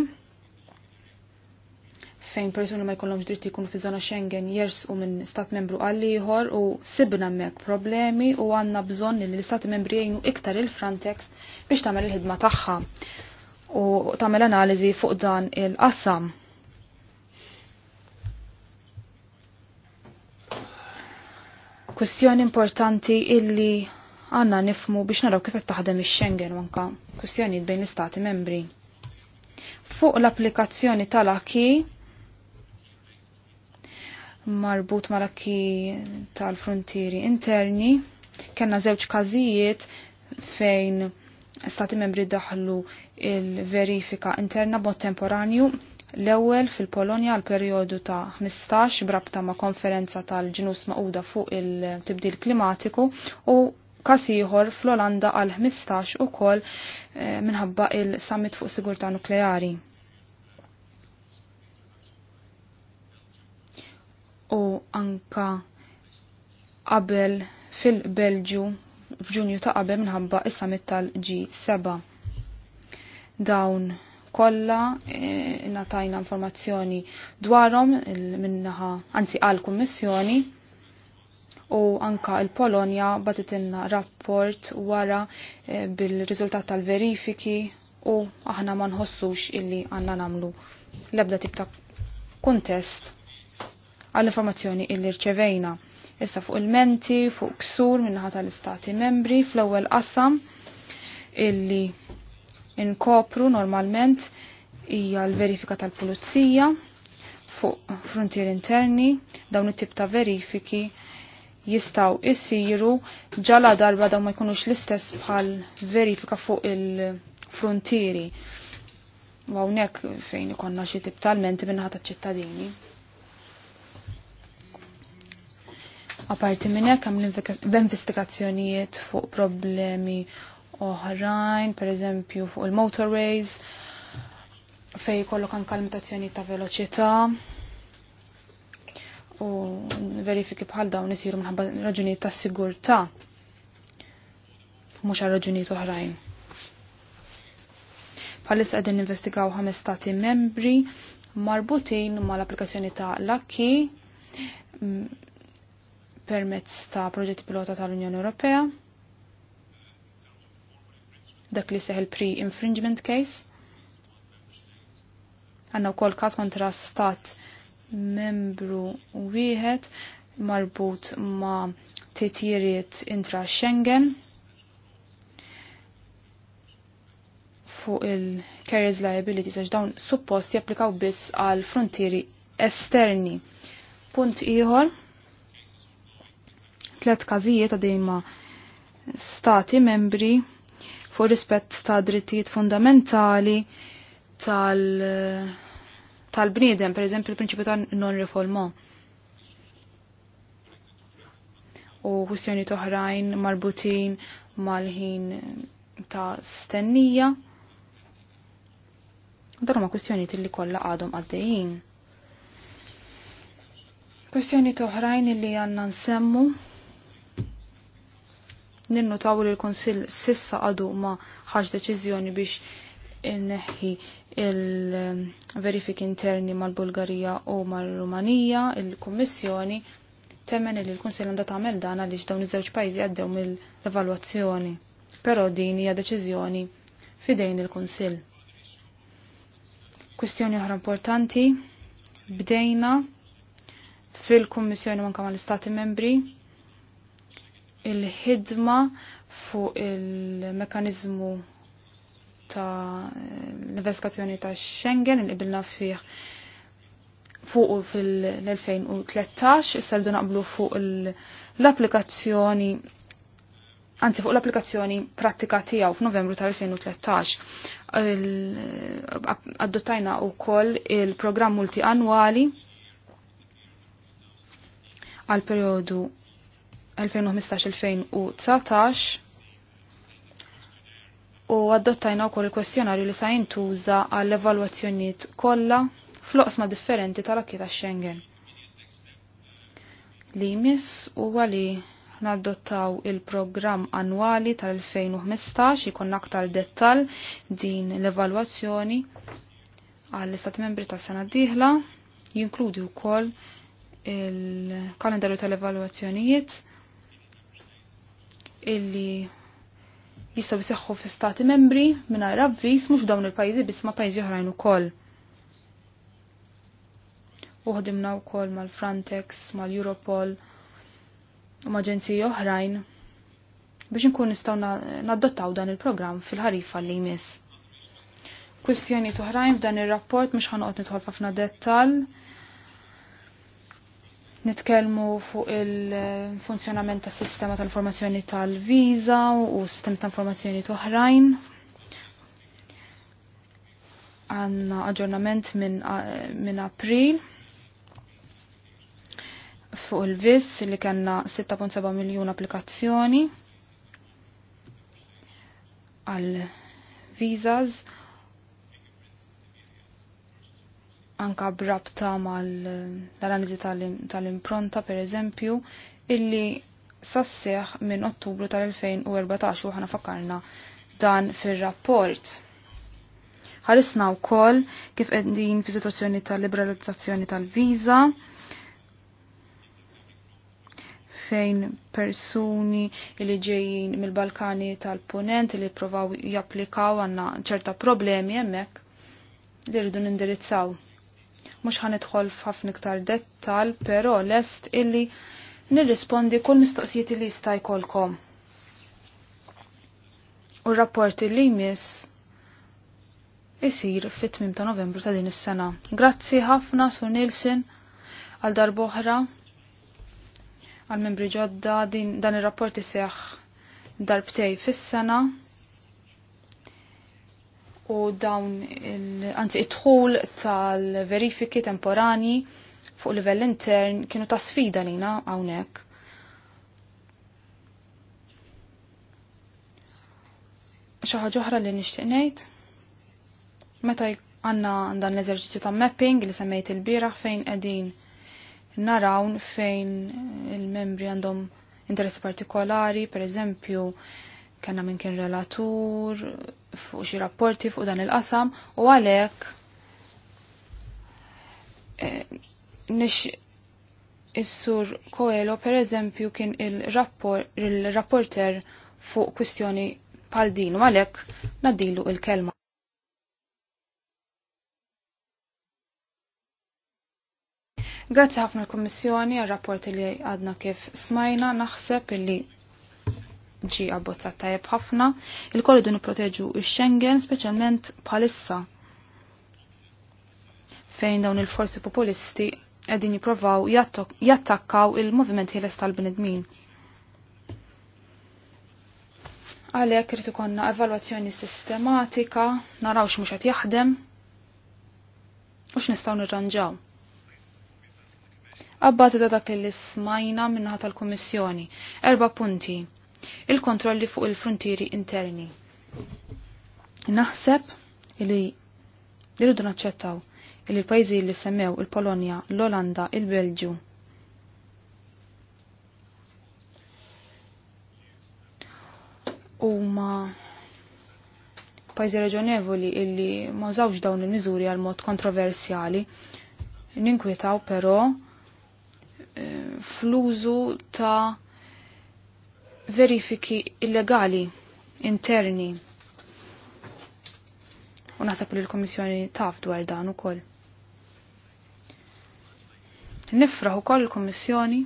fejn persuni ma jkollhomx dritti jkunu fi żona Schengen jersqu minn stat membru għal ieħor u sibna hemmhekk problemi u għandna bżonn li l-istati membri jgħinu iktar il-Frontex biex tagħmel il-ħidma tagħha u tagħmel analiżi fuq dan il-qassam. kwestjoni importanti illi għanna nifmu biex naraw kif qed taħdem ix-Schengen wanka kustjoni bejn l-istati membri. Fuq l-applikazzjoni tal-aki marbut mal-aki tal-frontieri interni, kena żewġ każijiet fejn stati membri daħlu il-verifika interna b'mod temporanju L-ewwel fil-Polonja għal perjodu ta' 15 brabta ma' konferenza tal-ġnus maquda fuq il-tibdil klimatiku u kasiħor fl-Olanda għal 15 u kol minħabba il-summit fuq sigurta nukleari. U anka qabel fil-Belġu f'Ġunju ta' qabel minħabba is-summit tal-G7. Dawn Kolla eh, natajna informazzjoni dwarhom minnaħa anzi għal kummissjoni u anka il-Polonja batitinna rapport wara eh, bil-riżultat tal-verifiki u aħna ma nħossux illi għanna namlu lebda tip ta' kontest għall-informazzjoni illi rċevejna. Issa fuq il-menti, fuq ksur minnaħa tal-istati membri, fl-ewwel qasam illi inkopru normalment hija l-verifika tal-pulizija fuq frontier interni dawn it-tip ta' verifiki jistaw isiru ġala darba dawn ma jkunux l-istess bħal verifika fuq il-frontieri. hawnhekk fejn ikonna xi tip tal-menti minnaħa ta' ċittadini. Aparti minn hekk hemm l-investigazzjonijiet fuq problemi oħrajn, per eżempju fuq il-motorways, fej kollok anka limitazzjoni ta' veloċità u verifiki bħal dawn isiru minħabba raġunijiet ta' sigurtà mhux għal raġunijiet oħrajn. Bħalissa qegħdin investigaw ħames stati membri marbutin mal-applikazzjoni ta' Lucky permezz ta' proġetti pilota tal-Unjoni Ewropea dak li seħ il-pre-infringement case. Għanna u kol kas kontra stat membru wieħed marbut ma titjiriet intra Schengen fuq il-carriers liability għax dawn suppost japplikaw biss għal frontieri esterni. Punt ieħor tlet każijiet għadejma stati membri fuq rispett ta' drittijiet fundamentali tal- tal-bniedem, per eżempju il-prinċipju ta' non-reformo. U kustjoni toħrajn marbutin mal-ħin ta' stennija. Dan huma kwistjoni li kollha għadhom għaddejjin. Kustjoni toħrajn li għandna nsemmu ninnutaw li l-Konsil sissa għadu ma ħax deċiżjoni biex inneħħi il-verifiki interni mal-Bulgarija u mal-Rumanija, il-Kummissjoni temmen li l-Kunsill għandha tagħmel dan għaliex dawn iż-żewġ pajjiżi għaddew mill-evalwazzjoni. Però din hija deċiżjoni fidejn il-Kunsill. Kwistjoni oħra importanti bdejna fil-Kummissjoni manka mal-Istati Membri il-ħidma fuq il-mekanizmu ta' l-investigazzjoni ta' Schengen il qbilna fih fuq fil-2013 issa rridu naqblu fuq l-applikazzjoni anzi fuq l-applikazzjoni pratika tiegħu f'Novembru tal-2013. Adottajna wkoll il-programm multi annwali għal periodu 2015-2019 u adottajna wkoll il-kwestjonarju li sa jintuża għall evalwazzjonijiet kollha fl-oqsma differenti tal-akki ta' Schengen. Li jmiss huwa li nadottaw il-programm annwali tal-2015 ikon aktar dettal din l-evalwazzjoni għall-Istat Membri ta' sena d-dieħla jinkludi wkoll il-kalendarju tal-evalwazzjonijiet illi jistaw jiseħħu fi stati membri mingħajr avviż mhux dawn il-pajjiżi biss ma' pajjiżi oħrajn ukoll. U koll wkoll mal-Frontex, mal-Europol, ma' maġenziji oħrajn biex nkun nistgħu naddottaw dan il-programm fil-ħarifa li jmiss. Kwistjoni oħrajn f'dan ir-rapport mhux ħanoqgħod nidħol ħafna dettal. Nitkellmu fuq il-funzjonament tas sistema ta' informazzjoni tal-viza u sistema ta' informazzjoni oħrajn. Għanna aġġornament minn min april fuq il-vis li kanna 6.7 miljon applikazzjoni għal visas anka brabta mal-analizi eh, tal-impronta per eżempju illi sasseħ minn ottubru tal-2014 u ħana fakkarna dan fil-rapport. Ħarisna u koll kif edin fi situazzjoni tal-liberalizzazzjoni tal-viza fejn persuni li ġejjin mill-Balkani tal-Punent li provaw japplikaw għanna ċerta problemi jemmek li rridu nindirizzaw mhux ħanidħol f'ħafna iktar dettal, però lest illi nirrispondi kull mistoqsijiet li jista' jkollkom. U r-rapport li jmiss isir fit-8 ta' Novembru ta' din is-sena. Grazzi ħafna Sur Nilsen, għal darboħra għal membri ġodda din dan ir-rapport iseħħ darbtej fis-sena u dawn anzi id-dħul tal-verifiki temporani fuq livell intern kienu ta' sfida lina hawnhekk. Xi ħaġa oħra li nixtieq ngħid. Meta għandna dan l-eżerċizzju ta' mapping li semmejt il-bieraħ fejn qegħdin narawn fejn il-membri għandhom interessi partikolari, per eżempju, kena minn kien relatur fuq xi rapporti fuq dan il-qasam u għalhekk eh, nix is-sur Coelho pereżempju kien il-rapporter fuq kwistjoni bħal din u għalhekk nadilu il-kelma. Grazzi ħafna l-Kommissjoni għal rapporti li għadna kif smajna naħseb illi ġi abbozzat tajjeb ħafna, il-kollu dun proteġu il-Schengen speċjalment palissa fejn dawn il-forsi populisti edin jiprovaw jattakkaw il-moviment ħieles tal-bnedmin. Għalek rritu konna evalwazzjoni sistematika, naraw x'mhux qed jaħdem u x'nistgħu nirranġaw. Abbati da dak li smajna minnaħat tal-Kummissjoni. Erba punti il-kontrolli fuq il-frontieri interni. Naħseb li irridu naċċettaw li l-pajjiżi li semmew il-Polonja, l-Olanda, il-Belġju. Huma pajjiżi raġonevoli illi ma żawx dawn il-miżuri għal mod kontroversjali. Ninkwitaw però eh, fl-użu ta' verifiki illegali interni. U naħseb li l-Komissjoni taf dwar dan ukoll. Nifraħ ukoll l-Komissjoni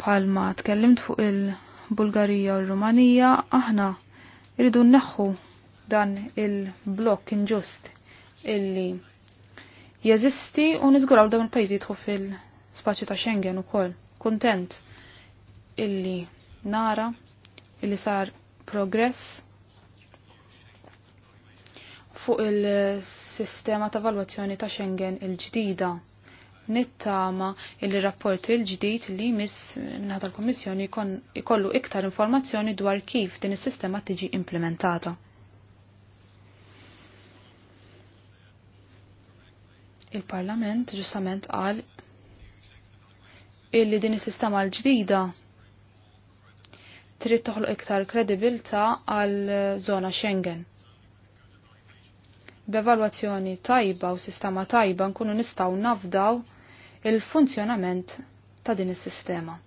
palma tkellimt fuq il-Bulgarija u l-Rumanija, aħna rridu neħħu dan il-blok inġust illi jeżisti u niżguraw dawn il pajzi tħu fil spaċi ta' Schengen ukoll. Kuntent illi nara illi sar progress fuq il-sistema ta' valwazzjoni ta' Schengen il-ġdida. Nittama il rapporti il-ġdid li mis minna tal-Kommissjoni ikollu iktar informazzjoni dwar kif din is-sistema tiġi implementata. Il-Parlament ġustament qal illi din is-sistema l-ġdida trid toħloq iktar kredibilta għal żona Schengen. B'evalwazzjoni tajba u sistema tajba nkunu nistgħu nafdaw il-funzjonament ta' din is-sistema.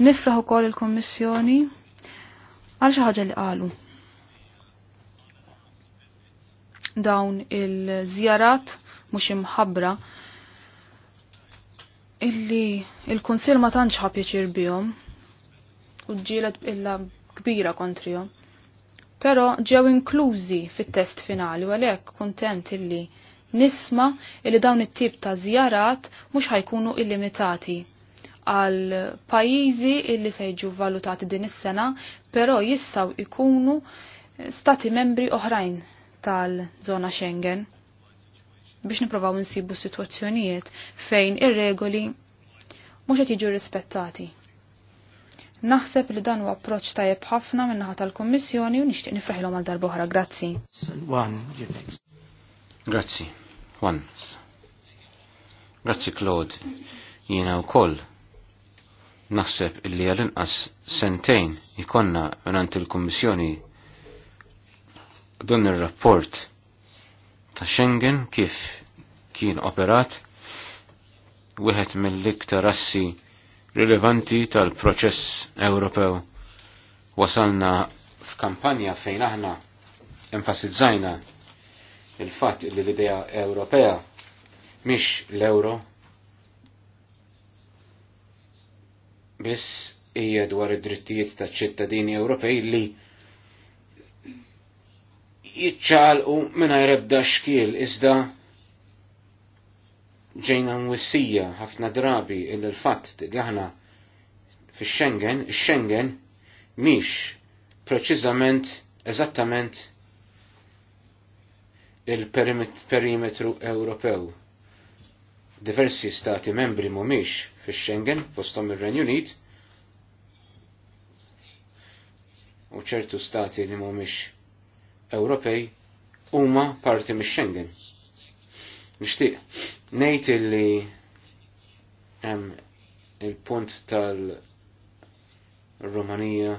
Nifraħ ukoll il-Kommissjoni għal xi ħaġa li qalu. dawn il-żjarat mhux imħabbra illi il-kunsil ma tantx ħapjaċir bihom u ġielet illa kbira kontrihom. Però ġew inklużi fit-test finali u għalhekk kuntent illi nisma illi dawn it-tip ta' żjarat mhux ħajkunu illimitati għal pajjiżi illi se jiġu valutati din is-sena, però jistgħu ikunu stati membri oħrajn tal-zona Schengen biex nipprovaw nsibu situazzjonijiet fejn ir-regoli mhux qed jiġu rispettati. Naħseb li dan huwa approċċ tajjeb ħafna min-naħa tal-Kummissjoni u nixtieq nifraħilhom għal darba oħra. Grazzi. Grazzi. Juan. Grazzi Claude. Jiena wkoll naħseb illi għal-inqas sentejn ikonna minant il-Kummissjoni dan ir-rapport ta' Schengen kif kien operat wieħed mill-iktar assi rilevanti tal-proċess Ewropew. Wasalna f'kampanja fejn aħna enfasizzajna il-fatt li l-idea Ewropea mhix l-euro biss hija dwar id-drittijiet taċ-ċittadini Ewropej li jitċalqu minna jrebda xkiel iżda ġejna mwissija ħafna drabi il l-fatt għahna fi Schengen, Schengen miex preċizament, eżattament il-perimetru Ewropew. Diversi stati membri mumiex fi Schengen, postom il-Renju Unit, u ċertu stati li mumiex Ewropej huma parti mix-Schengen. Nixtieq ngħid illi hemm il-punt tal-Rumanija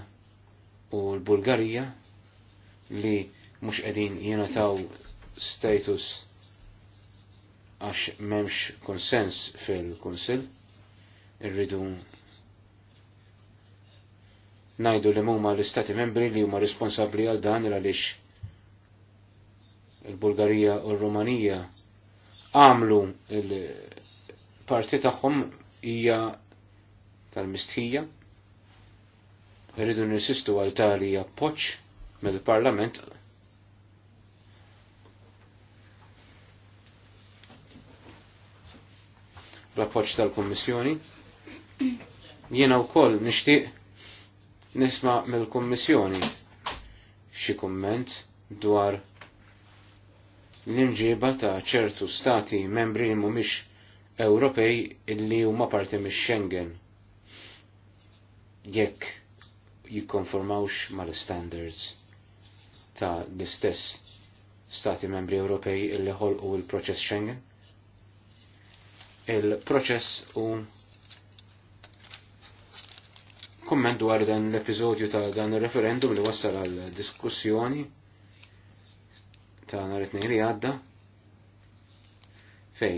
u l-Bulgarija li mhux qegħdin jingħataw status għax memx konsens fil-Kunsill irridu najdu li huma l-istati membri li huma responsabbli għal dan għaliex il-Bulgarija u l-Rumanija għamlu il-parti tagħhom hija tal-mistħija. Rridu nirsistu għal tali appoġġ mill-Parlament l appoċ tal-Kummissjoni. Jiena wkoll nixtieq nisma' mill-Kummissjoni xi kumment dwar l-imġiba ta' ċertu stati membri li mhumiex Ewropej illi huma parti mix Schengen. Jekk jikkonformawx mal-standards ta' l-istess stati membri Ewropej illi ħolqu l-proċess Schengen. Il-proċess u komment dwar dan l-episodju ta' dan il-referendum li wassal għal diskussjoni ta' nhar it-tnejn li għadda fej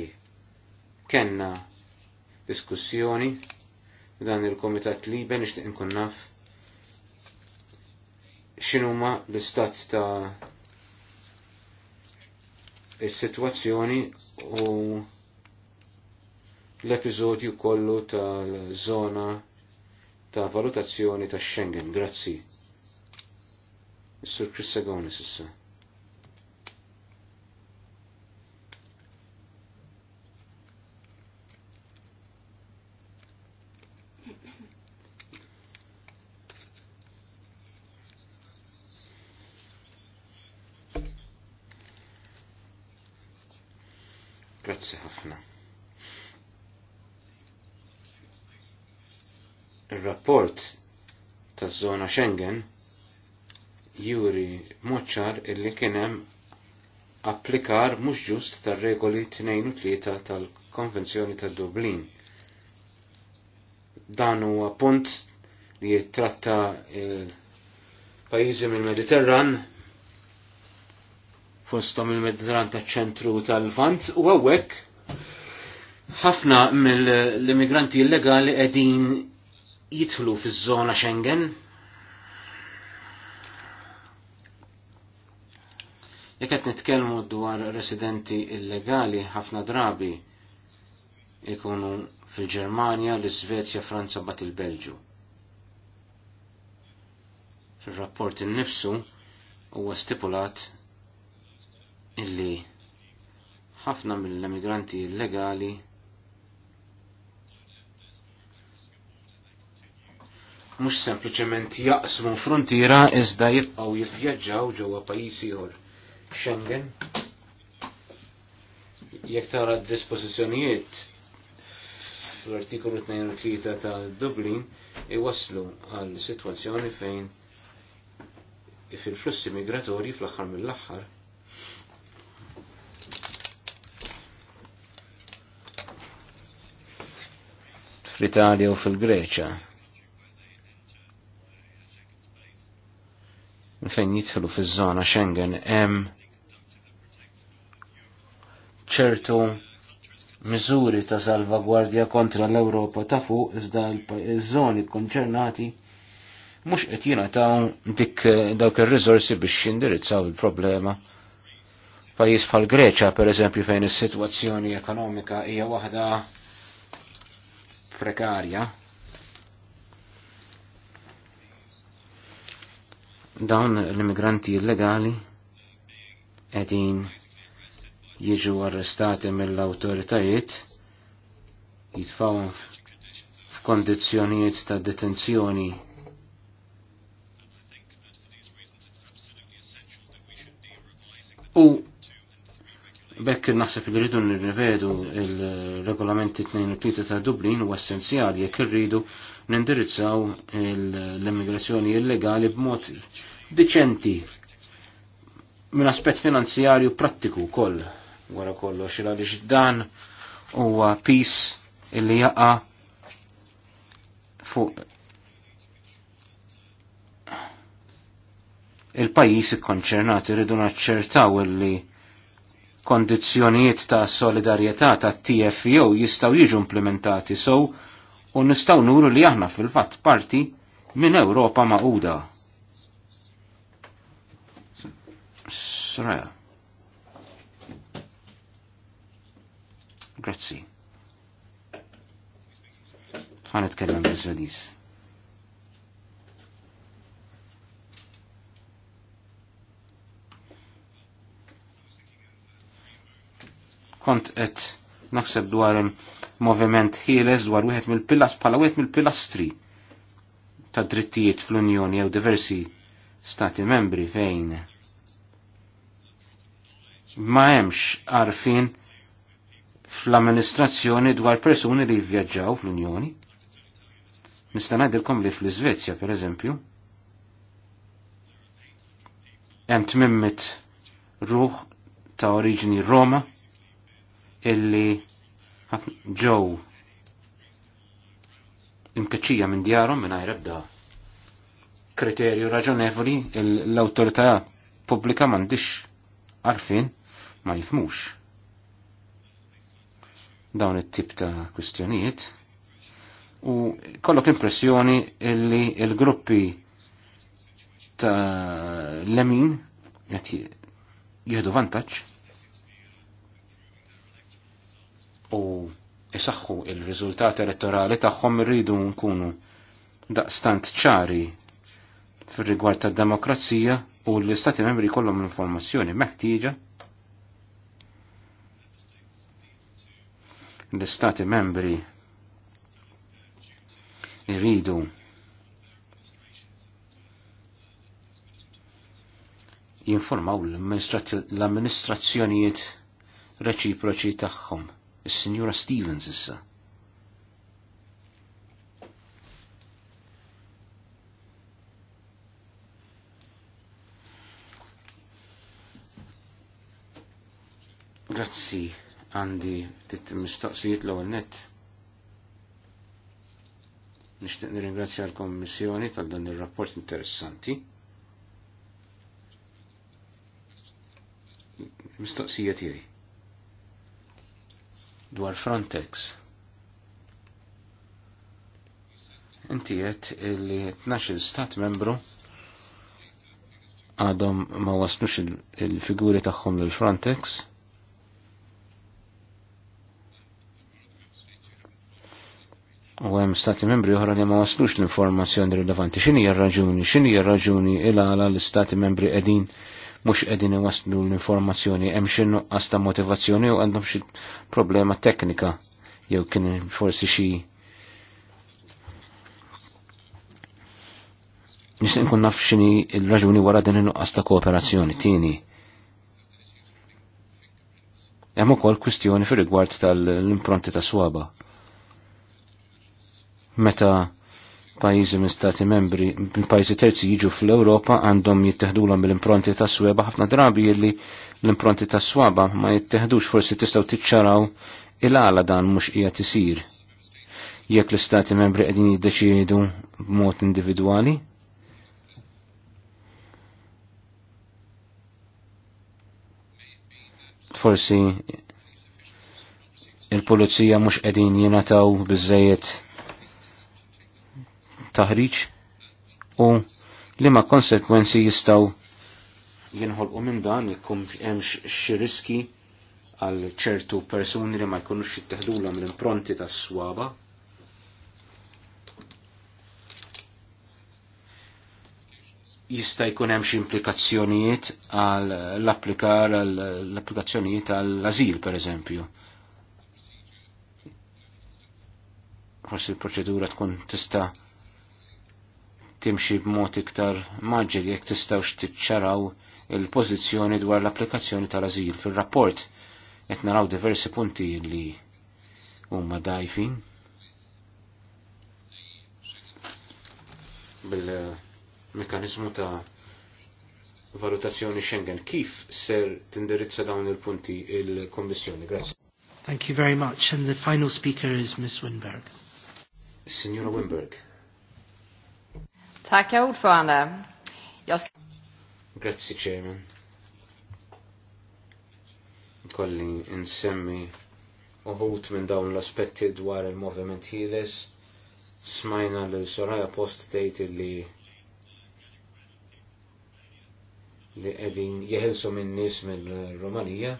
kenna diskussjoni dan il-Komitat Liben nixtieq inkun naf x'inhuma l-istat ta' is-sitwazzjoni u l-episodju kollu tal-żona ta' valutazzjoni ta' Schengen. Grazzi. Is-Sur Chris Sagonis issa. zona żona Schengen juri moċċar illi kien hemm applikar mhux ġust tar-regoli 2 u 3 tal-Konvenzjoni ta' Dublin. Dan huwa punt li jittratta il-pajjiżi mill-Mediterran fostom il-Mediterran taċ ċentru tal-Vant u għawek ħafna mill-immigranti illegali qegħdin jidħlu fiż-żona Schengen. Jekk qed nitkellmu dwar residenti illegali ħafna drabi ikunu fil-Ġermanja, l-Iżvezja, Franza bat il-Belġu. Fil-rapport innifsu huwa stipulat illi ħafna mill-immigranti illegali mhux sempliċement jaqsmu frontiera iżda jibqgħu jivvjaġġaw ġewwa pajjiż jor Schengen jekk tara d-dispożizzjonijiet l-artikolu 23 ta' Dublin iwaslu għal sitwazzjoni fejn fil-flussi migratorji fl-aħħar mill-aħħar fl-Italja u fil-Greċa fejn jidħlu fiż-żona Schengen hemm ċertu miżuri ta' salvagwardja kontra l-Ewropa ta' fuq iżda l-żoni konċernati mhux qed jingħataw dik dawk ir-riżorsi biex jindirizzaw il-problema. Pajjiż bħal Greċja pereżempju fejn is-sitwazzjoni ekonomika hija waħda prekarja dawn l-immigranti illegali edin jiġu arrestati mill-autoritajiet jitfaw f'kondizjonijiet ta' detenzjoni u Bekk naħseb li rridu nirrivedu il-regolamenti 23 ta' Dublin u essenzjali jekk irridu nindirizzaw l-immigrazzjoni illegali b'mod diċenti minn aspett finanzjarju prattiku koll wara kollox il għaliex dan huwa pis illi jaqa fuq il-pajis ikkonċernat irridu naċċertaw illi kondizjonijiet ta' solidarjetà ta' TFO jistaw jiġu implementati sow u nistaw nuru li aħna fil-fatt parti minn Ewropa maquda. Sra. Grazzi. Għanet kellem bizzadis. kont qed naħseb dwar il-moviment ħieles dwar wieħed mill pillas bħala wieħed mill-pilastri ta' drittijiet fl-Unjoni jew diversi stati membri fejn ma hemmx għarfin fl-amministrazzjoni dwar persuni li vjaġġaw fl-Unjoni. Nista' ngħidilkom li fl-Iżvezja pereżempju hemm tmimmit ruħ ta' oriġini Roma illi ġew imkeċija minn djarhom mingħajr ebda kriterju raġonevoli l-awtorità pubblika m'għandix għarfien ma jifmux. Dawn it-tip ta' kwistjonijiet u kollok impressjoni illi il-gruppi ta' lemin jieħdu vantaġġ u jisaxħu il-riżultat elettorali tagħhom irridu nkunu daqstant ċari fir-rigward tad-demokrazija u l-istati membri kollhom informazzjoni meħtieġa l-istati membri irridu jinformaw l-amministrazzjonijiet reċiproċi tagħhom. Signora sinjura Stevens issa. Grazzi għandi Titt mistoqsijiet l net. Nishtiq Nixtieq nirringrazzja l-Kommissjoni tal dan ir-rapport interessanti. Mistoqsija tiegħi dwar Frontex. Inti qed li 12 stat membru għadhom ma waslux il-figuri tagħhom lil Frontex. U hemm stati membri oħra li ma waslux l-informazzjoni rilevanti. X'inhi r-raġuni? X'inhi r-raġuni il għala l-istati membri qegħdin mhux qegħdin waslu l-informazzjoni hemm xi nuqqas ta' motivazzjoni u għandhom xi problema teknika jew kien forsi xi Nixtieq nkun naf x'inhi l-raġuni wara din in-nuqqas ta' kooperazzjoni tieni. Hemm ukoll kwistjoni fir-rigward tal-impronti ta' swaba. Meta pajizi minn stati membri, minn pajizi terzi jiġu fl-Europa għandhom jittehdulhom bil-impronti ta' sweba ħafna drabi illi l-impronti ta' swaba ma jittehdux forsi tistgħu tiċċaraw il-għala dan mhux qiegħed isir. Jekk l-istati membri qegħdin jiddeċiedu b'mod individwali? Forsi il-pulizija mhux qegħdin jingħataw biżejjed taħriġ u li ma konsekwenzi jistaw jinħolqu minn dan jekkum hemmx xi riski għal ċertu persuni li ma jkunux jitteħdula mill-impronti tas swaba jista' jkun hemm xi implikazzjonijiet għal l-applikar l-applikazzjonijiet għall ażil pereżempju. Forsi l-proċedura tkun tista' timxi b'mod iktar maġġel jekk tistawx tiċċaraw il-pożizzjoni dwar l-applikazzjoni tal-azil fil-rapport qed naraw diversi punti li huma dajfin. Bil-mekanizmu ta' valutazzjoni Schengen kif ser tindirizza dawn il-punti il-Kommissjoni. Grazie. Thank you very much. And the final speaker is Ms. Winberg. Signora Winberg. Tack herr ordförande. Jag ska... Grazie Chairman. Kolli insemmi uħut minn dawn l-aspetti dwar il movement Hiles. Smajna l soraja post tejt li li qegħdin jeħilsu minn nies mill Romania.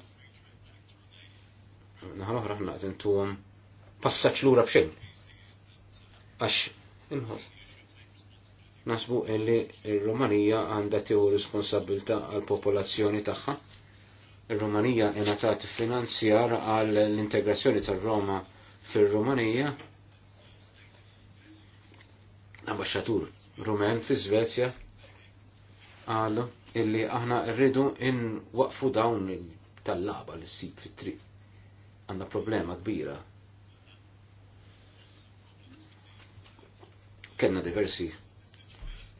Naħan uħraħna ħnaqt intuhom passaċ l-ura b'xejn. Għax imħos nasbu illi il-Rumanija għandha tiegħu responsabilta għal popolazzjoni tagħha. Il-Rumanija ingħatat finanzjar għal l-integrazzjoni tar-Roma fir-Rumanija. Ambaxxatur Rumen fi Svezja għal illi aħna rridu in waqfu dawn tal-laba li ssib fit-triq. Għandna problema kbira. Kenna diversi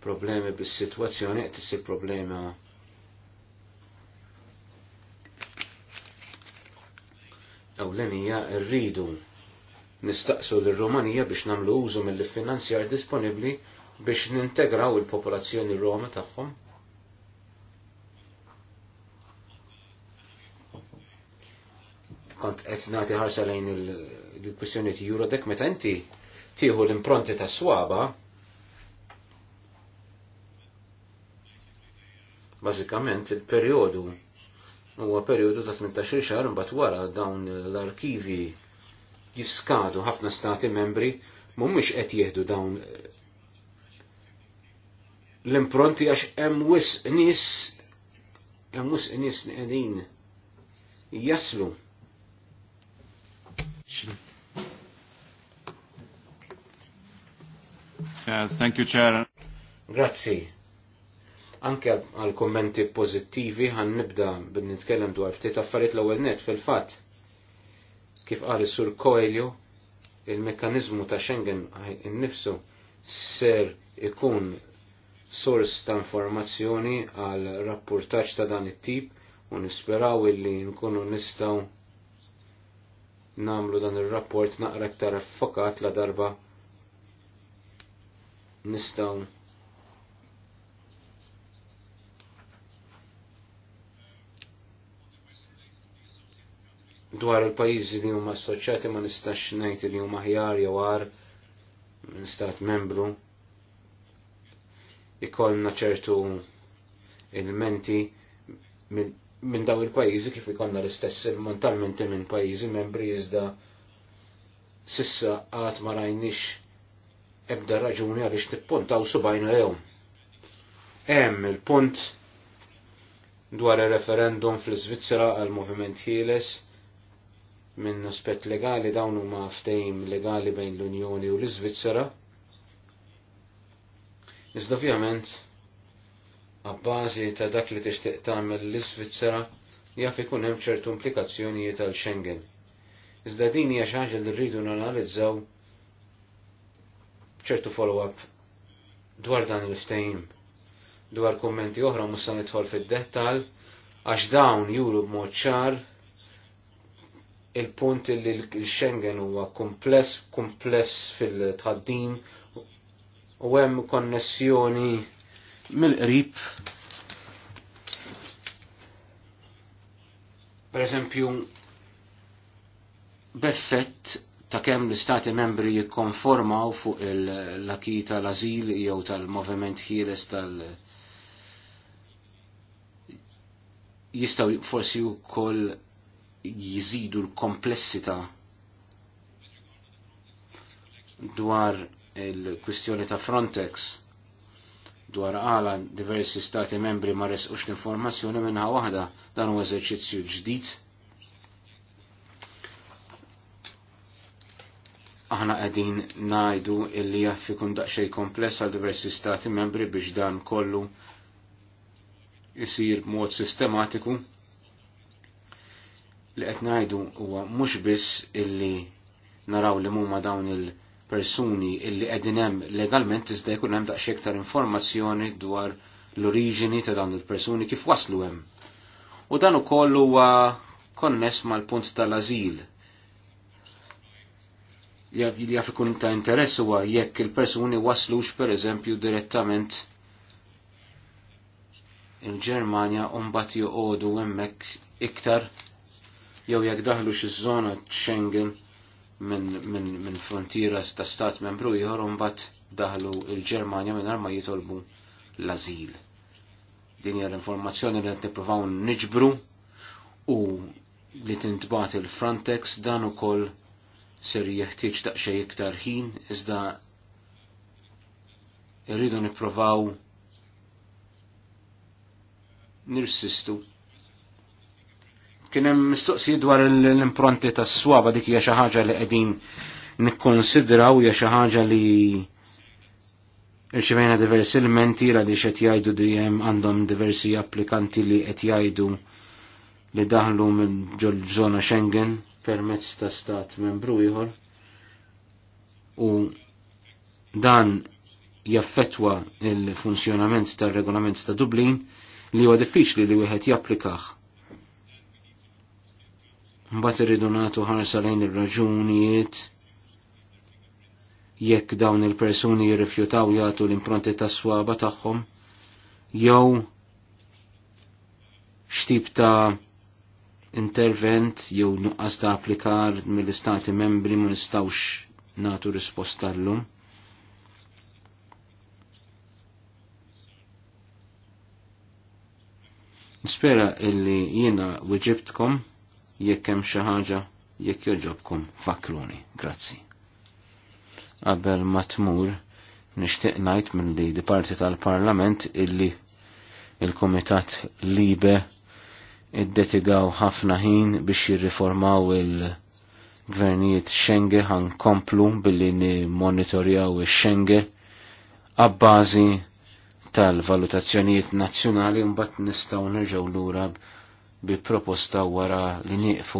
problemi bis-sitwazzjoni qed issir problema ewlenija rridu nistaqsu l-Rumanija biex namlu użu mill-finanzjar disponibbli biex nintegraw il-popolazzjoni Roma tagħhom. Kont qed nagħti ħarsa lejn il-kwistjonijiet Eurodek meta inti tieħu l-impronti tas swaba Bażikament il-perjodu huwa perjodu ta' 18 xahar mbagħad wara dawn l-arkivi jiskadu ħafna stati membri mhumiex qed jieħdu dawn l-impronti għax hemm wis nies hemm wis nies qegħdin jaslu. Uh, thank you, Chair. Grazzi. Anke għal kommenti pozittivi għan nibda nitkellem dwar ftit affarijiet l-ewwel net fil-fatt. Kif qal is-Sur Coelho, il-mekkaniżmu ta' Schengen innifsu ser ikun sors ta' informazzjoni għal rapportaġġ ta' dan it-tip u nisperaw illi nkunu nistgħu namlu dan il-rapport naqra iktar affokat la darba nistgħu. dwar il-pajjiżi li huma assoċjati ma nistax ngħid li huma ħjar jew għar minn stat membru ikollna ċertu elementi minn daw il-pajjiżi kif ikollna l-istess montalmenti minn pajjiżi membri iżda sissa għat ma rajnix ebda raġuni għaliex tippuntaw subajna lehom. Hemm il-punt dwar ir referendum fl-Iżvizzera għal moviment ħieles minn aspett legali dawn huma ftehim legali bejn l-Unjoni u l-Iżvizzera. Iżda ovvjament għabbażi ta' dak li tixtieq tagħmel l-Iżvizzera jaf ikun hemm ċertu implikazzjonijiet għal Schengen. Iżda din hija xi ħaġa li rridu nanalizzaw ċertu follow-up dwar dan il-ftehim. Dwar kummenti oħra se nidħol fid-dettal għax dawn juru b'mod ċar il-punt li l-Schengen huwa kompless, kompless fil-tħaddim u hemm konnessjoni mill-qrib. Per eżempju, beffett ta' kemm l-istati membri jikkonformaw fuq il-laki tal-azil jew tal-moviment ħieles tal-, -tal jistaw forsi u koll jizidu l-komplessità dwar il-kwistjoni ta' Frontex dwar għala diversi stati membri ma resqux l-informazzjoni minna waħda dan u eżerċizzju ġdid. Aħna qegħdin ngħidu illi jaffi kun daqsxejn kompless għal diversi stati membri biex dan kollu jisir b'mod sistematiku li qed ngħidu huwa mhux biss illi naraw li huma dawn il-persuni illi qegħdin hemm legalment iżda jkun hemm daqs iktar informazzjoni dwar l-oriġini ta' dawn il-persuni kif waslu hemm. U dan ukoll huwa konness mal-punt tal-azil. Li jaf ikun ta' interess huwa jekk il-persuni waslux pereżempju direttament il-Ġermanja u mbagħad joqogħdu hemmhekk iktar jew jekk daħlu xi żona Schengen minn min, min frontiera ta' stat membru ieħor mbagħad daħlu il-Ġermanja mingħajr ma jitolbu l-azil. Din hija l-informazzjoni li qed nippruvaw niġbru u li tintbat il-Frontex dan ukoll ser jeħtieġ daqsxejn iktar ħin iżda irridu nippruvaw nirsistu Kien hemm mistoqsijiet dwar l-impronti tas-swaba dik hija xi ħaġa li qegħdin nikkonsidraw hija xi ħaġa li irċivejna diversi elementi li xed jgħidu dejjem għandhom diversi applikanti li qed jgħidu li daħlu minn ġol-żona Schengen permezz ta' stat membru ieħor u dan jaffetwa il-funzjonament tar-regolament ta' Dublin li huwa diffiċli li wieħed japplikah Mbagħad irridu nagħtu ħarsa lejn ir-raġunijiet jekk dawn il-persuni jirrifjutaw jagħtu l-impronti tas-swaba tagħhom jew xtib ta' intervent jew nuqqas ta' applikar mill-istati membri ma nistawx nagħtu risposta llum. Nispera illi jiena weġibtkom jekk hemm xi ħaġa jekk joġobkom fakruni. Grazzi. Qabel ma tmur nixtieq ngħid milli di parti tal-Parlament illi il-Kumitat Libe iddetigaw ħafna ħin biex jirriformaw il-gvernijiet Schengen ħan komplu billi nimonitorjaw il-Schengen għabbażi tal-valutazzjonijiet nazzjonali mbagħad nistgħu nerġgħu lura bi proposta wara li nieqfu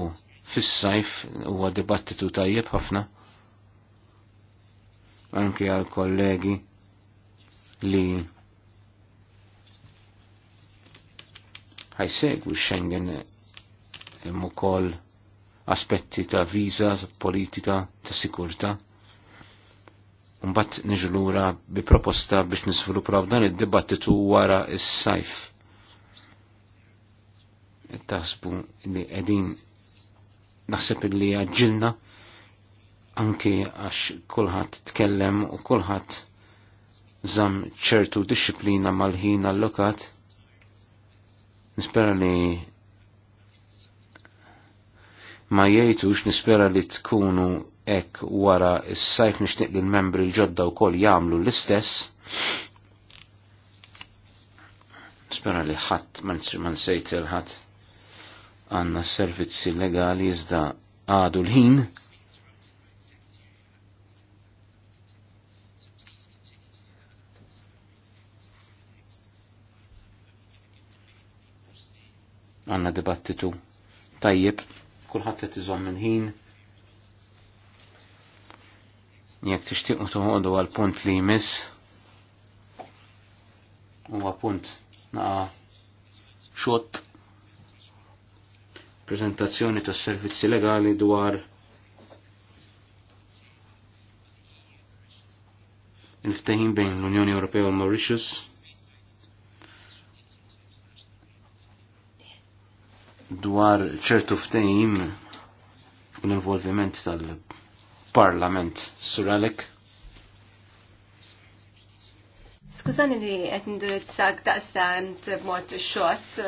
fis-sajf huwa dibattitu tajjeb ħafna. Anki għal kollegi li ħajsegwu Schengen hemm ukoll aspetti ta' viża, politika, ta' sikurta. Mbagħad niġlura bi proposta biex nisvilupraw dan id-dibattitu wara is-sajf taħsbu li qegħdin naħseb li għagġilna anki għax kulħadd tkellem u kulħadd zam ċertu disċiplina mal-ħin allokat. Nispera li ma jgħidux nispera li tkunu hekk wara s-sajf nixtieq li l-membri l-ġodda wkoll jagħmlu l-istess. Nispera li ħadd man nsejt il għanna s servizzi legali iżda għadu l-ħin għanna dibattitu tajjeb, kullħat qed iżomm il-ħin jekk t-għodu għal punt li jmiss u għal punt naqa' xott prezentazzjoni tas servizzi legali dwar il-ftehim bejn l-Unjoni Ewropea u l-Mauritius dwar ċertu ftehim u l-involviment tal-Parlament Suralek. Skużani li qed ndurizzak daqstant b'mod xot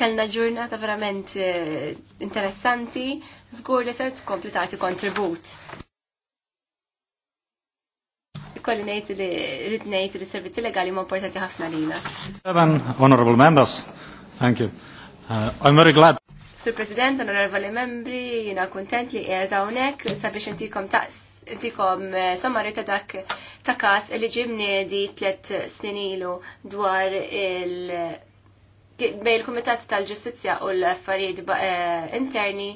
kellna ġurnata verament eh, interessanti, żgur li sert tkompli tagħti kontribut. Kolli ngħid li rid ngħid li servizzi legali ma importanti ħafna lina. Seven honorable members, thank you. Uh, I'm very glad. Sir President, onorevoli membri, jina kontent li qiegħed hawnhekk sabiex intikom taqs dikom eh, sommari ta' dak ta' kas li ġimni di tlet snin ilu dwar il- bej il-Kumitat tal-Ġustizzja u l-affarijiet eh, interni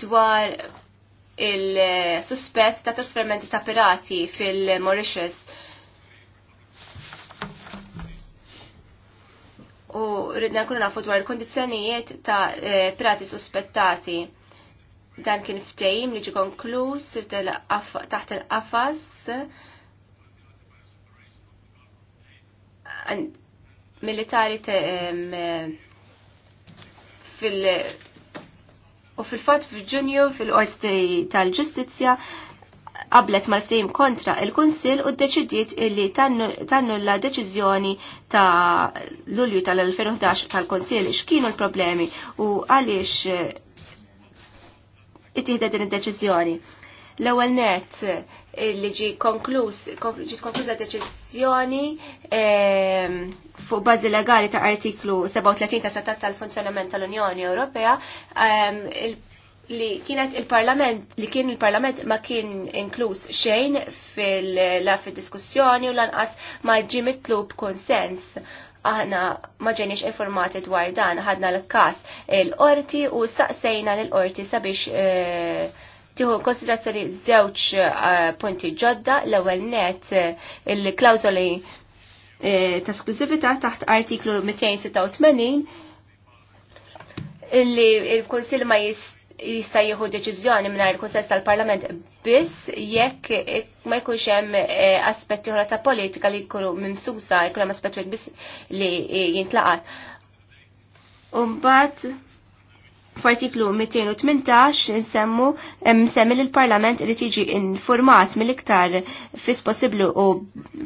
dwar il-suspett ta' trasferimenti ta' pirati fil-Mauritius. U ridna nkunu nafu dwar il-kondizjonijiet ta' eh, pirati suspettati. Dan kien ftejim li ġi konkluż taħt il-qafas militari fil- u fil-fat fil-ġunju fil-qort tal-ġustizja qablet mal ftejim kontra il-Kunsil u d-deċidiet illi la deċiżjoni ta' Lulju tal-2011 tal-Kunsil x'kienu l-problemi u għaliex eh, it-tihda din id-deċiżjoni. L-ewwel net eh, li ġi konkluż ġiet konkluża deċiżjoni ehm, fuq bażi legali ta' artiklu 37 ta' Trattat tal-Funzjonament tal-Unjoni Ewropea ehm, li kienet il-parlament li kien il-parlament ma kien inkluż xejn fil-la fid diskussjoni u lanqas ma ġi mitlub konsens aħna ma ġenix informati dwar dan, ħadna l-kas l qorti u saqsejna l qorti sabiex eh, tiħu konsiderazzjoni żewġ eh, punti ġodda l-ewwel net eh, il-klawżoli eh, ta' sklusività taħt artiklu 286 illi il-Kunsill ma jista' jieħu deċiżjoni mingħajr kunsess tal-Parlament biss jekk ma jkunx hemm aspetti oħra ta' politika li jkunu mimsusa, jkun hemm aspetti biss li jintlaqat. Umbat, F'artiklu 218 nsemmu semmi l-Parlament li tiġi informat mill-iktar fis possiblu u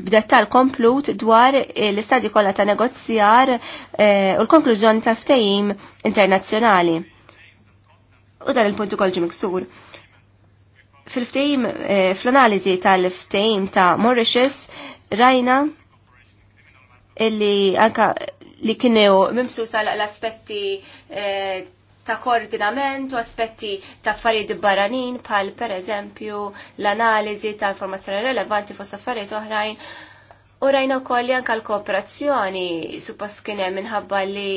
b'dettal komplut dwar l-istadji kollha ta' negozjar eh, u l-konklużjoni tal-ftehim internazzjonali. U dan il-punt ukoll ġi miksur. Fil-ftehim eh, fl-analiżi tal-ftehim ta' Mauritius rajna illi anka li kienu mimsu sal l-aspetti eh, ta' koordinament u aspetti ta' affarijiet barranin pal per eżempju l-analiżi ta' informazzjoni relevanti fost affarijiet oħrajn. U rajna wkoll anke l-kooperazzjoni suppost kien hemm minħabba li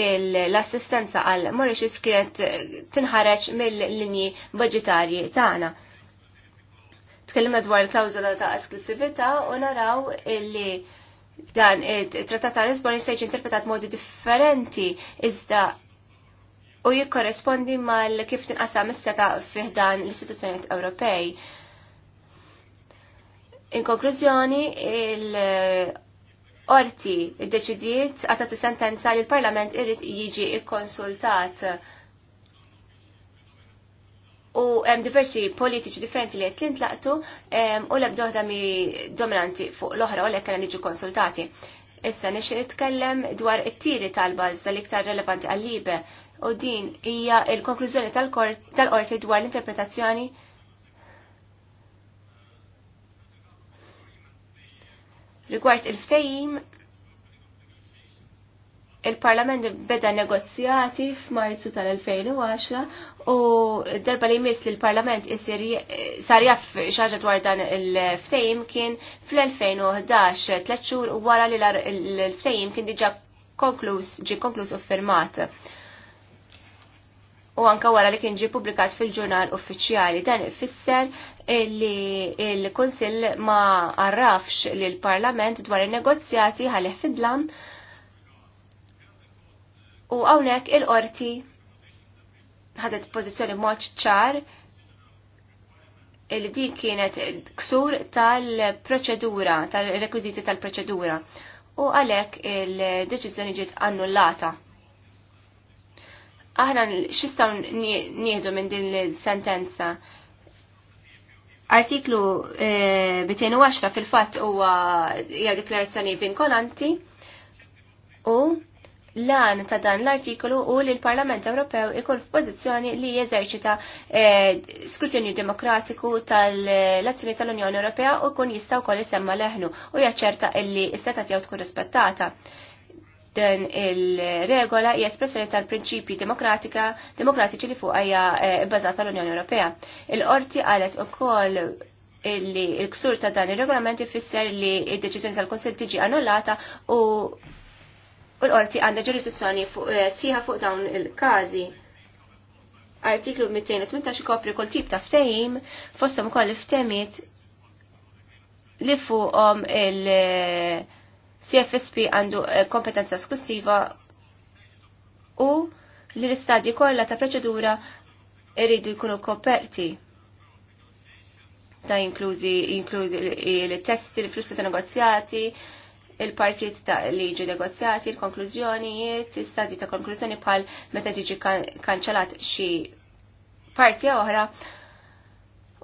l-assistenza għal Mauritius kienet tinħareġ mill-linji budgetarji tagħna. Tkellimna dwar il-klawżola ta' esklusività u naraw illi dan it-Trattat ta' Lisbon jista' jiġi interpretat modi differenti iżda u jikkorrespondi mal kif tinqasam is-seta fih dan l-istituzzjonijiet Ewropej. In konklużjoni, il-orti id-deċidiet għata sentenza li l-Parlament irrid jiġi ikkonsultat konsultat u hemm diversi politiċi differenti li qed um, u l mi dominanti fuq l-oħra u l-ekk niġu konsultati. Issa nix nitkellem dwar it-tiri tal-baż tal-iktar relevanti għal-libe u din hija il-konklużjoni tal-qorti dwar l-interpretazzjoni rigward il-ftejim il-Parlament beda negozjati f'Marzu tal-2010 u darba li jmiss li l-Parlament sar jaff xaġa dwar dan il-ftejim kien fl-2011 tliet xhur wara li l-ftejim kien diġà konkluż ġi konkluż u firmat. U anka wara li kien ġi publikat fil-ġurnal uffiċjali dan ifisser li l-Kunsill ma arrafx li l-Parlament dwar in-negozjati ħalih fidlam. U hawnhekk il-qorti ħadet pożizzjoni mod ċar li din kienet ksur tal-proċedura, tal-rekwiziti tal-proċedura. U għalhekk il-deċiżjoni ġiet annullata. Aħna x'istgħu nieħdu minn din l-sentenza? Artiklu 210 eh, fil-fatt huwa hija deklarazzjoni vinkolanti u Lan ta' dan l-artikolu u li l-Parlament Ewropew ikun f'pożizzjoni li jeżerċita eh, skrutinju demokratiku tal-azzjoni tal-Unjoni Ewropea u kun jista' wkoll isemma leħnu u jaċċerta illi s-seta tiegħu tkun rispettata. Dan il-regola hija espressjoni tal-prinċipji demokratika demokratiċi li fuq hija eh, bbażata l-Unjoni Ewropea. Il-qorti qalet ukoll li l-ksur ta' dan ir-regolament jfisser li d-deċiżjoni tal-Konsil tiġi annullata u u l-qorti għandha ġurisdizzjoni eh, sħiħa fuq dawn il-każi. Artiklu 218 kopri kull tip ta' ftehim fossom ukoll ftemit li fuqhom il-CFSP eh, għandu eh, kompetenza esklusiva u li l-istadji kollha ta' proċedura irridu jkunu koperti ta' inkluzi, inkluzi il testi l-flussi ta' negozjati, il-partijiet ta' li ġu negozjati, il-konklużjonijiet, il-stadi ta' konklużjoni bħal meta ġiġi kanċelat xi partija oħra.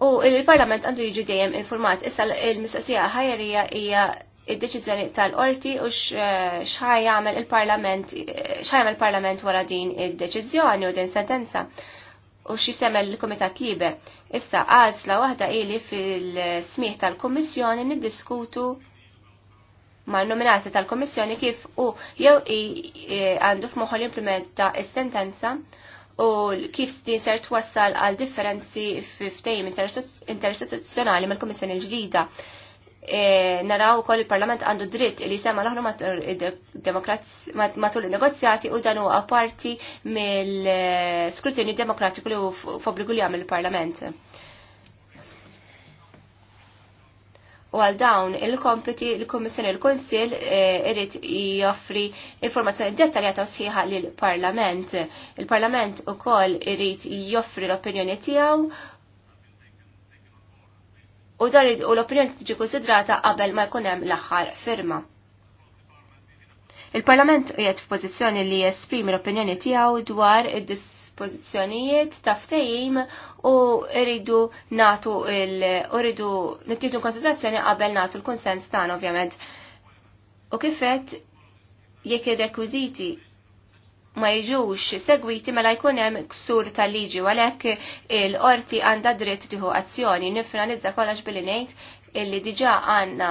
U il-Parlament għandu jiġu dejjem informat. Issa il-mistoqsija ħajrija hija id-deċiżjoni tal-qorti u x'ħajjamel jagħmel il-Parlament x'ħajjamel il-Parlament wara din id-deċiżjoni u din sentenza u x'jisemel il-Kumitat Libe. Issa għażla waħda ili fil-smieħ tal-Kummissjoni niddiskutu mal-nominati tal-Komissjoni kif u jew e, għandu f'moħħol implementa s sentenza u kif din ser twassal għal differenzi f'tejm interistituzzjonali mal-Komissjoni l-ġdida. E, naraw ukoll il-Parlament għandu dritt li sema l matul il-negozjati u dan huwa parti mill-skrutinju demokratiku li f'obligu li għamil il-Parlament. il parlament u għal dawn il-kompiti il-Kommissjoni il-Konsil eh, irrit joffri informazzjoni dettaljata u sħiħa lill-Parlament. Il-Parlament ukoll irrit joffri l-opinjoni tiegħu u dan u l-opinjoni tiġi konsidrata qabel ma jkun hemm l-aħħar firma. Il-Parlament qiegħed f'pożizzjoni li jesprimi l-opinjoni tiegħu dwar id-dis pożizzjonijiet ta' ftejim u rridu natu il rridu nittitu konsentrazzjoni qabel natu l-konsens tagħna ovvjament. U kifet jekk ir-rekwiżiti ma jiġux segwiti mela jkun hemm ksur tal-liġi għalhekk il-qorti għandha dritt tieħu azzjoni niffinalizza kollox billi ngħid illi diġà għandna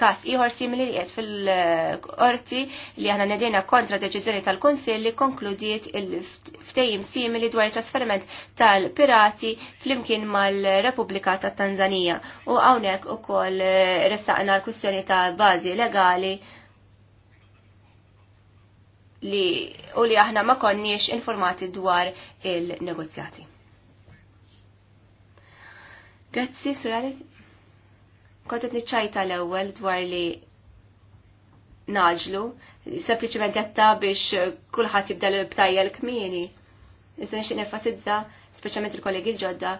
kas iħor simili li jiet fil-qorti li aħna nedina kontra deċiżjoni tal konsil li konkludiet il-ftejim simili dwar trasferiment tal-pirati flimkien mal-Repubblika ta' Tanzania u hawnhekk ukoll eh, ressaqna l-kwistjoni ta' bażi legali li u li aħna ma konniex informati dwar il-negozjati. Grazzi, Suralik kontet niċċajta l-ewwel dwar li naġlu, sempliċiment jatta biex kulħadd jibda l-btajja l-kmieni. Iżda nixtieq nefasidza, speċjalment il-kollegi ġodda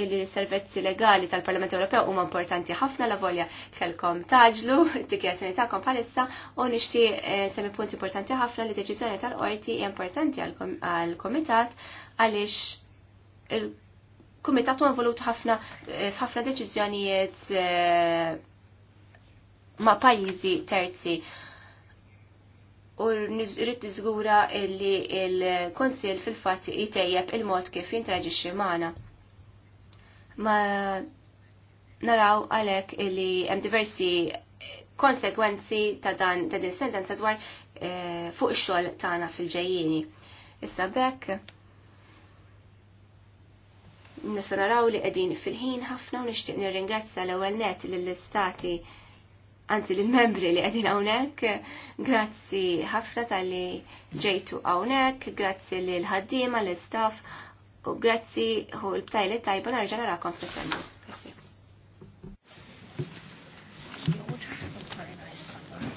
illi l-servizzi legali tal-Parlament Ewropew huma importanti ħafna la volja kelkom taġlu, t-tikjazzjoni tagħkom bħalissa u nixtieq eh, semmi punt importanti ħafna li deċiżjoni tal-qorti hija importanti għall-Komitat għaliex kumitatu involut ħafna eh, f'ħafna deċiżjonijiet eh, ma' pajjiżi terzi. U rrit niżgura li l-Konsil fil-fatt jitejjeb il-mod kif jinteraġixxi magħna. Ma naraw għalhekk li hemm diversi konsekwenzi ta' dan ta' din sentenza dwar eh, fuq ix-xogħol tagħna fil-ġejjieni. Issa bekk nisa li qegħdin fil-ħin ħafna u nixtieq nirringrazzja l-ewwel net lill-istati anzi lill-membri li qegħdin hawnhekk. Grazzi ħafna tal-li ġejtu hawnhekk, grazzi lil ħaddiema l-istaff u grazzi hu l-btajli tajba narġa' narakom f'Settembru. Grazzi.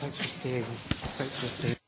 Thanks for staying. Thanks for staying.